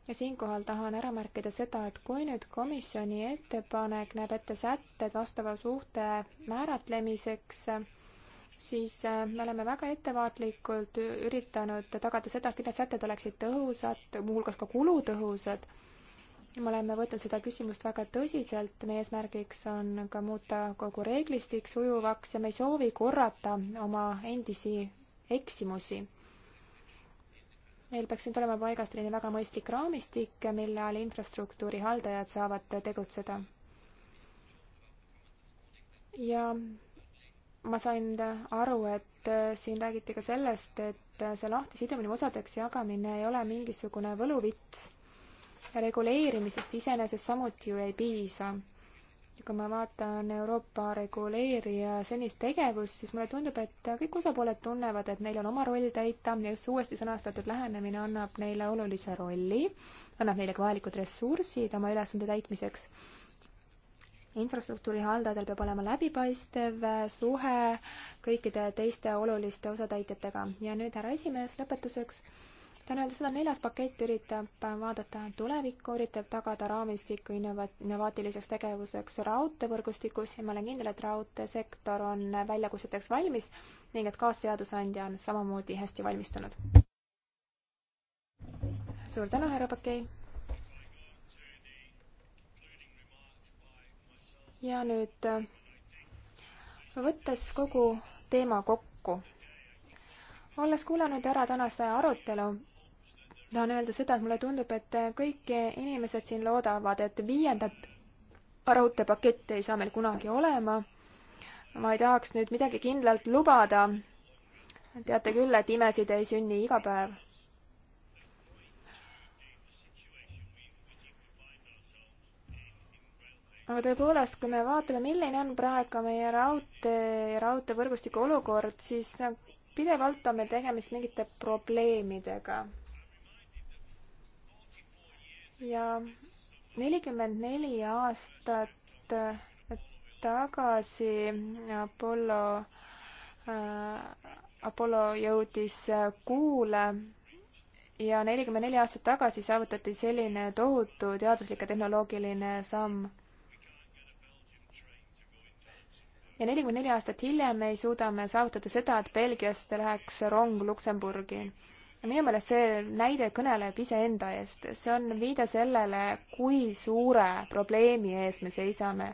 ja siinkohal tahan ära märkida seda, et kui nüüd komisjoni ettepanek näeb ette sätted vastava suhte määratlemiseks, siis äh, me oleme väga ettevaatlikult üritanud tagada seda, et need sätted oleksid tõhusad, muuhulgas ka kulutõhusad. me oleme võtnud seda küsimust väga tõsiselt, meie eesmärgiks on ka muuta kogu reeglistik sujuvaks ja me ei soovi korrata oma endisi eksimusi meil peaks nüüd olema paigas selline väga mõistlik raamistik, mille all infrastruktuuri haldajad saavad tegutseda. ja ma sain aru, et siin räägiti ka sellest, et see lahtisidumine, osadeks jagamine ei ole mingisugune võluvits. reguleerimisest iseenesest samuti ju ei piisa ja kui ma vaatan Euroopa reguleerija senist tegevust, siis mulle tundub, et kõik osapooled tunnevad, et neil on oma roll täita ja just uuesti sõnastatud lähenemine annab neile olulise rolli, annab neile ka vajalikud ressursid oma ülesande täitmiseks infrastruktuuri haldajatel peab olema läbipaistev suhe kõikide teiste oluliste osatäitjatega. ja nüüd, härra esimees, lõpetuseks tahan öelda seda, neljas pakett üritab vaadata tulevikku, üritab tagada raamistiku innova-, innovaatiliseks tegevuseks raudteevõrgustikus ja ma olen kindel, et raudteesektor on väljakutseteks valmis ning et kaasseadusandja on samamoodi hästi valmistunud. suur tänu, härra Pakei! ja nüüd äh, võttes kogu teema kokku olles kuulanud ära tänase arutelu, tahan öelda seda, et mulle tundub, et kõik inimesed siin loodavad, et viiendat raudteepaketti ei saa meil kunagi olema. ma ei tahaks nüüd midagi kindlalt lubada. teate küll, et imesid ei sünni iga päev. aga tõepoolest, kui me vaatame, milline on praegu meie raudtee, raudteevõrgustiku olukord, siis pidevalt on meil tegemist mingite probleemidega ja nelikümmend neli aastat tagasi Apollo, äh, Apollo jõudis Kuule ja nelikümmend neli aastat tagasi saavutati selline tohutu teaduslik ja tehnoloogiline samm. ja nelikümmend neli aastat hiljem ei suuda me saavutada seda, et Belgiast läheks rong Luksemburgi minu meelest see näide kõneleb iseenda eest, see on viide sellele, kui suure probleemi ees me seisame.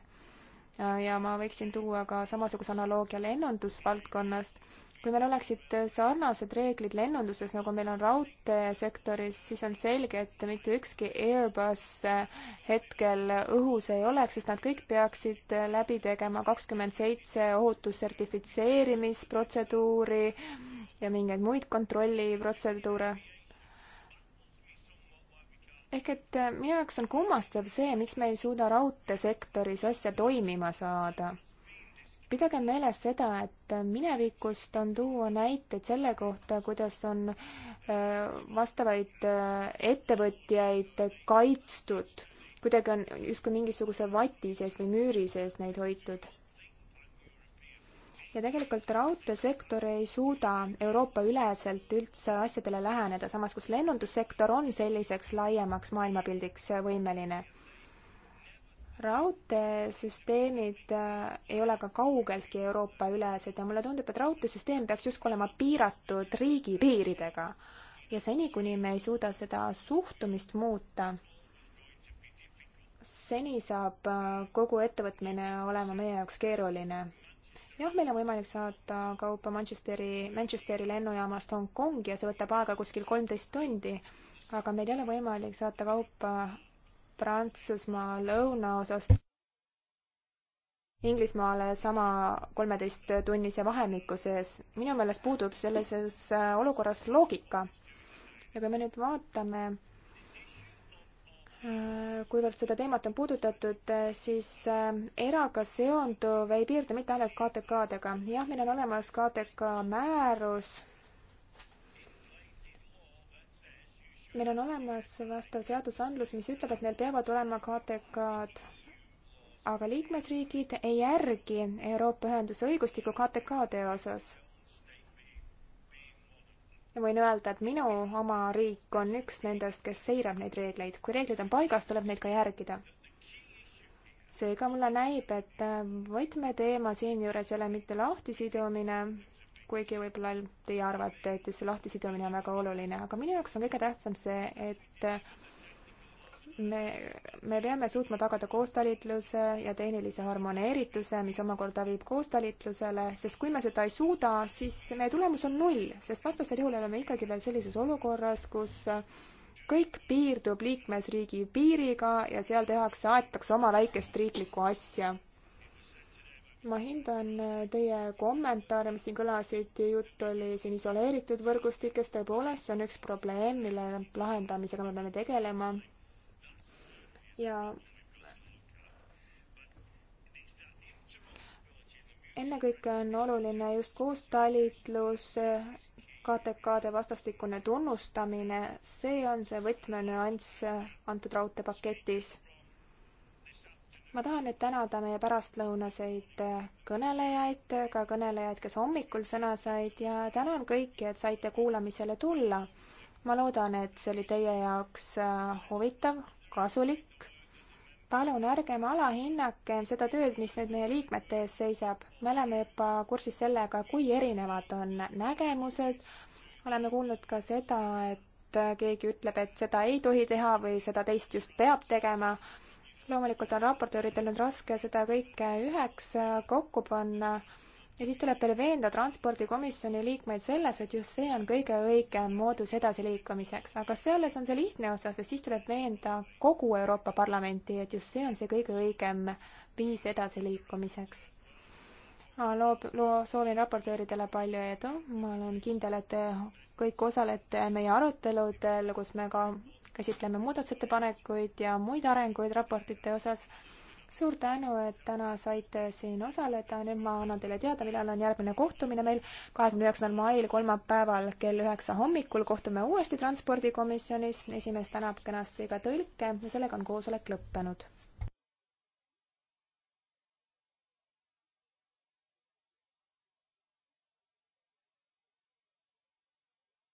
ja ma võiksin tuua ka samasuguse analoogia lennundusvaldkonnast. kui meil oleksid sarnased reeglid lennunduses, nagu meil on raudteesektoris, siis on selge, et mitte ükski Airbus hetkel õhus ei oleks, sest nad kõik peaksid läbi tegema kakskümmend seitse ohutussertifitseerimisprotseduuri ja mingeid muid kontrolliprotseduure. ehk et äh, minu jaoks on kummastav see, miks me ei suuda raudteesektoris asja toimima saada. pidage meeles seda, et äh, minevikust on tuua näiteid selle kohta, kuidas on äh, vastavaid ettevõtjaid kaitstud, kuidagi on justkui mingisuguse vati sees või müüri sees neid hoitud ja tegelikult raudteesektor ei suuda Euroopa-üleselt üldse asjadele läheneda, samas kus lennundussektor on selliseks laiemaks maailmapildiks võimeline. raudteesüsteemid äh, ei ole ka kaugeltki Euroopa-ülesed ja mulle tundub, et raudteesüsteem peaks justkui olema piiratud riigipiiridega. ja seni, kuni me ei suuda seda suhtumist muuta, seni saab äh, kogu ettevõtmine olema meie jaoks keeruline jah, meil on võimalik saata kaupa Manchesteri, Manchesteri lennujaamast Hongkongi ja see võtab aega kuskil kolmteist tundi, aga meil ei ole võimalik saata kaupa Prantsusmaa lõunaosast Inglismaale sama kolmeteisttunnise vahemiku sees. minu meelest puudub sellises äh, olukorras loogika. ja kui me nüüd vaatame Äh, kuivõrd seda teemat on puudutatud, äh, siis äh, eraga seonduv ei piirdu mitte ainult KTK-dega. jah, meil on olemas KTK määrus, meil on olemas vastav seadusandlus, mis ütleb, et meil peavad olema KTK-d, aga liikmesriigid ei järgi Euroopa Ühenduse õigustiku KTK-de osas ja võin öelda, et minu oma riik on üks nendest, kes seirab neid reegleid. kui reeglid on paigas, tuleb neid ka järgida. seega mulle näib, et äh, võtmeteema siinjuures ei ole mitte lahtisidumine, kuigi võib-olla teie arvate, et just see lahtisidumine on väga oluline, aga minu jaoks on kõige tähtsam see, et äh, me, me peame suutma tagada koostalitluse ja tehnilise harmoneerituse, mis omakorda viib koostalitlusele, sest kui me seda ei suuda, siis meie tulemus on null, sest vastasel juhul oleme ikkagi veel sellises olukorras, kus kõik piirdub liikmesriigi piiriga ja seal tehakse, aetakse oma väikest riiklikku asja. ma hindan teie kommentaare, mis siin kõlasid, jutt oli siin isoleeritud võrgustikest, tõepoolest, see on üks probleem, mille lahendamisega me peame tegelema ja ennekõike on oluline just koostalitlus, KTK-de vastastikune tunnustamine, see on see võtmenüanss antud raudteepaketis. ma tahan nüüd tänada meie pärastlõunaseid kõnelejaid, ka kõnelejaid, kes hommikul sõna said ja tänan kõiki, et saite kuulamisele tulla. ma loodan, et see oli teie jaoks huvitav, kasulik palun ärgem alahinnakem seda tööd, mis nüüd meie liikmete ees seisab. me oleme juba kursis sellega, kui erinevad on nägemused. oleme kuulnud ka seda, et keegi ütleb, et seda ei tohi teha või seda teist just peab tegema. loomulikult on raportööridel nüüd raske seda kõike üheks kokku panna ja siis tuleb veel veenda transpordikomisjoni liikmeid selles, et just see on kõige õigem moodus edasiliikumiseks, aga selles on see lihtne osa, sest siis tuleb veenda kogu Euroopa Parlamenti, et just see on see kõige õigem viis edasiliikumiseks loob, loo, soovin raportööridele palju edu, ma olen kindel, et te kõik osalete meie aruteludel, kus me ka käsitleme muudatusettepanekuid ja muid arenguid raportite osas suur tänu, et täna saite siin osaleda, nüüd ma annan teile teada, millal on järgmine kohtumine meil, kahekümne üheksandal mail, kolmapäeval kell üheksa hommikul kohtume uuesti Transpordikomisjonis, esimees tänab kenasti ka tõlke ja sellega on koosolek lõppenud